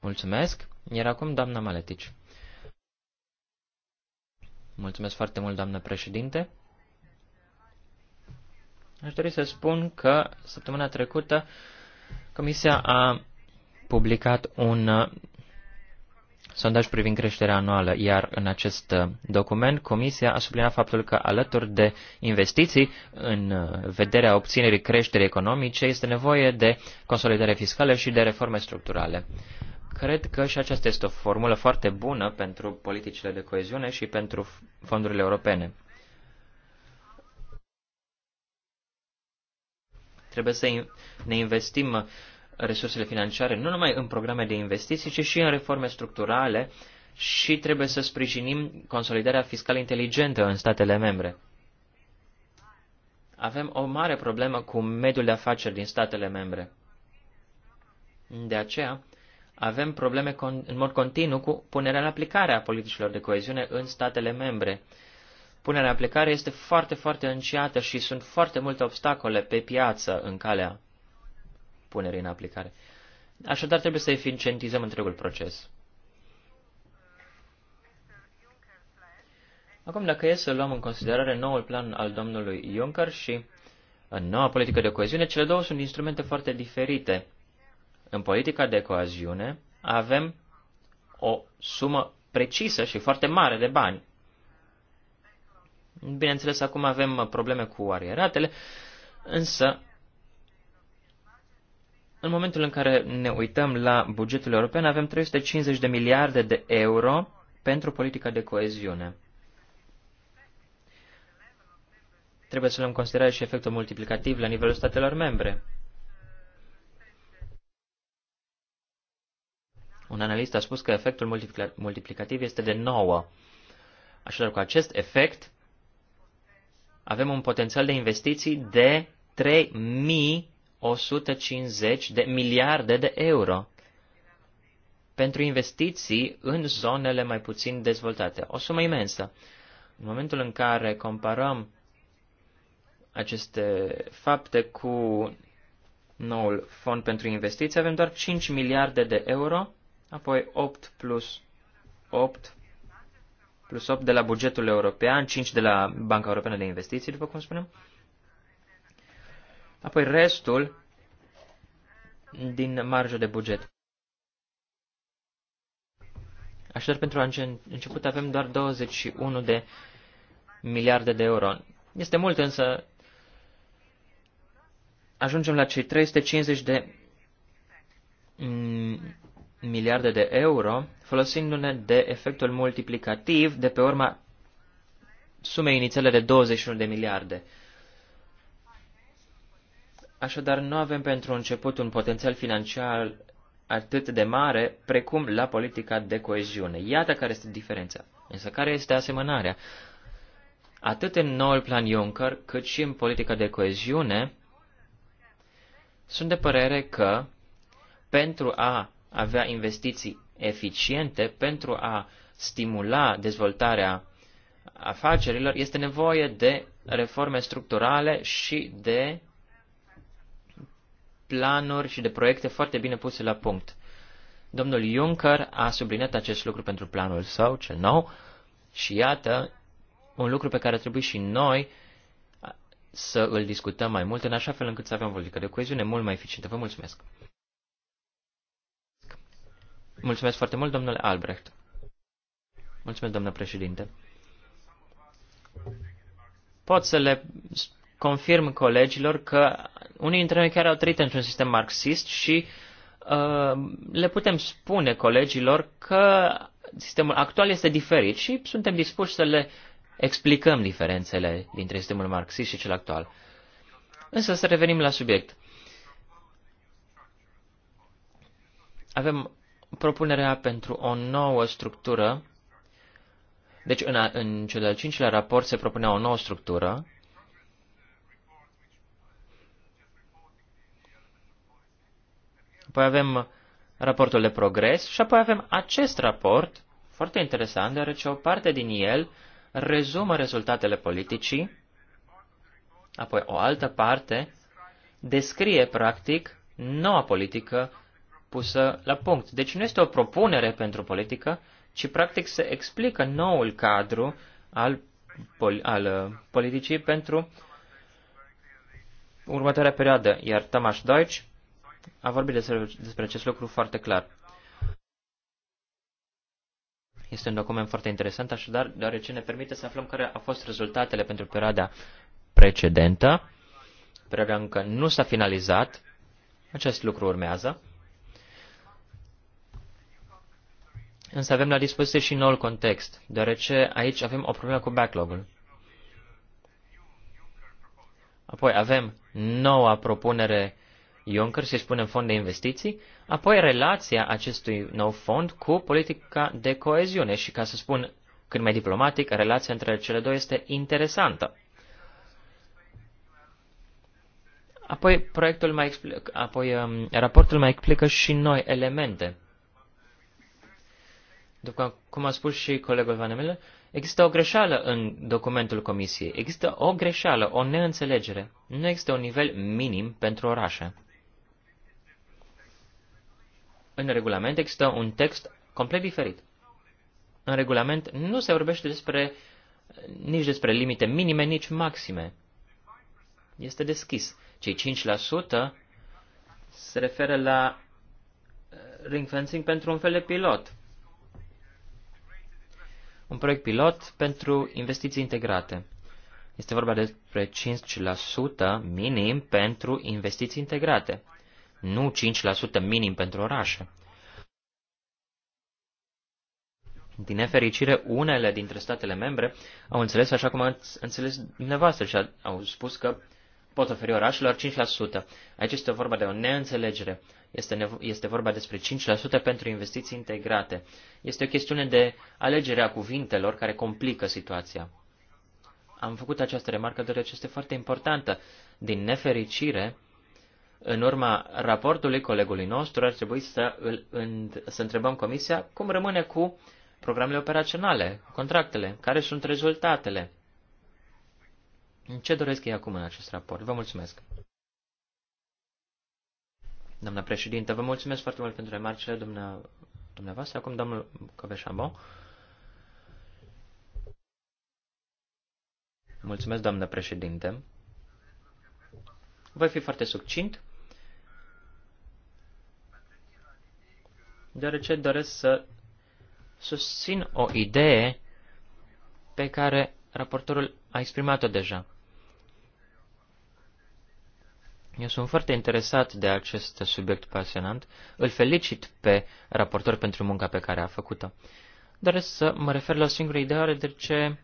Mulțumesc. Iar acum doamna Maletici. Mulțumesc foarte mult, doamnă președinte. Aș dori să spun că săptămâna trecută Comisia a publicat un uh, sondaj privind creșterea anuală, iar în acest uh, document Comisia a subliniat faptul că alături de investiții în uh, vederea obținerii creșterii economice este nevoie de consolidare fiscală și de reforme structurale. Cred că și aceasta este o formulă foarte bună pentru politicile de coeziune și pentru fondurile europene. Trebuie să ne investim resursele financiare nu numai în programe de investiții, ci și în reforme structurale și trebuie să sprijinim consolidarea fiscală inteligentă în statele membre. Avem o mare problemă cu mediul de afaceri din statele membre. De aceea, avem probleme în mod continuu cu punerea în aplicare a politicilor de coeziune în statele membre. Punerea în aplicare este foarte, foarte înciată și sunt foarte multe obstacole pe piață în calea punerii în aplicare. Așadar, trebuie să eficientizăm întregul proces. Acum, dacă e să luăm în considerare noul plan al domnului Juncker și noua politică de coeziune, cele două sunt instrumente foarte diferite. În politica de coeziune avem o sumă precisă și foarte mare de bani. Bineînțeles, acum avem probleme cu arieratele, însă în momentul în care ne uităm la bugetul european, avem 350 de miliarde de euro pentru politica de coeziune. Trebuie să luăm considerare și efectul multiplicativ la nivelul statelor membre. Un analist a spus că efectul multiplicativ este de 9. Așadar, cu acest efect avem un potențial de investiții de 3000 150 de miliarde de euro pentru investiții în zonele mai puțin dezvoltate. O sumă imensă. În momentul în care comparăm aceste fapte cu noul fond pentru investiții, avem doar 5 miliarde de euro, apoi 8 plus 8 plus 8 de la bugetul european, 5 de la Banca Europeană de Investiții, după cum spunem, apoi restul din marjă de buget. Așadar, pentru început avem doar 21 de miliarde de euro. Este mult, însă ajungem la cei 350 de mm, miliarde de euro, folosindu-ne de efectul multiplicativ de pe urma sumei inițiale de 21 de miliarde. Așadar, nu avem pentru început un potențial financiar atât de mare precum la politica de coeziune. Iată care este diferența. Însă care este asemănarea? Atât în noul plan Juncker, cât și în politica de coeziune, sunt de părere că pentru a avea investiții eficiente, pentru a stimula dezvoltarea afacerilor, este nevoie de reforme structurale și de planuri și de proiecte foarte bine puse la punct. Domnul Juncker a subliniat acest lucru pentru planul său, cel nou, și iată un lucru pe care trebuie și noi să îl discutăm mai mult, în așa fel încât să avem o politică de coeziune mult mai eficientă. Vă mulțumesc! Mulțumesc foarte mult, domnule Albrecht. Mulțumesc, domnule președinte. Pot să le confirm colegilor că unii dintre noi chiar au trăit într-un sistem marxist și uh, le putem spune colegilor că sistemul actual este diferit și suntem dispuși să le explicăm diferențele dintre sistemul marxist și cel actual. Însă să revenim la subiect. Avem propunerea pentru o nouă structură. Deci în, a, în cel de-al cincilea raport se propunea o nouă structură apoi avem uh, raportul de progres și apoi avem acest raport, foarte interesant, deoarece o parte din el rezumă rezultatele politicii, apoi o altă parte descrie practic noua politică pusă la punct. Deci nu este o propunere pentru politică, ci practic se explică noul cadru al, pol- al uh, politicii pentru următoarea perioadă. Iar Tamas Deutsch a vorbit despre, despre acest lucru foarte clar. Este un document foarte interesant, așadar, deoarece ne permite să aflăm care au fost rezultatele pentru perioada precedentă. Perioada încă nu s-a finalizat. Acest lucru urmează. Însă avem la dispoziție și noul context, deoarece aici avem o problemă cu backlog-ul. Apoi avem noua propunere Juncker se spune fond de investiții, apoi relația acestui nou fond cu politica de coeziune și, ca să spun cât mai diplomatic, relația între cele două este interesantă. Apoi, proiectul mai explică, apoi um, raportul mai explică și noi elemente. După cum a spus și colegul Van Emele, există o greșeală în documentul comisiei. Există o greșeală, o neînțelegere. Nu există un nivel minim pentru orașe în regulament există un text complet diferit. În regulament nu se vorbește despre, nici despre limite minime, nici maxime. Este deschis. Cei 5% se referă la uh, ring fencing pentru un fel de pilot. Un proiect pilot pentru investiții integrate. Este vorba despre 5% minim pentru investiții integrate nu 5% minim pentru orașe. Din nefericire, unele dintre statele membre au înțeles așa cum ați înțeles dumneavoastră și au spus că pot oferi orașelor 5%. Aici este vorba de o neînțelegere. Este, nevo- este vorba despre 5% pentru investiții integrate. Este o chestiune de alegerea cuvintelor care complică situația. Am făcut această remarcă deoarece este foarte importantă. Din nefericire, în urma raportului colegului nostru ar trebui să, îl, în, să întrebăm Comisia cum rămâne cu programele operaționale, contractele, care sunt rezultatele. Ce doresc ei acum în acest raport? Vă mulțumesc. Doamna președintă, vă mulțumesc foarte mult pentru remarcile dumneavoastră. Acum, domnul Coveșambon. Mulțumesc, doamnă președinte. Voi fi foarte succint. deoarece doresc să susțin o idee pe care raportorul a exprimat-o deja. Eu sunt foarte interesat de acest subiect pasionant. Îl felicit pe raportor pentru munca pe care a făcut-o. Doresc să mă refer la o singură idee, deoarece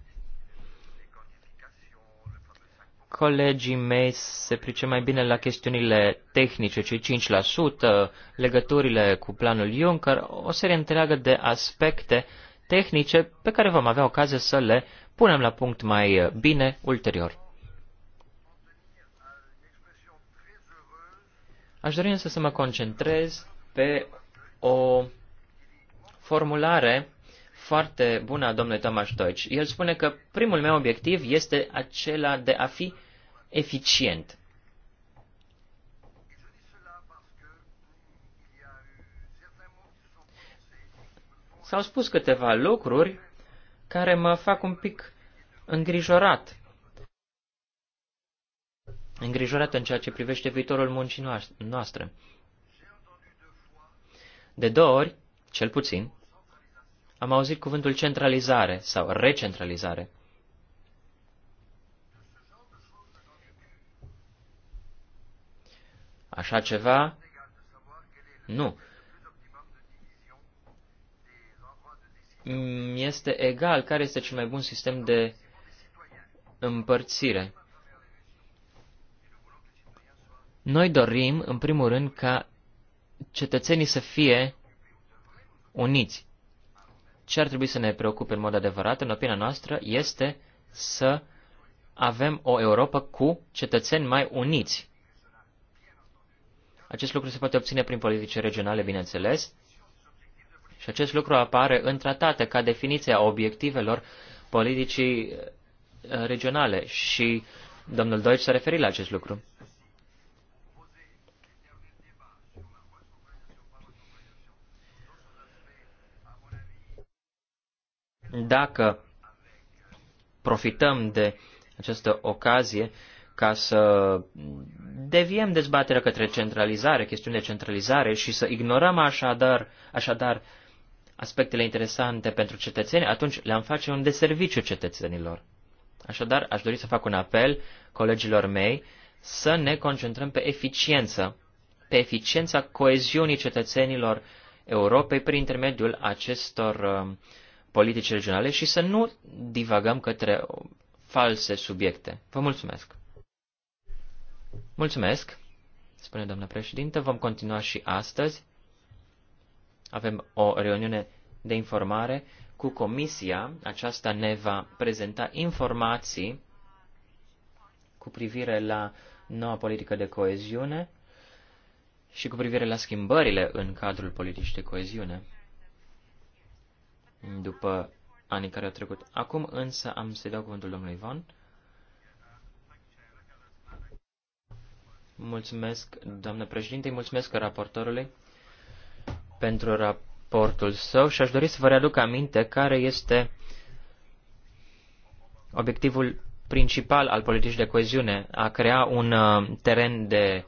colegii mei se pricep mai bine la chestiunile tehnice, cei 5%, legăturile cu planul Juncker, o serie întreagă de aspecte tehnice pe care vom avea ocazia să le punem la punct mai bine ulterior. Aș dori însă să mă concentrez pe o formulare foarte bună a domnului Thomas Deutsch. El spune că primul meu obiectiv este acela de a fi eficient. S-au spus câteva lucruri care mă fac un pic îngrijorat. Îngrijorat în ceea ce privește viitorul muncii noastre. De două ori, cel puțin, am auzit cuvântul centralizare sau recentralizare. Așa ceva? Nu. Este egal care este cel mai bun sistem de împărțire. Noi dorim, în primul rând, ca cetățenii să fie uniți ce ar trebui să ne preocupe în mod adevărat, în opinia noastră, este să avem o Europa cu cetățeni mai uniți. Acest lucru se poate obține prin politici regionale, bineînțeles, și acest lucru apare în tratate ca definiție a obiectivelor politicii eh, regionale și domnul Deutsch s-a referit la acest lucru. dacă profităm de această ocazie ca să deviem dezbaterea către centralizare, chestiuni de centralizare și să ignorăm așadar, așadar aspectele interesante pentru cetățeni, atunci le-am face un deserviciu cetățenilor. Așadar, aș dori să fac un apel colegilor mei să ne concentrăm pe eficiență, pe eficiența coeziunii cetățenilor Europei prin intermediul acestor uh, politici regionale și să nu divagăm către false subiecte. Vă mulțumesc! Mulțumesc, spune doamna președintă. Vom continua și astăzi. Avem o reuniune de informare cu comisia. Aceasta ne va prezenta informații cu privire la noua politică de coeziune și cu privire la schimbările în cadrul politicii de coeziune după anii care au trecut. Acum însă am să-i dau cuvântul domnului Ivan. Mulțumesc, doamnă președinte, mulțumesc raportorului pentru raportul său și aș dori să vă readuc aminte care este obiectivul principal al politicii de coeziune, a crea un uh, teren de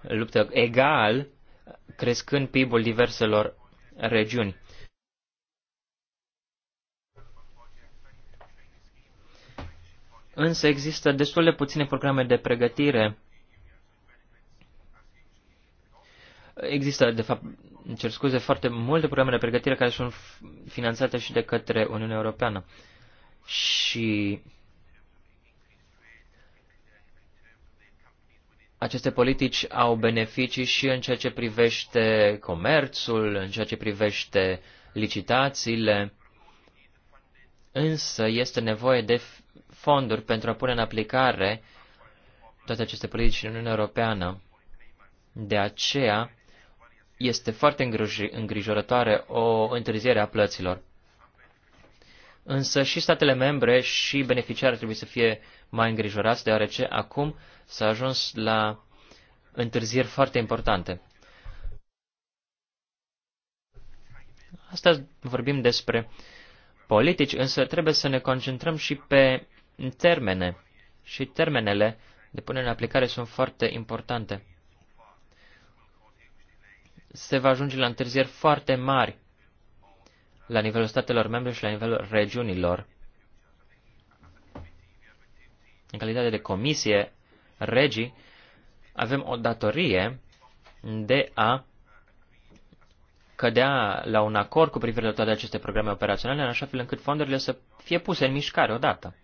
luptă egal, crescând PIB-ul diverselor regiuni. Însă există destul de puține programe de pregătire. Există, de fapt, cer scuze, foarte multe programe de pregătire care sunt finanțate și de către Uniunea Europeană. Și aceste politici au beneficii și în ceea ce privește comerțul, în ceea ce privește licitațiile, însă este nevoie de fonduri pentru a pune în aplicare toate aceste politici în Uniunea Europeană. De aceea este foarte îngrijorătoare o întârziere a plăților. Însă și statele membre și beneficiarii trebuie să fie mai îngrijorați, deoarece acum s-a ajuns la întârzieri foarte importante. Astăzi vorbim despre politici, însă trebuie să ne concentrăm și pe termene. Și termenele de până în aplicare sunt foarte importante. Se va ajunge la întârzieri foarte mari la nivelul statelor membre și la nivelul regiunilor. În calitate de comisie, regii, avem o datorie de a cădea la un acord cu privire la toate aceste programe operaționale, în așa fel încât fondurile să fie puse în mișcare odată.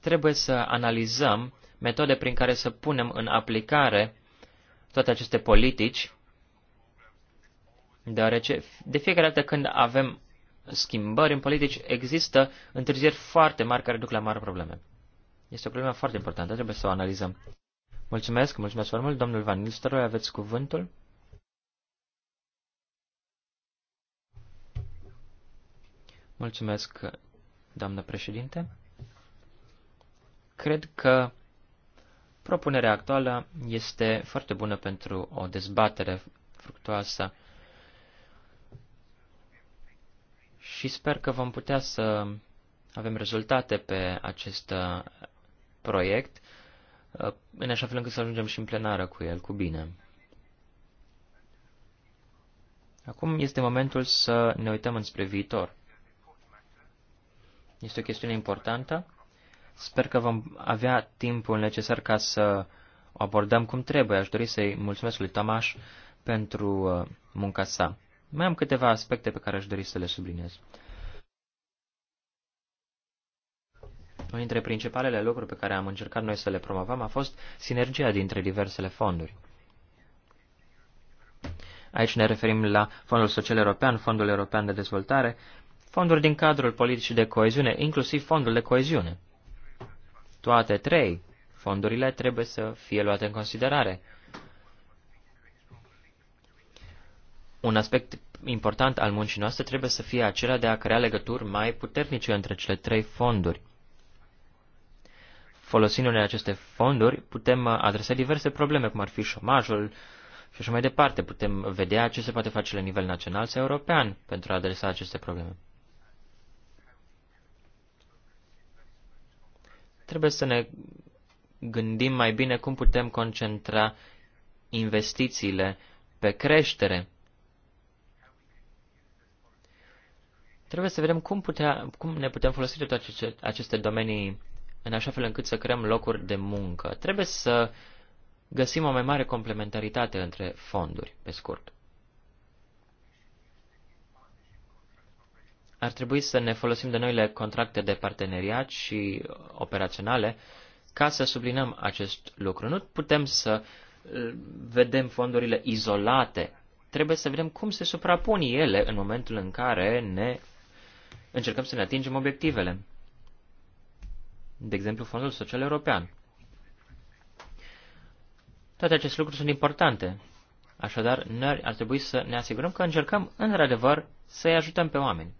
Trebuie să analizăm metode prin care să punem în aplicare toate aceste politici, deoarece de fiecare dată când avem schimbări în politici, există întârzieri foarte mari care duc la mari probleme. Este o problemă foarte importantă, trebuie să o analizăm. Mulțumesc, mulțumesc foarte mult. Domnul Van Nistelrooy, aveți cuvântul? Mulțumesc, doamnă președinte. Cred că propunerea actuală este foarte bună pentru o dezbatere fructuoasă și sper că vom putea să avem rezultate pe acest proiect în așa fel încât să ajungem și în plenară cu el, cu bine. Acum este momentul să ne uităm înspre viitor. Este o chestiune importantă. Sper că vom avea timpul necesar ca să o abordăm cum trebuie. Aș dori să-i mulțumesc lui Tomaș pentru uh, munca sa. Mai am câteva aspecte pe care aș dori să le subliniez. Unul dintre principalele lucruri pe care am încercat noi să le promovăm a fost sinergia dintre diversele fonduri. Aici ne referim la Fondul Social European, Fondul European de Dezvoltare, fonduri din cadrul politicii de coeziune, inclusiv fondul de coeziune. Toate trei fondurile trebuie să fie luate în considerare. Un aspect important al muncii noastre trebuie să fie acela de a crea legături mai puternice între cele trei fonduri folosindu-ne aceste fonduri, putem adresa diverse probleme, cum ar fi șomajul și așa mai departe. Putem vedea ce se poate face la nivel național sau european pentru a adresa aceste probleme. Trebuie să ne gândim mai bine cum putem concentra investițiile pe creștere. Trebuie să vedem cum, putea, cum ne putem folosi de toate aceste domenii în așa fel încât să creăm locuri de muncă. Trebuie să găsim o mai mare complementaritate între fonduri, pe scurt. Ar trebui să ne folosim de noile contracte de parteneriat și operaționale ca să sublinăm acest lucru. Nu putem să vedem fondurile izolate. Trebuie să vedem cum se suprapun ele în momentul în care ne încercăm să ne atingem obiectivele de exemplu Fondul Social European. Toate aceste lucruri sunt importante. Așadar, noi ar trebui să ne asigurăm că încercăm, într-adevăr, să-i ajutăm pe oameni.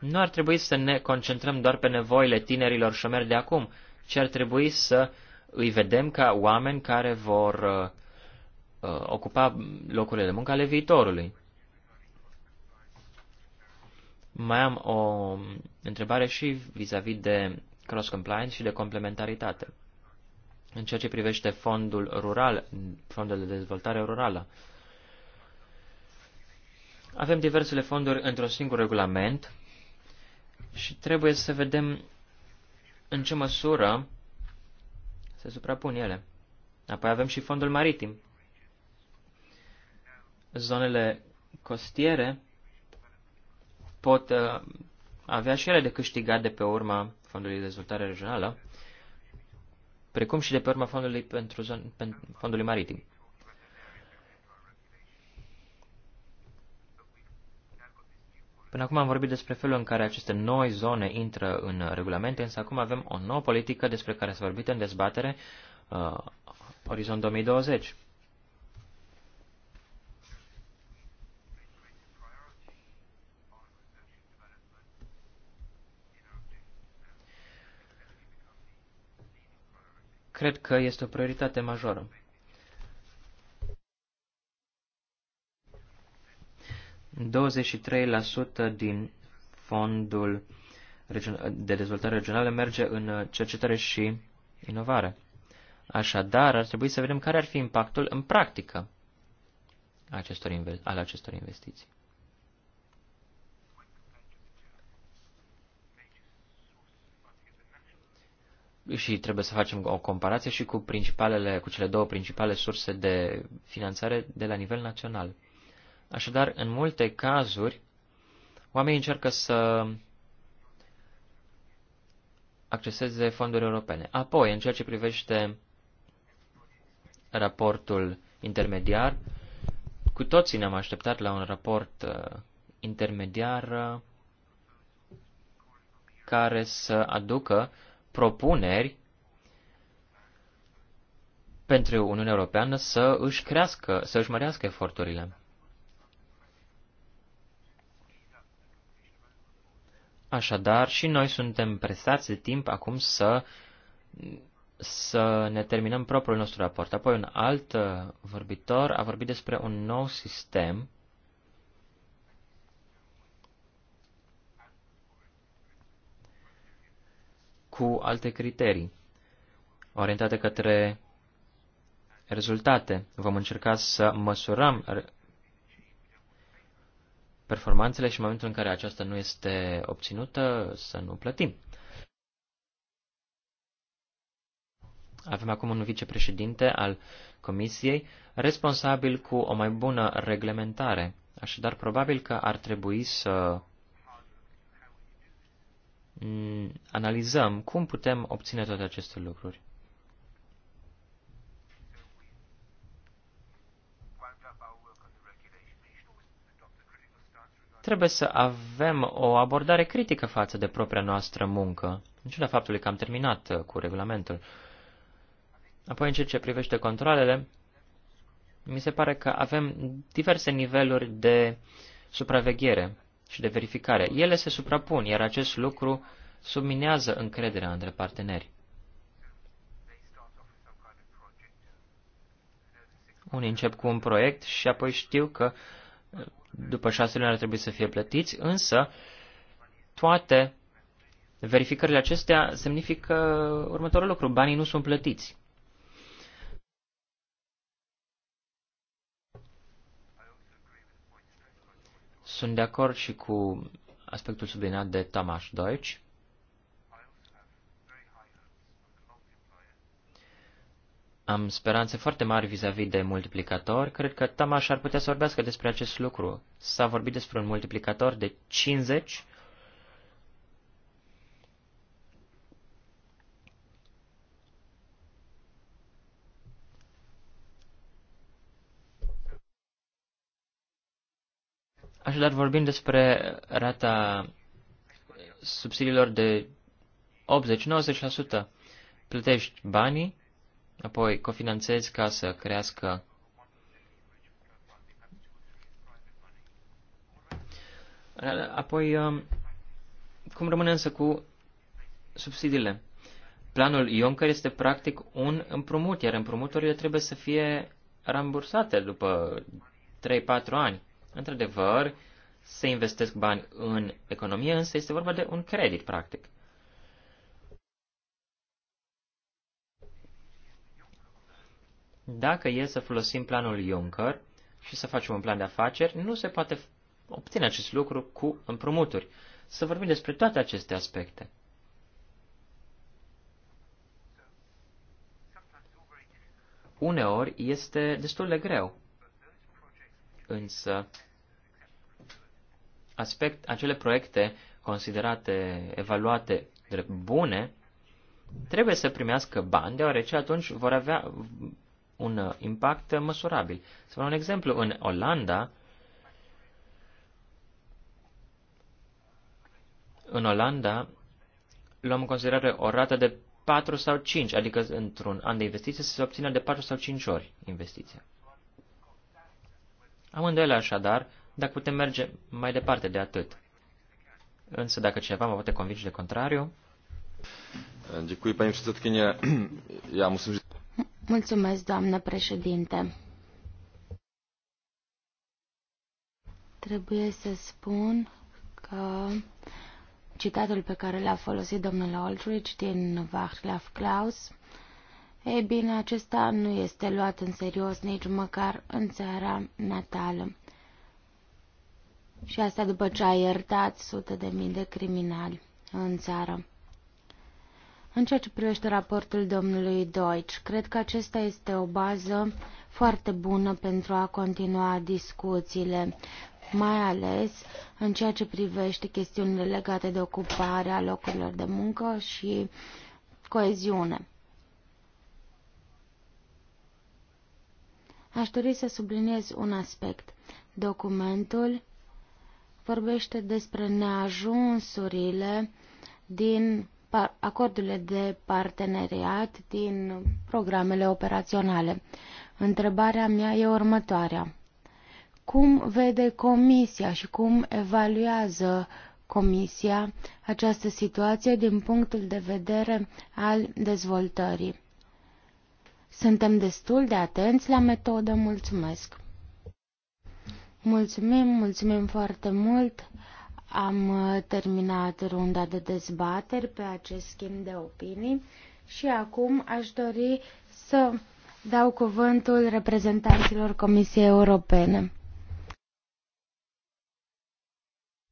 Nu ar trebui să ne concentrăm doar pe nevoile tinerilor șomeri de acum, ci ar trebui să îi vedem ca oameni care vor uh, uh ocupa locurile de muncă ale viitorului. Mai am o întrebare și vis-a-vis -vis de cross-compliance și de complementaritate. În ceea ce privește fondul rural, fondul de dezvoltare rurală, avem diversele fonduri într-un singur regulament și trebuie să vedem în ce măsură se suprapun ele. Apoi avem și fondul maritim. Zonele costiere pot uh, avea și ele de câștigat de pe urma Fondului de Dezvoltare Regională, precum și de pe urma Fondului, pentru zon, pentru fondului Maritim. Până acum am vorbit despre felul în care aceste noi zone intră în regulamente, însă acum avem o nouă politică despre care s-a vorbit în dezbatere, uh, Orizont 2020. cred că este o prioritate majoră. ...23% din fondul de dezvoltare regională merge în cercetare și inovare. Așadar, ar trebui să vedem care ar fi impactul în practică acestor, al acestor investiții. și trebuie să facem o comparație și cu, principalele, cu cele două principale surse de finanțare de la nivel național. Așadar, în multe cazuri, oamenii încearcă să acceseze fonduri europene. Apoi, în ceea ce privește raportul intermediar, cu toții ne-am așteptat la un raport uh, intermediar uh, care să aducă propuneri pentru Uniunea Europeană să își crească, să își mărească eforturile. Așadar, și noi suntem presați de timp acum să, să ne terminăm propriul nostru raport. Apoi un alt uh, vorbitor a vorbit despre un nou sistem cu alte criterii, orientate către rezultate. Vom încerca să măsurăm performanțele și în momentul în care aceasta nu este obținută, să nu plătim. Avem acum un vicepreședinte al Comisiei responsabil cu o mai bună reglementare. Așadar, probabil că ar trebui să Mm, analizăm cum putem obține toate aceste lucruri. Trebuie să avem o abordare critică față de propria noastră muncă, în ciuda faptului că am terminat uh, cu regulamentul. Apoi, în ceea ce privește controlele, mi se pare că avem diverse niveluri de supraveghere și de verificare. Ele se suprapun, iar acest lucru subminează încrederea între parteneri. Unii încep cu un proiect și apoi știu că după șase luni ar trebui să fie plătiți, însă toate verificările acestea semnifică următorul lucru. Banii nu sunt plătiți. Sunt de acord și cu aspectul subliniat de Tamas Deutsch. Am speranțe foarte mari vis-a-vis -vis de multiplicator. Cred că Tamas ar putea să vorbească despre acest lucru. S-a vorbit despre un multiplicator de 50 Așadar, vorbim despre rata subsidiilor de 80-90%. Plătești banii, apoi cofinanțezi ca să crească Apoi, um, cum rămâne însă cu subsidiile? Planul Juncker este practic un împrumut, iar împrumuturile trebuie să fie rambursate după 3-4 ani. Într-adevăr, se investesc bani în economie, însă este vorba de un credit, practic. Dacă e să folosim planul Juncker și să facem un plan de afaceri, nu se poate obține acest lucru cu împrumuturi. Să vorbim despre toate aceste aspecte. Uneori este destul de greu, însă aspect, acele proiecte considerate, evaluate drept bune, trebuie să primească bani, deoarece atunci vor avea un impact măsurabil. Să vă un exemplu, în Olanda, în Olanda luăm în considerare o rată de 4 sau 5, adică într-un an de investiție să se obțină de 4 sau 5 ori investiția. Amândouă, așadar, dacă putem merge mai departe de atât. Însă dacă cineva mă poate convinge de contrariu... Mulțumesc, doamnă președinte. Trebuie să spun că citatul pe care l-a folosit domnul Aldrich din Václav Klaus, ei bine, acesta nu este luat în serios nici măcar în țara natală și asta după ce a iertat sute de mii de criminali în țară. În ceea ce privește raportul domnului Deutsch, cred că acesta este o bază foarte bună pentru a continua discuțiile, mai ales în ceea ce privește chestiunile legate de ocuparea locurilor de muncă și coeziune. Aș dori să subliniez un aspect. Documentul vorbește despre neajunsurile din acordurile de parteneriat din programele operaționale. Întrebarea mea e următoarea. Cum vede Comisia și cum evaluează Comisia această situație din punctul de vedere al dezvoltării? Suntem destul de atenți la metodă, mulțumesc. Mulțumim, mulțumim foarte mult. Am uh, terminat runda de dezbateri pe acest schimb de opinii și acum aș dori să dau cuvântul reprezentanților Comisiei Europene.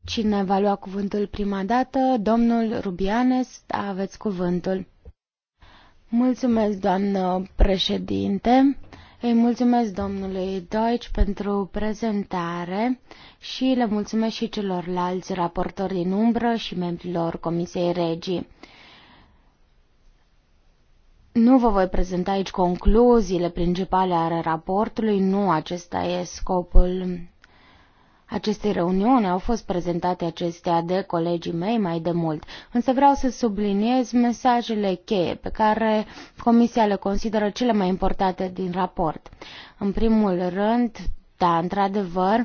Cine va lua cuvântul prima dată? Domnul Rubianes, aveți cuvântul. Mulțumesc, doamnă președinte. Îi mulțumesc domnului Deutsch pentru prezentare și le mulțumesc și celorlalți raportori din umbră și membrilor Comisiei Regii. Nu vă voi prezenta aici concluziile principale ale raportului, nu acesta e scopul aceste reuniuni au fost prezentate acestea de colegii mei mai de mult, însă vreau să subliniez mesajele cheie pe care Comisia le consideră cele mai importante din raport. În primul rând, da, într-adevăr,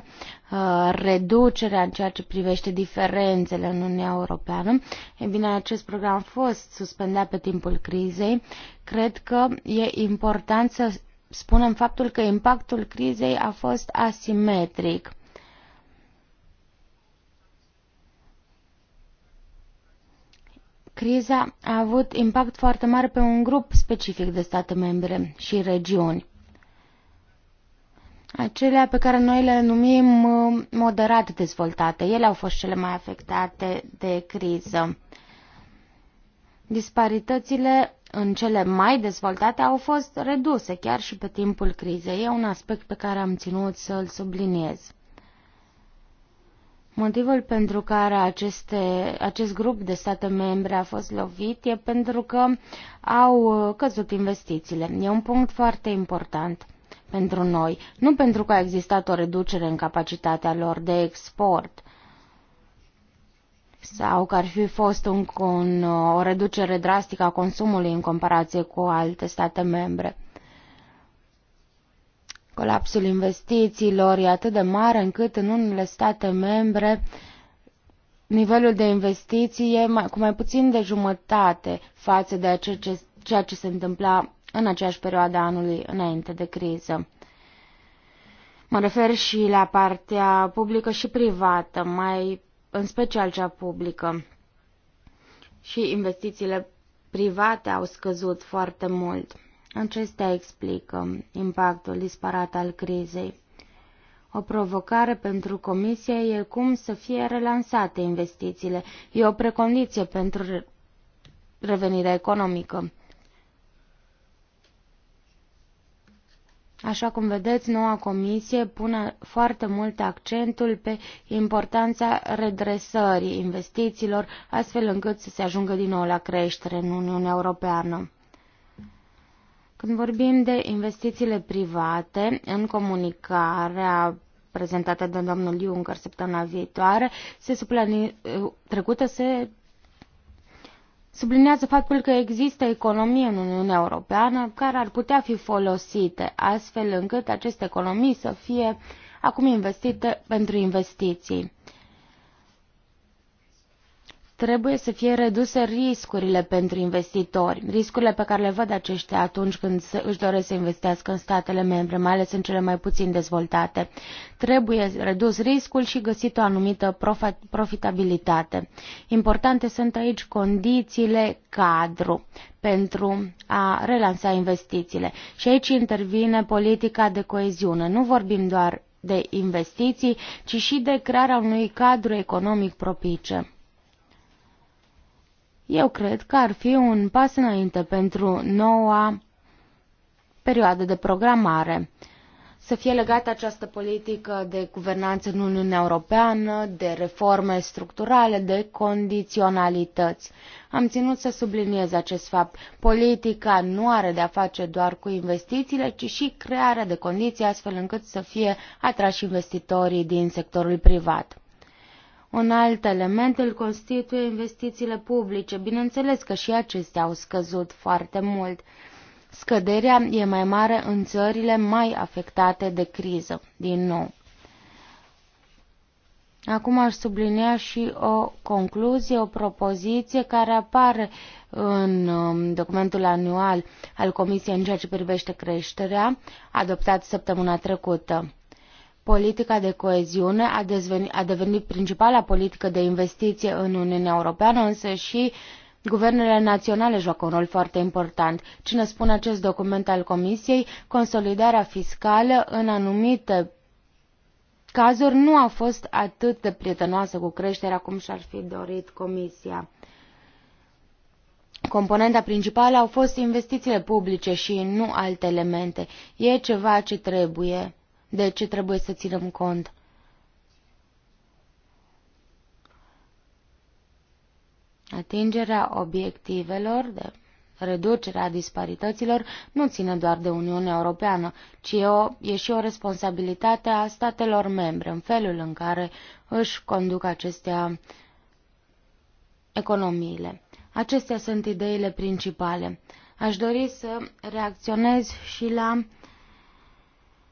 uh, reducerea în ceea ce privește diferențele în Uniunea Europeană. E bine, acest program a fost suspendat pe timpul crizei. Cred că e important să spunem faptul că impactul crizei a fost asimetric Criza a avut impact foarte mare pe un grup specific de state membre și regiuni. Acelea pe care noi le numim uh, moderat dezvoltate, ele au fost cele mai afectate de criză. Disparitățile în cele mai dezvoltate au fost reduse chiar și pe timpul crizei. E un aspect pe care am ținut să-l subliniez. Motivul pentru care aceste, acest grup de state membre a fost lovit e pentru că au uh, căzut investițiile. E un punct foarte important pentru noi, nu pentru că a existat o reducere în capacitatea lor de export sau că ar fi fost un, un, o reducere drastică a consumului în comparație cu alte state membre. Colapsul investițiilor e atât de mare încât în unele state membre nivelul de investiții e mai, cu mai puțin de jumătate față de ceea ce se întâmpla în aceeași perioadă a anului înainte de criză. Mă refer și la partea publică și privată, mai în special cea publică. Și investițiile private au scăzut foarte mult. Acestea explică impactul disparat al crizei. O provocare pentru Comisie e cum să fie relansate investițiile. E o precondiție pentru revenirea economică. Așa cum vedeți, noua comisie pune foarte mult accentul pe importanța redresării investițiilor, astfel încât să se ajungă din nou la creștere în Uniunea Europeană. Când vorbim de investițiile private, în comunicarea prezentată de domnul Juncker săptămâna viitoare, se suplani, trecută se sublinează faptul că există economii în Uniunea Europeană care ar putea fi folosite, astfel încât aceste economii să fie acum investite pentru investiții trebuie să fie reduse riscurile pentru investitori, riscurile pe care le văd aceștia atunci când își doresc să investească în statele membre, mai ales în cele mai puțin dezvoltate. Trebuie redus riscul și găsit o anumită profitabilitate. Importante sunt aici condițiile cadru pentru a relansa investițiile. Și aici intervine politica de coeziune. Nu vorbim doar de investiții, ci și de crearea unui cadru economic propice. Eu cred că ar fi un pas înainte pentru noua perioadă de programare. Să fie legată această politică de guvernanță în Uniunea Europeană, de reforme structurale, de condiționalități. Am ținut să subliniez acest fapt. Politica nu are de-a face doar cu investițiile, ci și crearea de condiții astfel încât să fie atrași investitorii din sectorul privat. Un alt element îl constituie investițiile publice. Bineînțeles că și acestea au scăzut foarte mult. Scăderea e mai mare în țările mai afectate de criză, din nou. Acum aș sublinia și o concluzie, o propoziție care apare în um, documentul anual al Comisiei în ceea ce privește creșterea, adoptat săptămâna trecută politica de coeziune a, dezveni, a devenit principala politică de investiție în Uniunea Europeană, însă și Guvernele naționale joacă un rol foarte important. Cine spune acest document al Comisiei, consolidarea fiscală în anumite cazuri nu a fost atât de prietenoasă cu creșterea cum și-ar fi dorit Comisia. Componenta principală au fost investițiile publice și nu alte elemente. E ceva ce trebuie de ce trebuie să ținem cont. Atingerea obiectivelor de reducerea disparităților nu ține doar de Uniunea Europeană, ci e, o, e și o responsabilitate a statelor membre în felul în care își conduc acestea economiile. Acestea sunt ideile principale. Aș dori să reacționez și la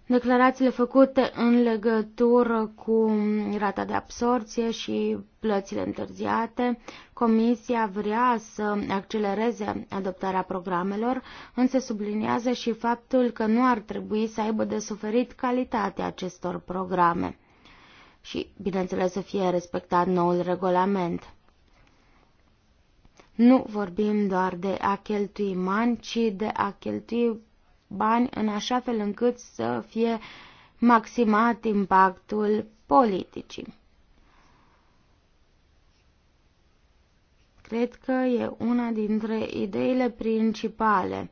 declarațiile făcute în legătură cu rata de absorție și plățile întârziate, Comisia vrea să accelereze adoptarea programelor, însă subliniază și faptul că nu ar trebui să aibă de suferit calitatea acestor programe și, bineînțeles, să fie respectat noul regulament. Nu vorbim doar de a cheltui mani, ci de a cheltui bani în așa fel încât să fie maximat impactul politicii. Cred că e una dintre ideile principale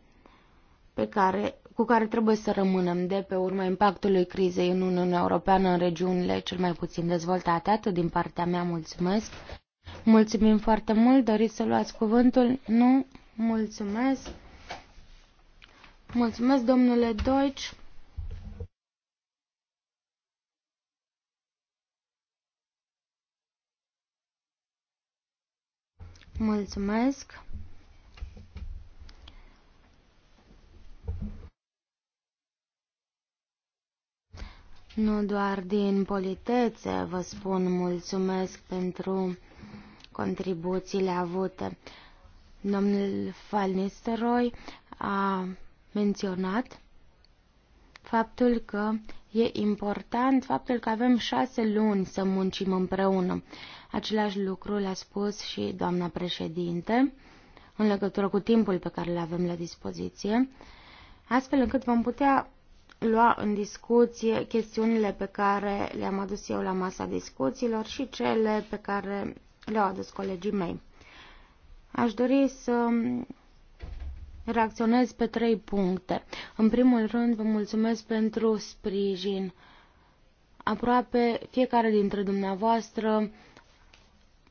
pe care, cu care trebuie să rămânem de pe urma impactului crizei în Uniunea Europeană în regiunile cel mai puțin dezvoltate. Atât din partea mea, mulțumesc. Mulțumim foarte mult. Doriți să luați cuvântul? Nu? Mulțumesc. Mulțumesc, domnule Deutsch. Mulțumesc. Nu doar din politețe vă spun mulțumesc pentru contribuțiile avute. Domnul Falnisteroi a menționat faptul că e important faptul că avem șase luni să muncim împreună. Același lucru l-a spus și doamna președinte în legătură cu timpul pe care îl avem la dispoziție, astfel încât vom putea lua în discuție chestiunile pe care le-am adus eu la masa discuțiilor și cele pe care le-au adus colegii mei. Aș dori să reacționez pe trei puncte. În primul rând, vă mulțumesc pentru sprijin. Aproape fiecare dintre dumneavoastră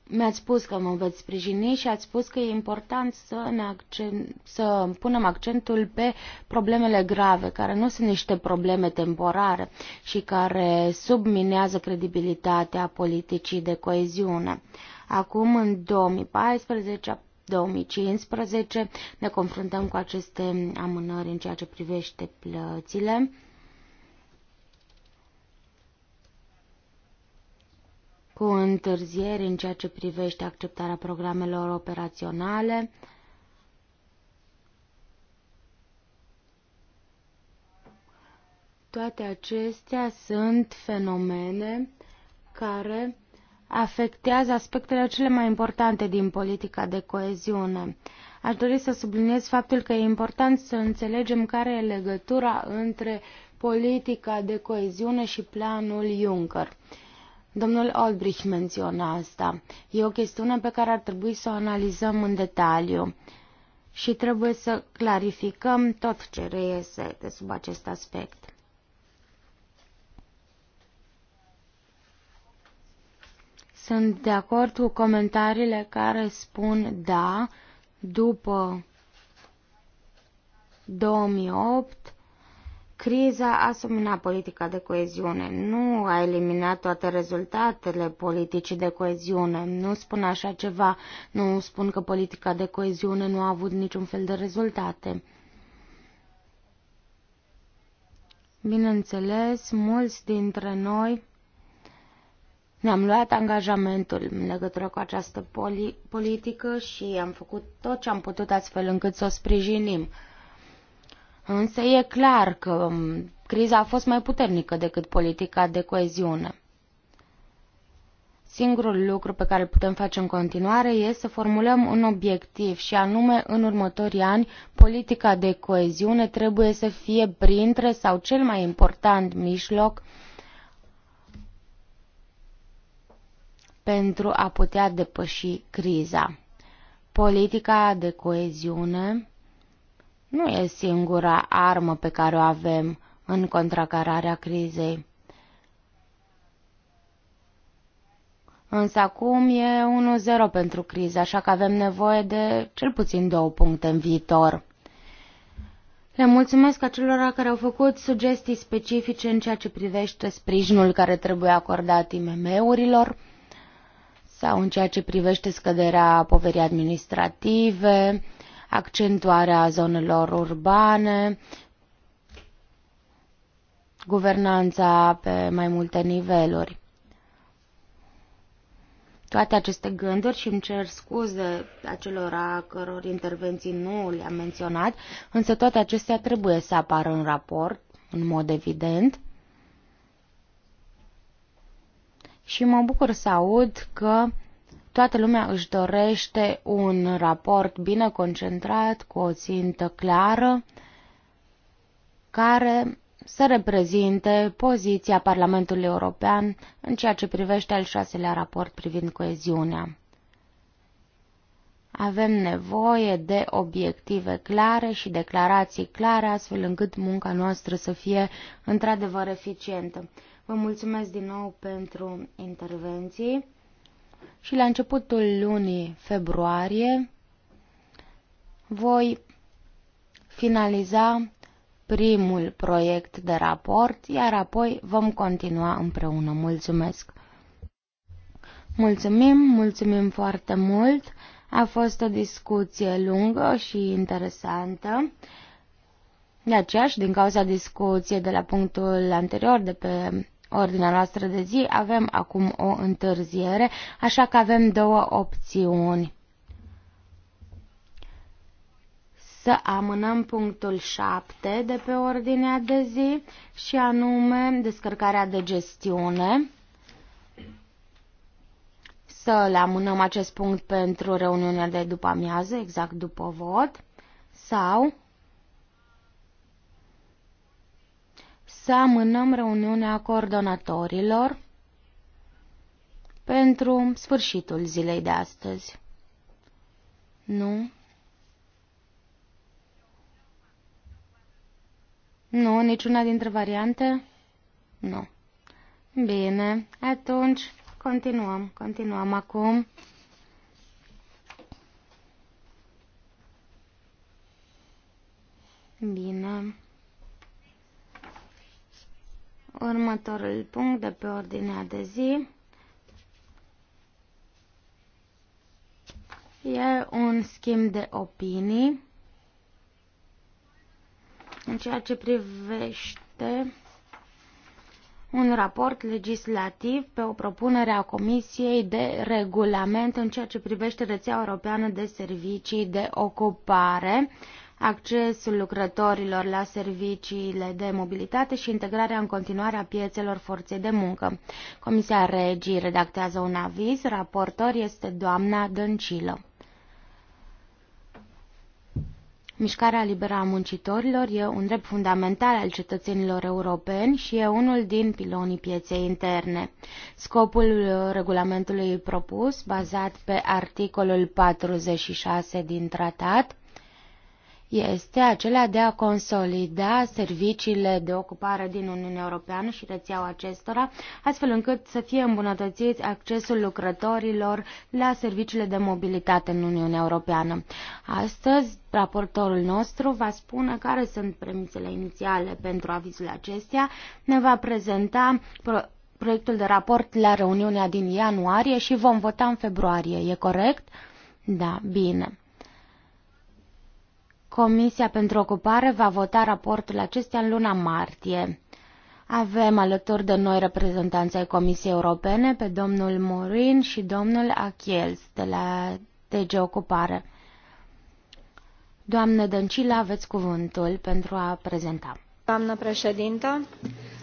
mi-ați spus că mă veți sprijini și ați spus că e important să, ne accent, să punem accentul pe problemele grave, care nu sunt niște probleme temporare și care subminează credibilitatea politicii de coeziune. Acum, în 2014, 2015 ne confruntăm cu aceste amânări în ceea ce privește plățile. cu întârzieri în ceea ce privește acceptarea programelor operaționale, Toate acestea sunt fenomene care afectează aspectele cele mai importante din politica de coeziune. Aș dori să subliniez faptul că e important să înțelegem care e legătura între politica de coeziune și planul Juncker. Domnul Olbrich menționa asta. E o chestiune pe care ar trebui să o analizăm în detaliu și trebuie să clarificăm tot ce reiese de sub acest aspect. Sunt de acord cu comentariile care spun da, după 2008, criza a subminat politica de coeziune, nu a eliminat toate rezultatele politicii de coeziune. Nu spun așa ceva, nu spun că politica de coeziune nu a avut niciun fel de rezultate. Bineînțeles, mulți dintre noi ne-am luat angajamentul în legătură cu această poli- politică și am făcut tot ce am putut astfel încât să o sprijinim. Însă e clar că um, criza a fost mai puternică decât politica de coeziune. Singurul lucru pe care îl putem face în continuare este să formulăm un obiectiv și anume în următorii ani politica de coeziune trebuie să fie printre sau cel mai important mijloc pentru a putea depăși criza. Politica de coeziune nu e singura armă pe care o avem în contracararea crizei. Însă acum e 1-0 pentru criză, așa că avem nevoie de cel puțin două puncte în viitor. Le mulțumesc acelora care au făcut sugestii specifice în ceea ce privește sprijinul care trebuie acordat IMM-urilor sau în ceea ce privește scăderea poverii administrative, accentuarea zonelor urbane, guvernanța pe mai multe niveluri. Toate aceste gânduri și îmi cer scuze a căror intervenții nu le-am menționat, însă toate acestea trebuie să apară în raport, în mod evident. și mă bucur să aud că toată lumea își dorește un raport bine concentrat, cu o țintă clară, care să reprezinte poziția Parlamentului European în ceea ce privește al șaselea raport privind coeziunea. Avem nevoie de obiective clare și declarații clare, astfel încât munca noastră să fie într-adevăr eficientă. Vă mulțumesc din nou pentru intervenții și la începutul lunii februarie voi finaliza primul proiect de raport, iar apoi vom continua împreună. Mulțumesc! Mulțumim, mulțumim foarte mult! A fost o discuție lungă și interesantă. De aceeași, și din cauza discuției de la punctul anterior de pe ordinea noastră de zi, avem acum o întârziere, așa că avem două opțiuni. Să amânăm punctul 7 de pe ordinea de zi și anume descărcarea de gestiune. Să le amânăm acest punct pentru reuniunea de după amiază, exact după vot. Sau să amânăm reuniunea coordonatorilor pentru sfârșitul zilei de astăzi. Nu? Nu, niciuna dintre variante? Nu. Bine, atunci continuăm, continuăm acum. Bine. Următorul punct de pe ordinea de zi e un schimb de opinii în ceea ce privește un raport legislativ pe o propunere a Comisiei de regulament în ceea ce privește rețeaua europeană de servicii de ocupare accesul lucrătorilor la serviciile de mobilitate și integrarea în continuare a piețelor forței de muncă. Comisia Regii redactează un aviz, raportor este doamna Dăncilă. Mișcarea liberă a muncitorilor e un drept fundamental al cetățenilor europeni și e unul din pilonii pieței interne. Scopul regulamentului propus, bazat pe articolul 46 din tratat, este acela de a consolida serviciile de ocupare din Uniunea Europeană și rețeaua acestora, astfel încât să fie îmbunătățit accesul lucrătorilor la serviciile de mobilitate în Uniunea Europeană. Astăzi, raportorul nostru va spune care sunt premisele inițiale pentru avizul acestea, ne va prezenta proiectul de raport la reuniunea din ianuarie și vom vota în februarie, e corect? Da, bine. Comisia pentru Ocupare va vota raportul acestea în luna martie. Avem alături de noi reprezentanța ai Comisiei Europene pe domnul Morin și domnul Achiels de la DG Ocupare. Doamnă Dăncilă, aveți cuvântul pentru a prezenta. Doamnă președintă,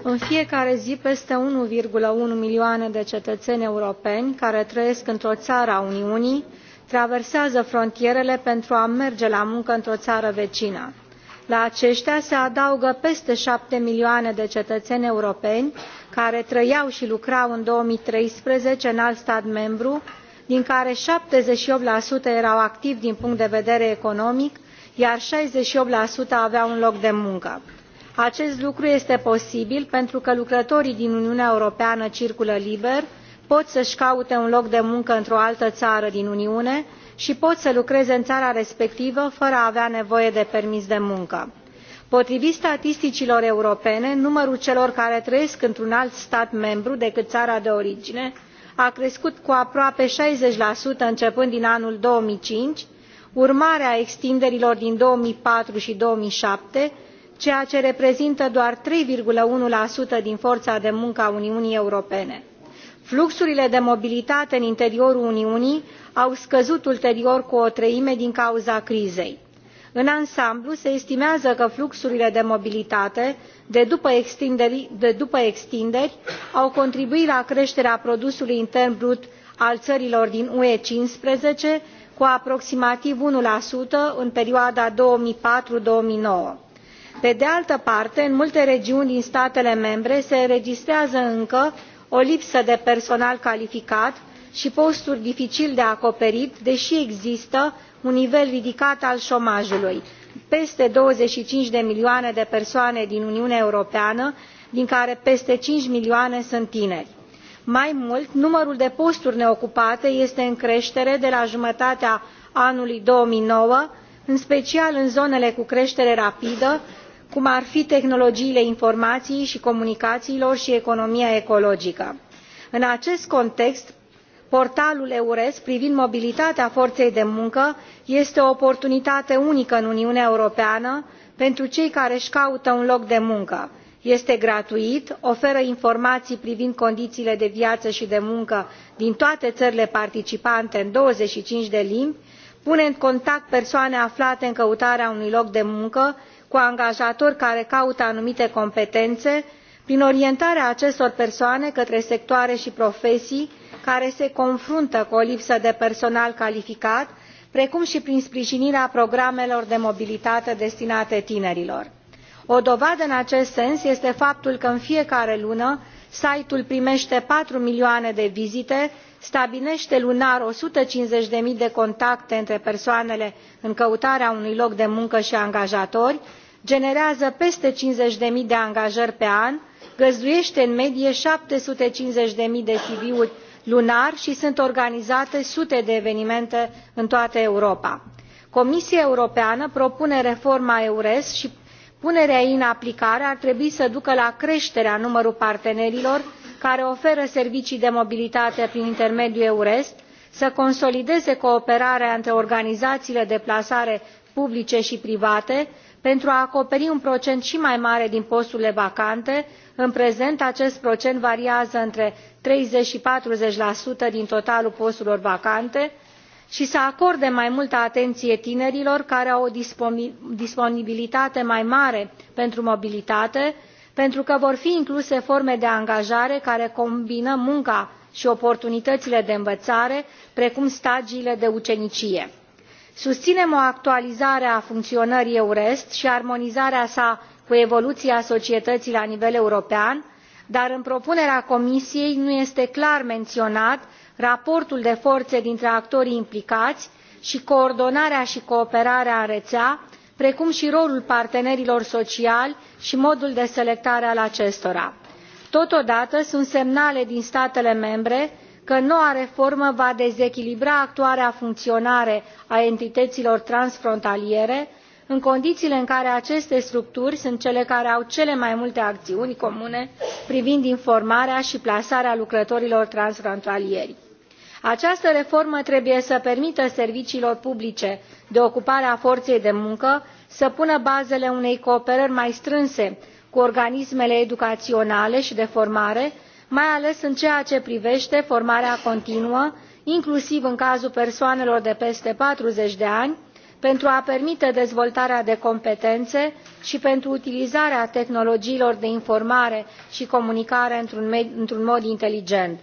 în fiecare zi peste 1,1 milioane de cetățeni europeni care trăiesc într-o țară a Uniunii traversează frontierele pentru a merge la muncă într o țară vecină. la aceștia se adaugă peste șapte milioane de cetățeni europeni care trăiau și lucrau în două mii treisprezece în alt stat membru din care șaptezeci și opt erau activi din punct de vedere economic iar șaizeci și opt aveau un loc de muncă. acest lucru este posibil pentru că lucrătorii din uniunea europeană circulă liber pot să și caute un loc de muncă într o altă țară din uniune și pot să lucreze în țara respectivă fără a avea nevoie de permis de muncă. potrivit statisticilor europene numărul celor care trăiesc într un alt stat membru decât țara de origine a crescut cu aproape șaizeci începând din anul două mii cinci urmare a extinderilor din două mii patru și două mii șapte ceea ce reprezintă doar trei unu din forța de muncă a uniunii europene fluxurile de mobilitate în interiorul uniunii au scăzut ulterior cu o treime din cauza crizei. în ansamblu se estimează că fluxurile de mobilitate de după, extinderi au contribuit la creșterea produsului intern brut al țărilor din ue cincisprezece cu aproximativ unu în perioada două mii patru două mii nouă pe de altă parte în multe regiuni din statele membre se înregistrează încă o lipsă de personal calificat și posturi dificil de acoperit deși există un nivel ridicat al șomajului peste douăzeci și cinci de milioane de persoane din uniunea europeană din care peste cinci milioane sunt tineri. mai mult numărul de posturi neocupate este în creștere de la jumătatea anului două mii nouă în special în zonele cu creștere rapidă cum ar fi tehnologiile informației și comunicațiilor și economia ecologică. în acest context portalul eures privind mobilitatea forței de muncă este o oportunitate unică în uniunea europeană pentru cei care își caută un loc de muncă este gratuit oferă informații privind condițiile de viață și de muncă din toate țările participante în douăzeci și cinci de limbi pune în contact persoane aflate în căutarea unui loc de muncă cu angajatori care caută anumite competențe prin orientarea acestor persoane către sectoare și profesii care se confruntă cu o lipsă de personal calificat precum și prin sprijinirea programelor de mobilitate destinate tinerilor. o dovadă în acest sens este faptul că în fiecare lună site ul primește patru milioane de vizite stabilește lunar o sută cincizeci zero de contacte între persoanele în căutarea unui loc de muncă și angajatori generează peste cincizeci zero de angajări pe an găzduiește în medie șapte sute cincizeci zero de cv uri lunar și sunt organizate sute de evenimente în toată europa. comisia europeană propune reforma eures și punerea ei în aplicare ar trebui să ducă la creșterea numărului partenerilor care oferă servicii de mobilitate prin intermediul eures să consolideze cooperarea între organizațiile de plasare publice și private pentru a acoperi un procent și mai mare din posturile vacante în prezent acest procent variază între treizeci și patruzeci din totalul posturilor vacante și să acorde mai multă atenție tinerilor care au o disponibilitate mai mare pentru mobilitate pentru că vor fi incluse forme de angajare care combină munca și oportunitățile de învățare precum stagiile de ucenicie susținem o actualizare a funcționării EURES și armonizarea sa cu evoluția societății la nivel european dar în propunerea comisiei nu este clar menționat raportul de forțe dintre actorii implicați și coordonarea și cooperarea în rețea precum și rolul partenerilor sociali și modul de selectare al acestora. totodată sunt semnale din statele membre că noua reformă va dezechilibra actuala funcționare a entităților transfrontaliere în condițiile în care aceste structuri sunt cele care au cele mai multe acțiuni comune privind informarea și plasarea lucrătorilor transfrontalieri. această reformă trebuie să permită serviciilor publice de ocupare a forței de muncă să pună bazele unei cooperări mai strânse cu organismele educaționale și de formare mai ales în ceea ce privește formarea continuă, inclusiv în cazul persoanelor de peste 40 de ani, pentru a permite dezvoltarea de competențe și pentru utilizarea tehnologiilor de informare și comunicare într un, într -un mod inteligent.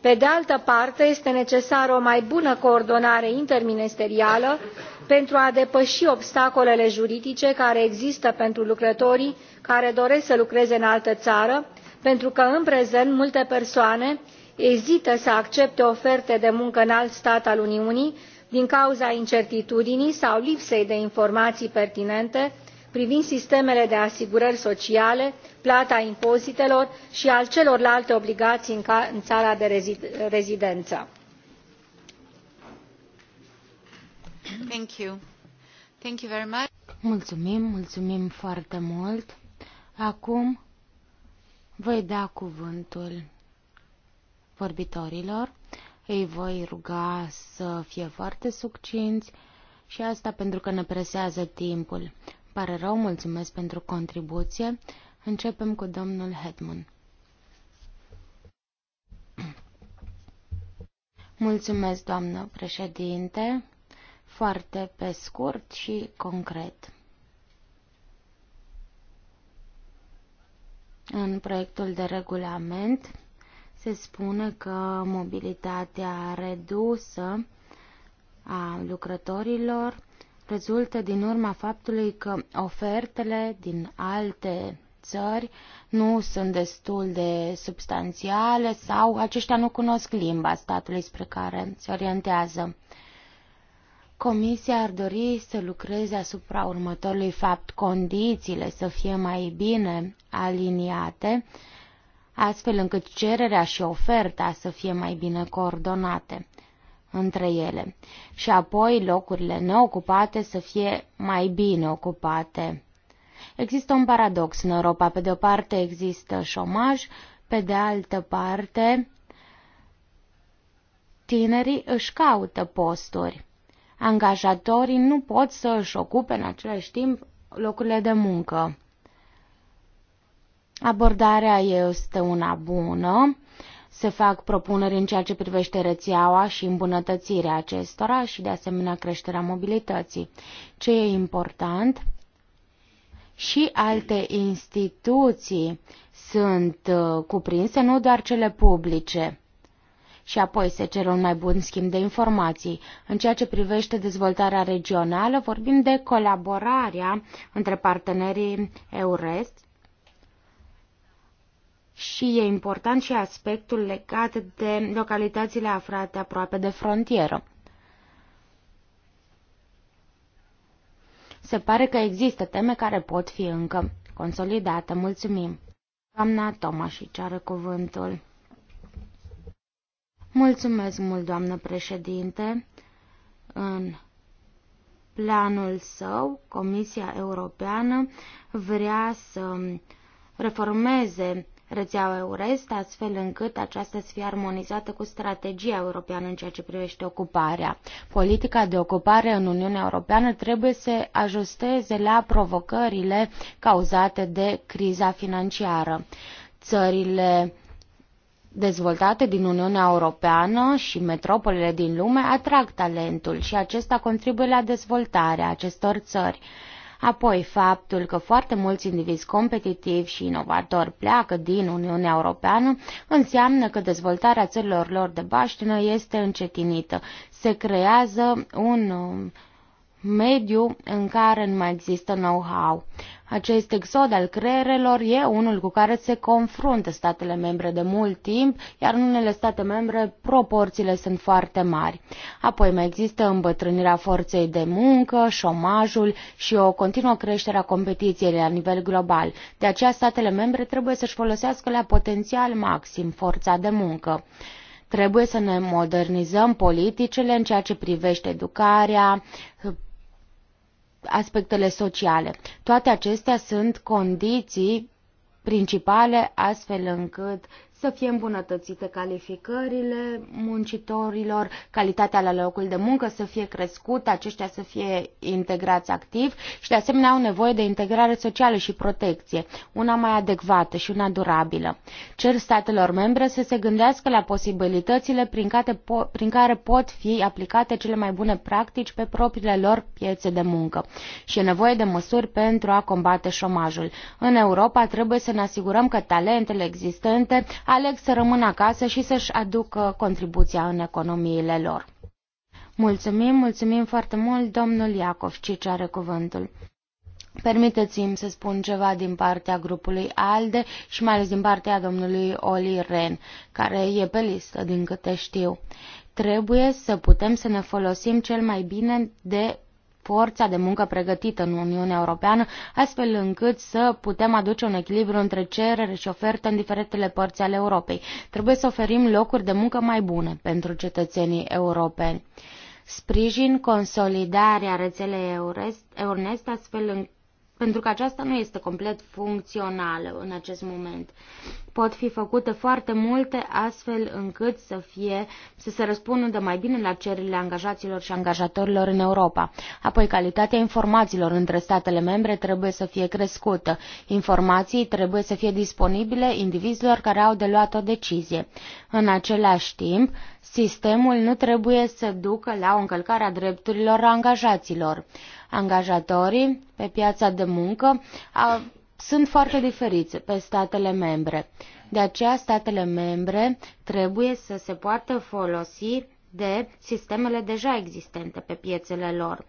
pe de altă parte este necesară o mai bună coordonare interministerială pentru a depăși obstacolele juridice care există pentru lucrătorii care doresc să lucreze în altă țară pentru că în prezent multe persoane ezită să accepte oferte de muncă în alt stat al uniunii din cauza incertitudinii sau lipsei de informații pertinente privind sistemele de asigurări sociale plata impozitelor și a celorlalte obligații în țara de rezidență. Mulțumim, mulțumim foarte mult. Acum voi da cuvântul vorbitorilor, îi voi ruga să fie foarte succinți și asta pentru că ne presează timpul. Pare rău, mulțumesc pentru contribuție. Începem cu domnul Hedman. Mulțumesc, doamnă președinte, foarte pe scurt și concret. În proiectul de regulament se spune că mobilitatea redusă a lucrătorilor rezultă din urma faptului că ofertele din alte țări nu sunt destul de substanțiale sau aceștia nu cunosc limba statului spre care se orientează. Comisia ar dori să lucreze asupra următorului fapt, condițiile să fie mai bine aliniate, astfel încât cererea și oferta să fie mai bine coordonate între ele și apoi locurile neocupate să fie mai bine ocupate. Există un paradox în Europa. Pe de o parte există șomaj, pe de altă parte tinerii își caută posturi angajatorii nu pot să își ocupe în același timp locurile de muncă. Abordarea este una bună. Se fac propuneri în ceea ce privește rețeaua și îmbunătățirea acestora și de asemenea creșterea mobilității. Ce e important? Și alte instituții sunt uh, cuprinse, nu doar cele publice și apoi se cer un mai bun schimb de informații. În ceea ce privește dezvoltarea regională, vorbim de colaborarea între partenerii EURES și e important și aspectul legat de localitățile aflate aproape de frontieră. Se pare că există teme care pot fi încă consolidate. Mulțumim! Doamna Tomașici are cuvântul. Mulțumesc mult, doamnă președinte. În planul său, Comisia Europeană vrea să reformeze rețeaua Eurest, astfel încât aceasta să fie armonizată cu strategia europeană în ceea ce privește ocuparea. Politica de ocupare în Uniunea Europeană trebuie să ajusteze la provocările cauzate de criza financiară. Țările dezvoltate din Uniunea Europeană și metropolele din lume atrag talentul și acesta contribuie la dezvoltarea acestor țări. Apoi, faptul că foarte mulți indivizi competitivi și inovatori pleacă din Uniunea Europeană înseamnă că dezvoltarea țărilor lor de baștină este încetinită. Se creează un mediu în care nu mai există know-how. Acest exod al creierelor e unul cu care se confruntă statele membre de mult timp, iar în unele state membre proporțiile sunt foarte mari. Apoi mai există îmbătrânirea forței de muncă, șomajul și o continuă creștere a competiției la nivel global. De aceea statele membre trebuie să-și folosească la potențial maxim forța de muncă. Trebuie să ne modernizăm politicele în ceea ce privește educarea, aspectele sociale. Toate acestea sunt condiții principale astfel încât să fie îmbunătățite calificările muncitorilor, calitatea la locul de muncă să fie crescută, aceștia să fie integrați activ și de asemenea au nevoie de integrare socială și protecție, una mai adecvată și una durabilă. Cer statelor membre să se gândească la posibilitățile prin care, po- prin care pot fi aplicate cele mai bune practici pe propriile lor piețe de muncă și e nevoie de măsuri pentru a combate șomajul. În Europa trebuie să ne asigurăm că talentele existente aleg să rămână acasă și să-și aducă contribuția în economiile lor. Mulțumim, mulțumim foarte mult, domnul Iacov, ce are cuvântul. Permiteți-mi să spun ceva din partea grupului ALDE și mai ales din partea domnului Oli Ren, care e pe listă, din câte știu. Trebuie să putem să ne folosim cel mai bine de forța de muncă pregătită în Uniunea Europeană, astfel încât să putem aduce un echilibru între cerere și ofertă în diferitele părți ale Europei. Trebuie să oferim locuri de muncă mai bune pentru cetățenii europeni sprijin consolidarea rețelei EURES, EURNEST astfel încât pentru că aceasta nu este complet funcțională în acest moment. Pot fi făcute foarte multe astfel încât să fie să se răspundă mai bine la cererile angajaților și angajatorilor în Europa. Apoi calitatea informațiilor între statele membre trebuie să fie crescută. Informații trebuie să fie disponibile indivizilor care au de luat o decizie. În același timp, sistemul nu trebuie să ducă la o încălcare a drepturilor angajaților. Angajatorii pe piața de muncă a, sunt foarte diferiți pe statele membre. De aceea, statele membre trebuie să se poată folosi de sistemele deja existente pe piețele lor.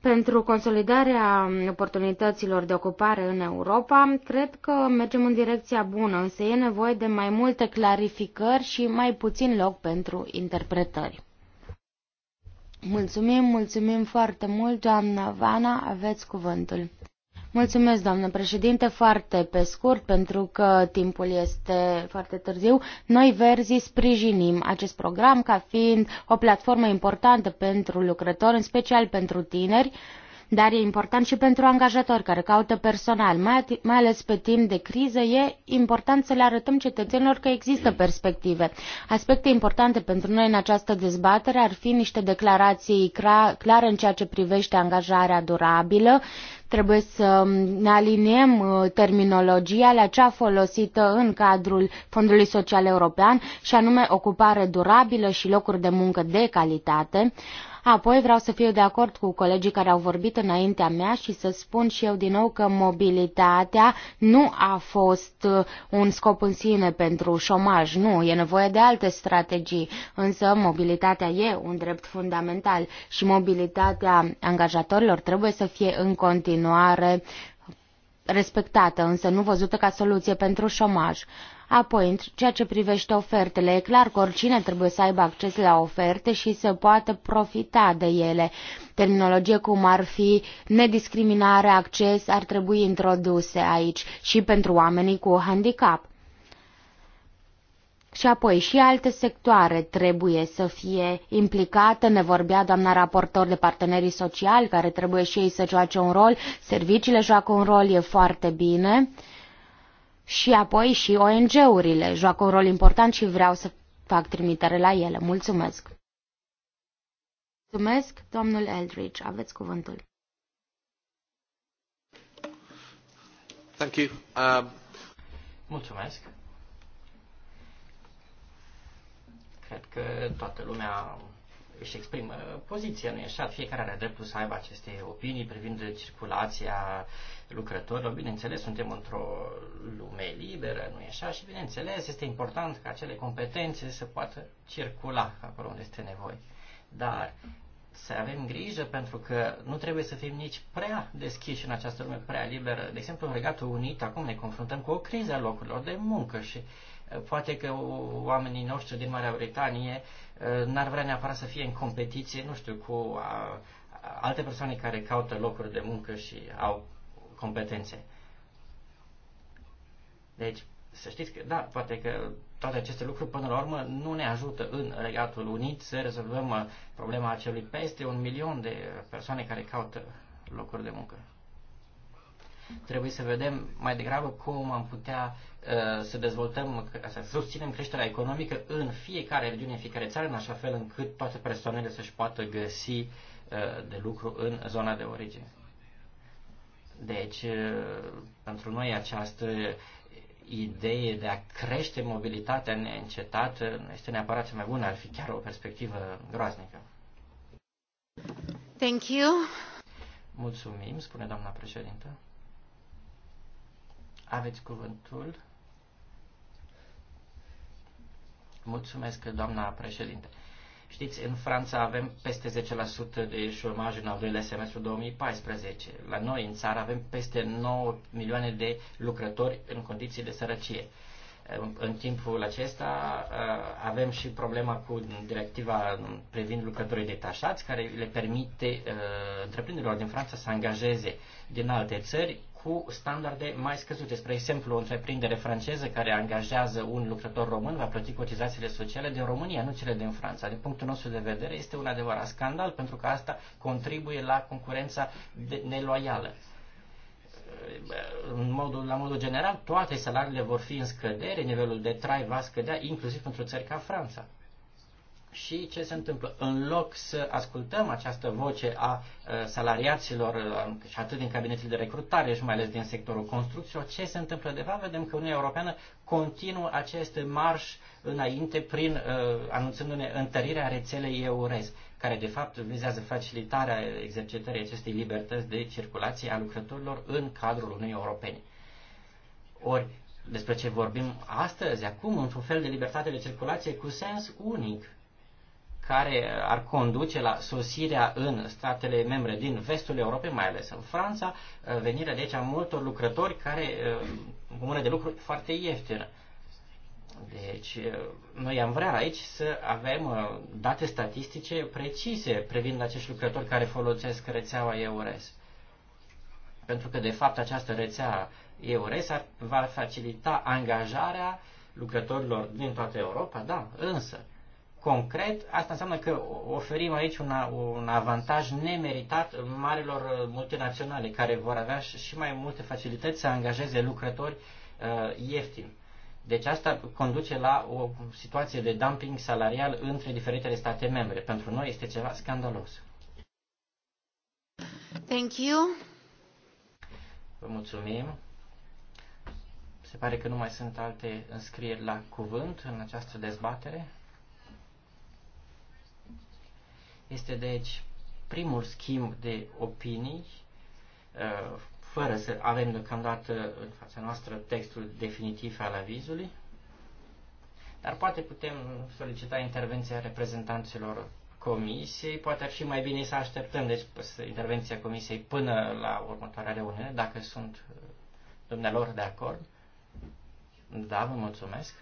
Pentru consolidarea oportunităților de ocupare în Europa, cred că mergem în direcția bună, însă e nevoie de mai multe clarificări și mai puțin loc pentru interpretări. Mulțumim, mulțumim foarte mult, doamna Vana, aveți cuvântul. Mulțumesc, doamnă președinte, foarte pe scurt, pentru că timpul este foarte târziu. Noi, Verzi, sprijinim acest program ca fiind o platformă importantă pentru lucrători, în special pentru tineri, dar e important și pentru angajatori care caută personal, mai ales pe timp de criză, e important să le arătăm cetățenilor că există perspective. Aspecte importante pentru noi în această dezbatere ar fi niște declarații clare în ceea ce privește angajarea durabilă, trebuie să ne aliniem uh, terminologia la cea folosită în cadrul Fondului Social European și anume ocupare durabilă și locuri de muncă de calitate. Apoi vreau să fiu de acord cu colegii care au vorbit înaintea mea și să spun și eu din nou că mobilitatea nu a fost uh, un scop în sine pentru șomaj, nu, e nevoie de alte strategii, însă mobilitatea e un drept fundamental și mobilitatea angajatorilor trebuie să fie în continuare respectată, însă nu văzută ca soluție pentru șomaj. Apoi, în ceea ce privește ofertele, e clar că oricine trebuie să aibă acces la oferte și să poată profita de ele. Terminologie cum ar fi nediscriminare, acces ar trebui introduse aici și pentru oamenii cu handicap. Și apoi și alte sectoare trebuie să fie implicate. Ne vorbea doamna raportor de partenerii sociali, care trebuie și ei să joace un rol. Serviciile joacă un rol, e foarte bine. Și apoi și ONG-urile joacă un rol important și vreau să fac trimitere la ele. Mulțumesc! Mulțumesc, domnul Eldridge. Aveți cuvântul. Thank you. Uh... Mulțumesc. Cred că toată lumea își exprimă poziția, nu-i așa? Fiecare are dreptul să aibă aceste opinii privind circulația lucrătorilor. Bineînțeles, suntem într-o lume liberă, nu e așa? Și bineînțeles, este important ca acele competențe să poată circula acolo unde este nevoie. Dar să avem grijă pentru că nu trebuie să fim nici prea deschiși în această lume prea liberă. De exemplu, în Regatul Unit acum ne confruntăm cu o criză a locurilor de muncă și eh, poate că oamenii noștri din Marea Britanie eh, n-ar vrea neapărat să fie în competiție, nu știu, cu alte persoane care caută locuri de muncă și au competențe. Deci, să știți că, da, poate că toate aceste lucruri până la urmă nu ne ajută în Regatul Unit să rezolvăm uh, problema acelui peste un milion de persoane care caută locuri de muncă. Trebuie să vedem mai degrabă cum am putea uh, să dezvoltăm, să susținem creșterea economică în fiecare regiune, în fiecare țară, în așa fel încât toate persoanele să-și poată găsi uh, de lucru în zona de origine. Deci, uh, pentru noi această idee de a crește mobilitatea neîncetat uh, nu este neapărat cea mai bună, ar fi chiar o perspectivă groaznică. Thank you. Mulțumim, spune doamna președintă. Aveți cuvântul. Mulțumesc, doamna președinte. Știți, în Franța avem peste 10% de șomaj în al doilea semestru 2014. La noi, în țară, avem peste 9 milioane de lucrători în condiții de sărăcie. În timpul acesta avem și problema cu directiva privind lucrătorii detașați, care le permite întreprinderilor din Franța să angajeze din alte țări cu standarde mai scăzute. Spre exemplu, o întreprindere franceză care angajează un lucrător român va plăti cotizațiile sociale din România, nu cele din Franța. Din punctul nostru de vedere, este un adevărat scandal, pentru că asta contribuie la concurența neloială. În modul, la modul general, toate salariile vor fi în scădere, nivelul de trai va scădea, inclusiv pentru țări ca Franța și ce se întâmplă? În loc să ascultăm această voce a uh, salariaților uh, și atât din cabinetele de recrutare și mai ales din sectorul construcțiilor, ce se întâmplă de fapt? Vedem că Uniunea Europeană continuă acest marș înainte prin uh, anunțându-ne întărirea rețelei EURES, care de fapt vizează facilitarea exercitării acestei libertăți de circulație a lucrătorilor în cadrul Uniunii Europene. Ori despre ce vorbim astăzi, acum, într-un fel de libertate de circulație cu sens unic, care ar conduce la sosirea în statele membre din vestul Europei, mai ales în Franța, uh, venirea de aici a multor lucrători care uh, cu mână de lucru foarte ieftină. Deci, uh, noi am vrea aici să avem date statistice precise privind acești lucrători care folosesc rețeaua EURES. Pentru că, de fapt, această rețea EURES va facilita angajarea lucrătorilor din toată Europa, da, însă concret, asta înseamnă că oferim aici una, un avantaj nemeritat marilor uh, multinaționale care vor avea și mai multe facilități să angajeze lucrători uh, ieftini. Deci asta conduce la o situație de dumping salarial între diferitele state membre. Pentru noi este ceva scandalos. Thank you. Vă mulțumim. Se pare că nu mai sunt alte înscrieri la cuvânt în această dezbatere. Este deci primul schimb de opinii, uh, fără să avem deocamdată în fața noastră textul definitiv al avizului, dar poate putem solicita intervenția reprezentanților comisiei, poate ar fi mai bine să așteptăm deci, intervenția comisiei până la următoarea reuniune, dacă sunt uh, dumnealor de acord. Da, vă mulțumesc.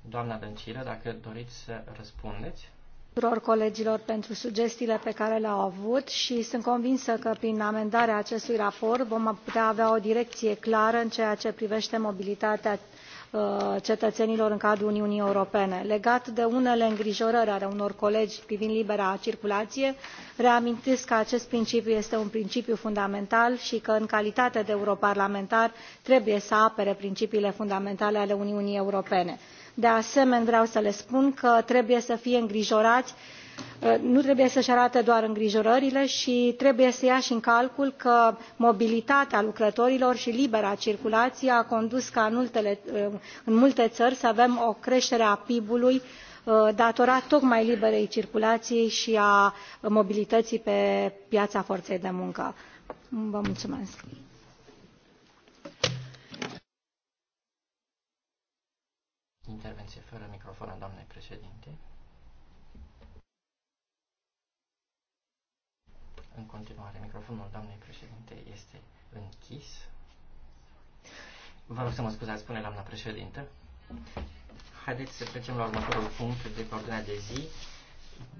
Doamna Dăncilă, dacă doriți să răspundeți tuturor colegilor pentru sugestiile pe care le au avut și sunt convinsă că prin amendarea acestui raport vom putea avea o direcție clară în ceea ce privește mobilitatea uh, cetățenilor în cadrul uniunii europene. legat de unele îngrijorări ale unor colegi privind libera circulație reamintesc că acest principiu este un principiu fundamental și că în calitate de europarlamentar trebuie să apere principiile fundamentale ale uniunii europene de asemenea vreau să le spun că trebuie să fie îngrijorați ă, nu trebuie să își arate doar îngrijorările și trebuie să ia și în calcul că mobilitatea lucrătorilor și libera circulație a condus ca în ă, multe, țări să avem o creștere a pib ului ă, datorat tocmai liberei circulații și a mobilității pe piața forței de muncă. Vă mulțumesc. Intervenție fără microfon a doamnei președinte. În continuare, microfonul doamnei președinte este închis. Vă rog să mă scuzați, spune doamna președintă. Haideți să trecem la următorul punct de pe ordinea de zi,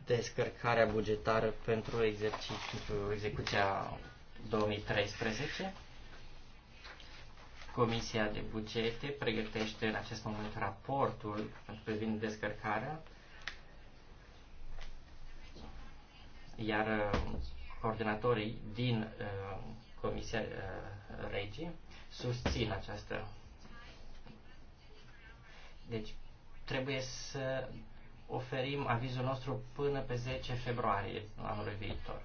descărcarea bugetară pentru, exerci- pentru execuția 2013. Comisia de Bugete pregătește în acest moment raportul privind descărcarea, iar coordonatorii uh, din uh, Comisia uh, Regii susțin această. Deci trebuie să oferim avizul nostru până pe 10 februarie anului viitor.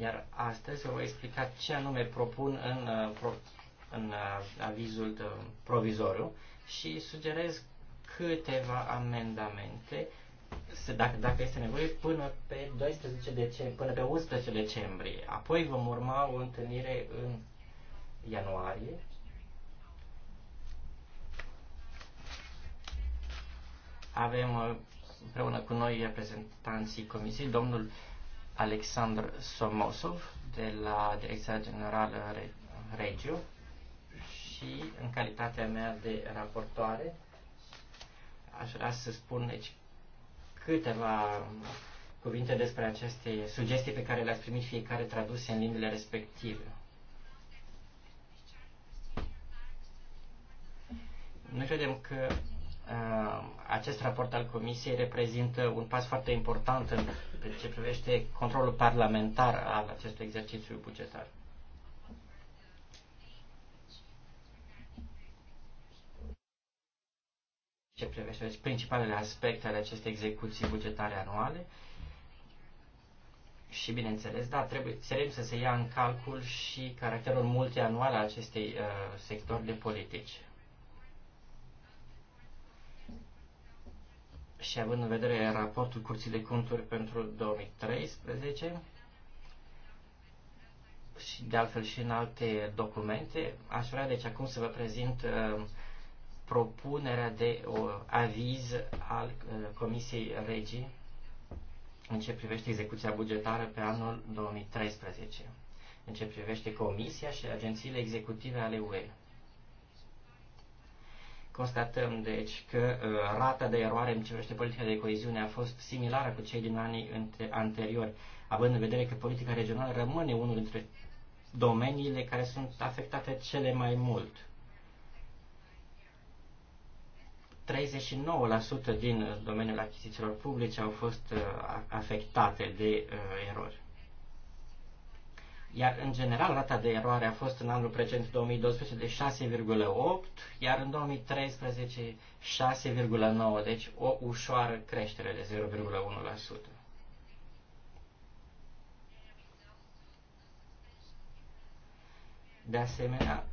Iar astăzi vă voi explica ce anume propun în uh, în uh, avizul provizoriu și sugerez câteva amendamente, dacă, dacă este nevoie, până pe 12 decembrie, până pe 11 decembrie. Apoi vom urma o întâlnire în ianuarie. Avem uh, împreună cu noi reprezentanții comisiei, domnul Alexandru Somosov de la Direcția Generală Regio și în calitatea mea de raportoare aș vrea să spun deci, câteva cuvinte despre aceste sugestii pe care le-ați primit fiecare traduse în limbile respective. Noi credem că uh, acest raport al Comisiei reprezintă un pas foarte important în ce privește controlul parlamentar al acestui exercițiu bugetar. ce privește deci, principalele aspecte ale acestei execuții bugetare anuale. Și bineînțeles, da, trebuie trebuie să se ia în calcul și caracterul multianual al acestei uh, sectori de politici. Și având în vedere raportul Curții de Conturi pentru 2013 și de altfel și în alte documente, aș vrea deci acum să vă prezint uh, propunerea de o aviz al uh, Comisiei Regii în ce privește execuția bugetară pe anul 2013, în ce privește Comisia și agențiile executive ale UE. Constatăm, deci, că uh, rata de eroare în ce privește politica de coeziune a fost similară cu cei din anii anteriori, având în vedere că politica regională rămâne unul dintre domeniile care sunt afectate cele mai mult – 39% din uh, domeniul achizițiilor publice au fost uh, afectate de uh, erori. Iar în general rata de eroare a fost în anul precedent 2012 de 6,8, iar în 2013 6,9, deci o ușoară creștere de 0,1%. De asemenea,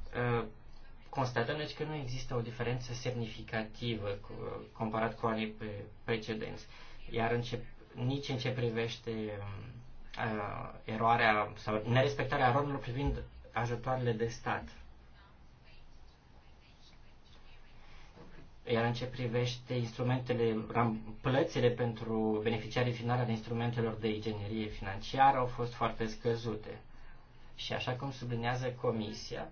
Constatăm deci că nu există o diferență semnificativă cu, comparat cu anii pre precedenți, iar în ce, nici în ce privește uh, eroarea sau nerespectarea rolului privind ajutoarele de stat. Iar în ce privește instrumentele, plățile pentru beneficiarii finale ale instrumentelor de inginerie financiară au fost foarte scăzute. Și așa cum sublinează Comisia,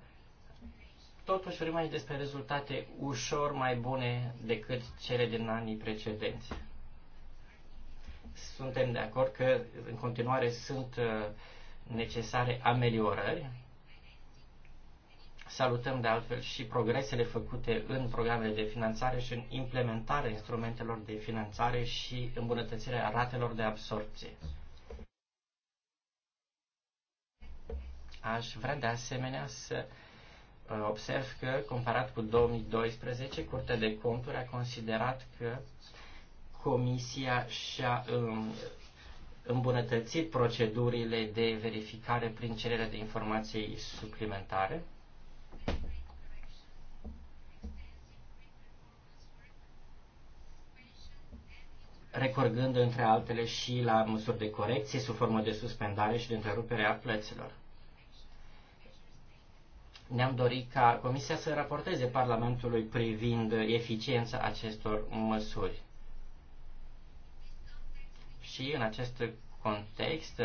Totuși vorbim aici despre rezultate ușor mai bune decât cele din anii precedenți. Suntem de acord că în continuare sunt uh, necesare ameliorări. Salutăm de altfel și progresele făcute în programele de finanțare și în implementarea instrumentelor de finanțare și îmbunătățirea ratelor de absorpție. Aș vrea de asemenea să observ că, comparat cu 2012, Curtea de Conturi a considerat că Comisia și-a um, îmbunătățit procedurile de verificare prin cererea de informații suplimentare. recurgând între altele și la măsuri de corecție sub formă de suspendare și de întrerupere a plăților ne-am dorit ca Comisia să raporteze Parlamentului privind eficiența acestor măsuri. Și în acest context,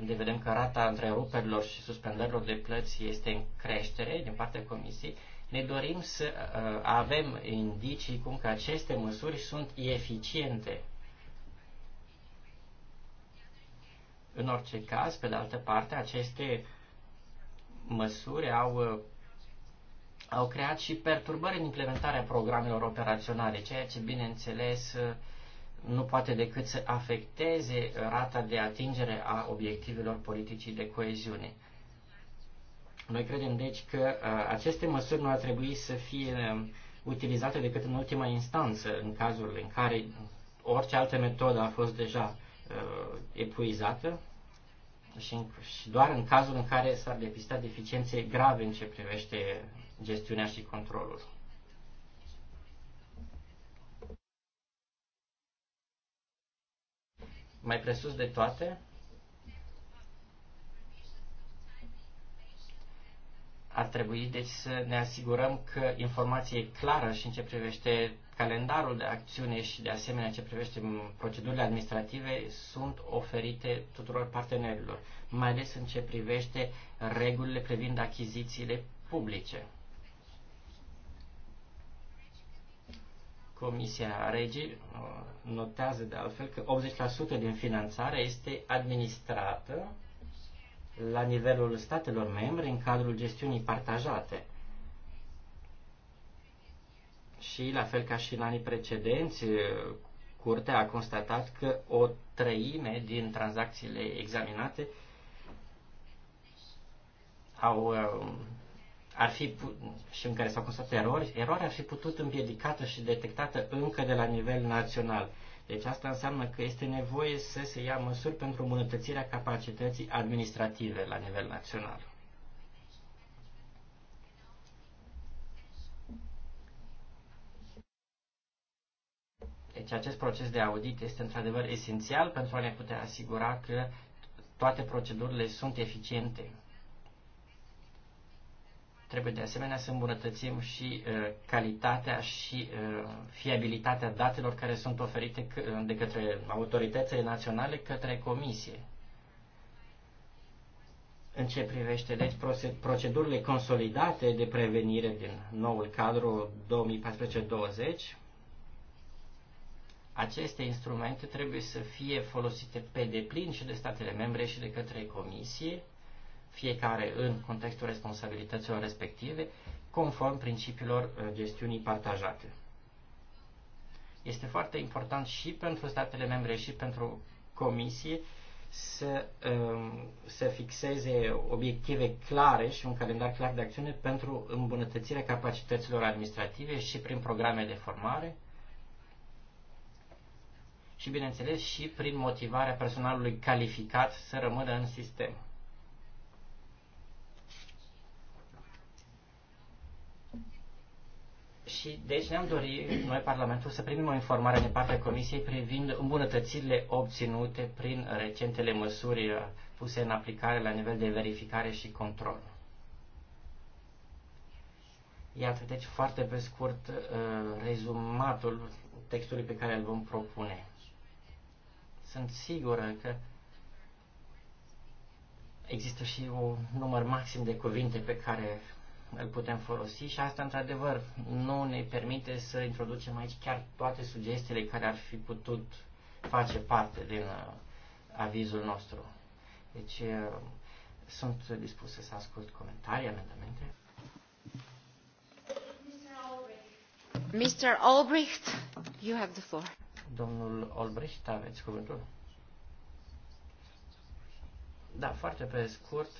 unde vedem că rata întreruperilor și suspendărilor de plăți este în creștere din partea Comisiei, ne dorim să uh, avem indicii cum că aceste măsuri sunt eficiente. În orice caz, pe de altă parte, aceste măsuri au, uh, au creat și perturbări în implementarea programelor operaționale, ceea ce, bineînțeles, uh, nu poate decât să afecteze rata de atingere a obiectivelor politicii de coeziune. Noi credem, deci, că uh, aceste măsuri nu ar trebui să fie um, utilizate decât în ultima instanță, în cazul în care orice altă metodă a fost deja uh, epuizată și, în, și doar în cazul în care s-ar depista deficiențe grave în ce privește gestiunea și controlul. Mai presus de toate, Ar trebui deci să ne asigurăm că informația e clară și în ce privește calendarul de acțiune și de asemenea ce privește procedurile administrative sunt oferite tuturor partenerilor, mai ales în ce privește regulile privind achizițiile publice. Comisia Regi uh, notează de altfel că 80% din finanțare este administrată la nivelul statelor membre în cadrul gestiunii partajate. Și, la fel ca și în anii precedenți, Curtea a constatat că o treime din tranzacțiile examinate au, uh, ar fi, și în care s-au constatat erori, eroarea ar fi putut împiedicată și detectată încă de la nivel național. Deci asta înseamnă că este nevoie să se ia măsuri pentru îmbunătățirea capacității administrative la nivel național. Deci acest proces de audit este într-adevăr esențial pentru a ne putea asigura că toate procedurile sunt eficiente. Trebuie de asemenea să îmbunătățim și uh, calitatea și uh, fiabilitatea datelor care sunt oferite uh, de către autoritățile naționale către comisie. În ce privește deci procedurile consolidate de prevenire din noul cadru 2014-20, aceste instrumente trebuie să fie folosite pe deplin și de statele membre și de către comisie fiecare în contextul responsabilităților respective, conform principiilor uh, gestiunii partajate. Este foarte important și pentru statele membre și pentru comisie să, um, să fixeze obiective clare și un calendar clar de acțiune pentru îmbunătățirea capacităților administrative și prin programe de formare și, bineînțeles, și prin motivarea personalului calificat să rămână în sistem. Și deci ne-am dorit noi, Parlamentul, să primim o informare din partea Comisiei privind îmbunătățirile obținute prin recentele măsuri uh, puse în aplicare la nivel de verificare și control. Iată, deci foarte pe scurt uh, rezumatul textului pe care îl vom propune. Sunt sigură că există și un număr maxim de cuvinte pe care îl putem folosi și asta, într-adevăr, nu ne permite să introducem aici chiar toate sugestiile care ar fi putut face parte din uh, avizul nostru. Deci, uh, sunt dispuse să ascult comentarii, amendamente. Mr. Albrecht, you have the floor. Domnul Albrecht, aveți cuvântul. Da, foarte pe scurt,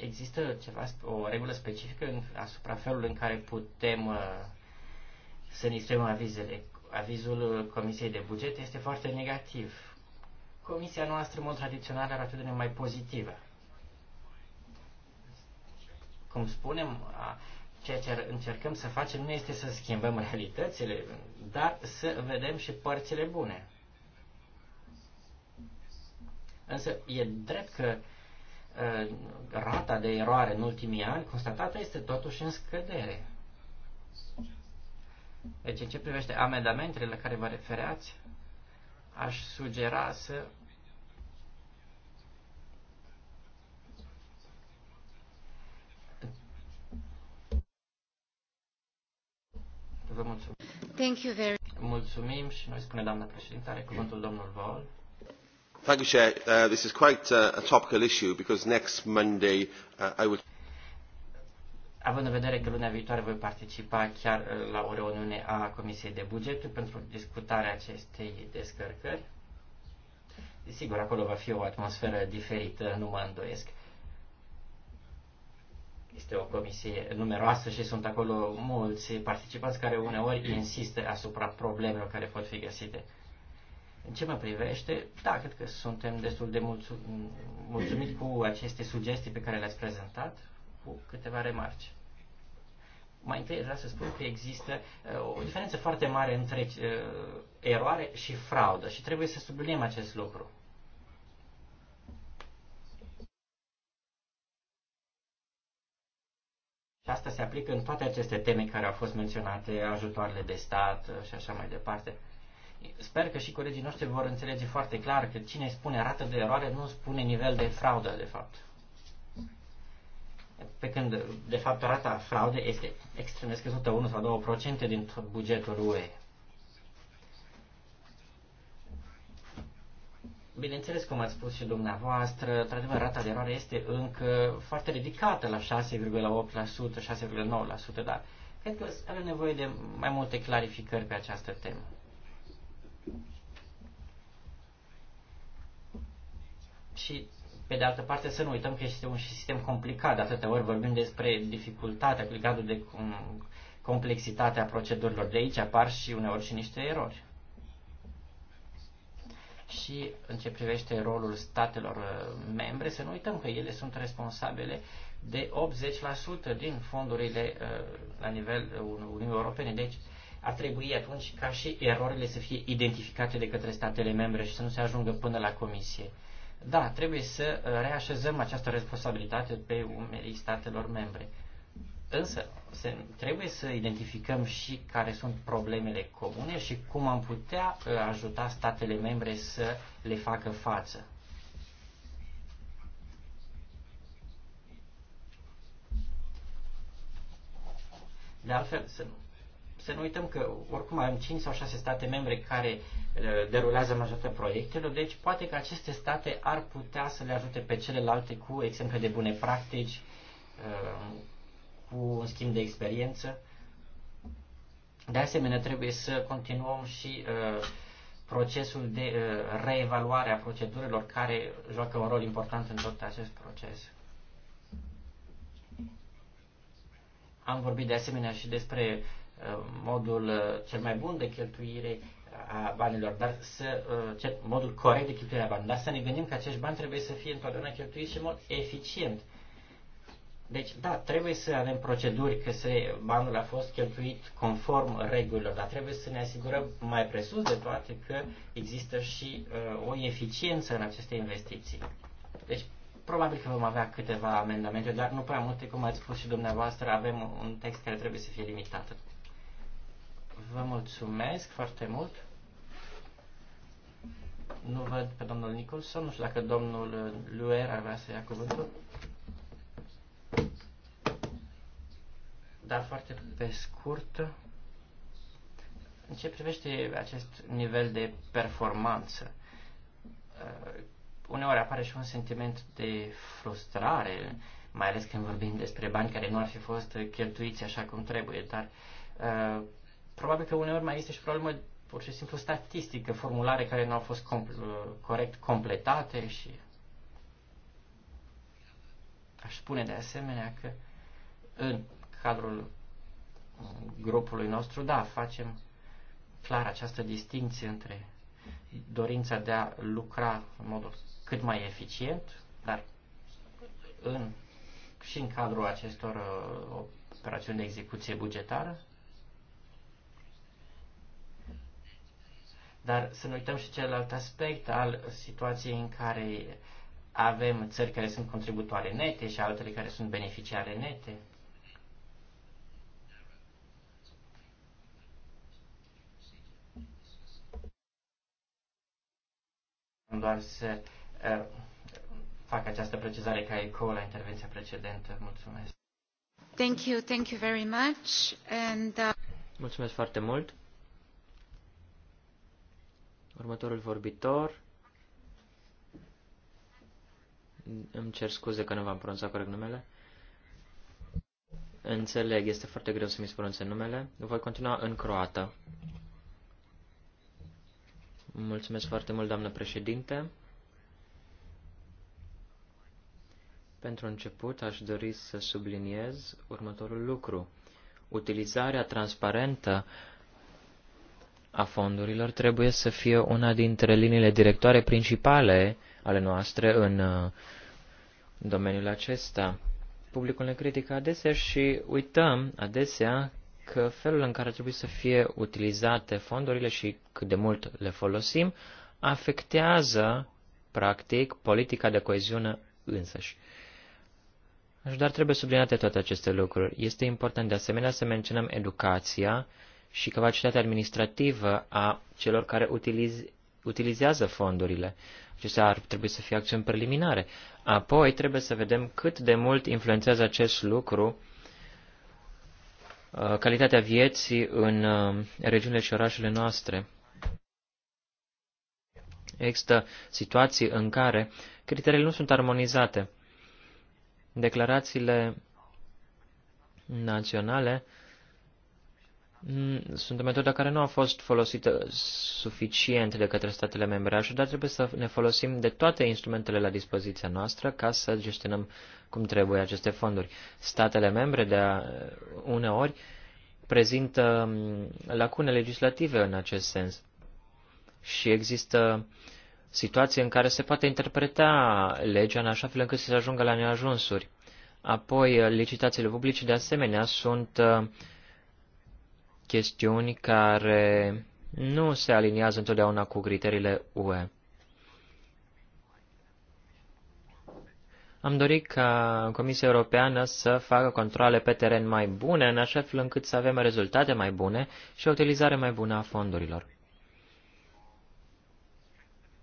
există ceva, o regulă specifică în, asupra felului în care putem uh, să ne exprimăm avizele. Avizul uh, Comisiei de Buget este foarte negativ. Comisia noastră, în mod tradițional, are atitudine mai pozitivă. Cum spunem, ceea ce încercăm să facem nu este să schimbăm [laughs] realitățile, dar să vedem și părțile bune. Însă e drept că uh, Uh, rata de eroare în ultimii ani constatată este totuși în scădere. Deci, în ce privește amendamentele la care vă refereați, aș sugera să Vă mulțumim. Thank you very Mulțumim și noi spune doamna președinte, are cuvântul domnul Vol. Thank you, Chair. Uh, this is quite uh, a topical issue because next Monday uh, I will... Având în vedere că luna viitoare voi participa chiar uh, la o reuniune a Comisiei de Buget pentru discutarea acestei descărcări, sigur, acolo va fi o atmosferă diferită, nu mă îndoiesc. Este o comisie numeroasă și sunt acolo mulți participanți care uneori insistă asupra problemelor care pot fi găsite. În ce mă privește, da, cred că suntem destul de mulțu- mulțumiți cu aceste sugestii pe care le-ați prezentat, cu câteva remarci. Mai întâi vreau să spun că există uh, o diferență foarte mare între uh, eroare și fraudă și trebuie să subliniem acest lucru. Și asta se aplică în toate aceste teme care au fost menționate, ajutoarele de stat uh, și așa mai departe. Sper că și colegii noștri vor înțelege foarte clar că cine spune rată de eroare nu spune nivel de fraudă, de fapt. Pe când, de fapt, rata fraude este extrem de scăzută, 1 sau 2% din tot bugetul UE. Bineînțeles, cum ați spus și dumneavoastră, într-adevăr, rata de eroare este încă foarte ridicată la 6,8%, 6,9%, dar cred că are nevoie de mai multe clarificări pe această temă. Și, pe de altă parte, să nu uităm că este un sistem complicat. De atâtea ori vorbim despre dificultatea, gradul de complexitatea procedurilor. De aici apar și uneori și niște erori. Și în ce privește rolul statelor uh, membre, să nu uităm că ele sunt responsabile de 80% din fondurile uh, la nivel uh, Uniunii Europene. Deci, uh, ar trebui atunci ca și erorile să fie identificate de către statele membre și să nu se ajungă până la comisie. Da, trebuie să uh, reașezăm această responsabilitate pe umerii statelor membre. Însă, se, trebuie să identificăm și care sunt problemele comune și cum am putea uh, ajuta statele membre să le facă față. De altfel, să nu să nu uităm că oricum am 5 sau 6 state membre care uh, derulează majoritatea proiectelor, deci poate că aceste state ar putea să le ajute pe celelalte cu exemple de bune practici, uh, cu un schimb de experiență. De asemenea, trebuie să continuăm și uh, procesul de reevaluare a procedurilor care joacă un rol important în tot acest proces. Am vorbit de asemenea și despre modul uh, cel mai bun de cheltuire a banilor, dar să, uh, cel, modul corect de cheltuire a banilor, dar să ne gândim că acești bani trebuie să fie întotdeauna cheltuiți în mod eficient. Deci, da, trebuie să avem proceduri că se, banul a fost cheltuit conform regulilor, dar trebuie să ne asigurăm mai presus de toate că există și uh, o eficiență în aceste investiții. Deci, probabil că vom avea câteva amendamente, dar nu prea multe, cum ați spus și dumneavoastră, avem un text care trebuie să fie limitat. Vă mulțumesc foarte mult. Nu văd pe domnul Nicholson, nu știu dacă domnul Luer ar vrea să ia cuvântul. Dar foarte pe scurt, în ce privește acest nivel de performanță, uh, uneori apare și un sentiment de frustrare, mai ales când vorbim despre bani care nu ar fi fost cheltuiți așa cum trebuie, dar uh, Probabil că uneori mai este și problemă pur și simplu statistică, formulare care nu au fost compl- uh, corect completate și aș spune de asemenea că în cadrul grupului nostru, da, facem clar această distinție între dorința de a lucra în modul cât mai eficient, dar în, și în cadrul acestor uh, operațiuni de execuție bugetară, Dar să nu uităm și celălalt aspect al situației în care avem țări care sunt contributoare nete și altele care sunt beneficiare nete. Doar să uh, fac această precizare ca eco la intervenția precedentă. Mulțumesc. Thank you, thank you very much. And, uh... Mulțumesc foarte mult. Următorul vorbitor. Îmi cer scuze că nu v-am pronunțat corect numele. Înțeleg, este foarte greu să mi pronunțe numele. Voi continua în croată. Mulțumesc foarte mult, doamnă președinte. Pentru început, aș dori să subliniez următorul lucru. Utilizarea transparentă a fondurilor trebuie să fie una dintre liniile directoare principale ale noastre în uh, domeniul acesta. Publicul ne critică adesea și uităm adesea că felul în care trebuie să fie utilizate fondurile și cât de mult le folosim afectează, practic, politica de coeziune însăși. Așadar, trebuie subliniate toate aceste lucruri. Este important de asemenea să menționăm educația și capacitatea administrativă a celor care utiliz, utilizează fondurile. Acestea ar trebui să fie acțiuni preliminare. Apoi trebuie să vedem cât de mult influențează acest lucru uh, calitatea vieții în uh, regiunile și orașele noastre. Există situații în care criteriile nu sunt armonizate. Declarațiile naționale uh, Mm, sunt o metodă care nu a fost folosită suficient de către statele membre, așadar trebuie să ne folosim de toate instrumentele la dispoziția noastră ca să gestionăm cum trebuie aceste fonduri. Statele membre de a, uneori prezintă mm, lacune legislative în acest sens și există situații în care se poate interpreta legea în așa fel încât să se ajungă la neajunsuri. Apoi, licitațiile publice de asemenea sunt uh, chestiuni care nu se aliniază întotdeauna cu criteriile UE. Am dorit ca Comisia Europeană să facă controle pe teren mai bune, în așa fel încât să avem rezultate mai bune și o utilizare mai bună a fondurilor.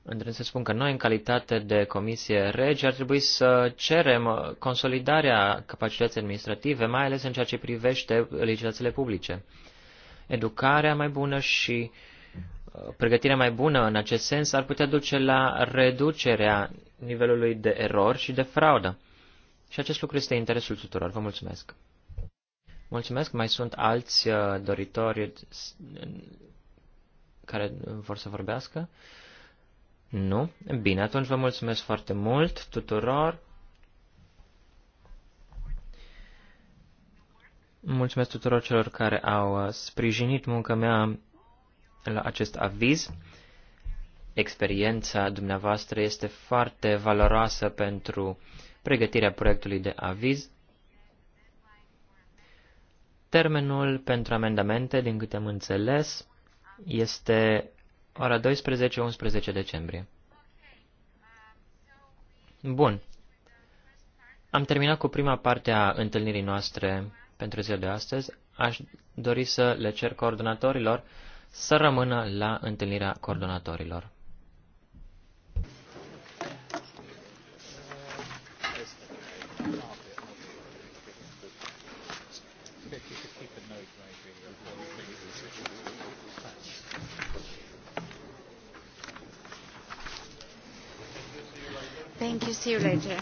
Într să spun că noi, în calitate de Comisie Regi, ar trebui să cerem consolidarea capacității administrative, mai ales în ceea ce privește legislațiile publice educarea mai bună și uh, pregătirea mai bună în acest sens ar putea duce la reducerea nivelului de erori și de fraudă. Și acest lucru este interesul tuturor. Vă mulțumesc. Mulțumesc. Mai sunt alți uh, doritori care vor să vorbească? Nu? Bine, atunci vă mulțumesc foarte mult tuturor. Mulțumesc tuturor celor care au uh, sprijinit munca mea la acest aviz. Experiența dumneavoastră este foarte valoroasă pentru pregătirea proiectului de aviz. Termenul pentru amendamente, din câte am înțeles, este ora 12-11 decembrie. Bun. Am terminat cu prima parte a întâlnirii noastre pentru ziua de astăzi, aș dori să le cer coordonatorilor să rămână la întâlnirea coordonatorilor. Thank you. See you later.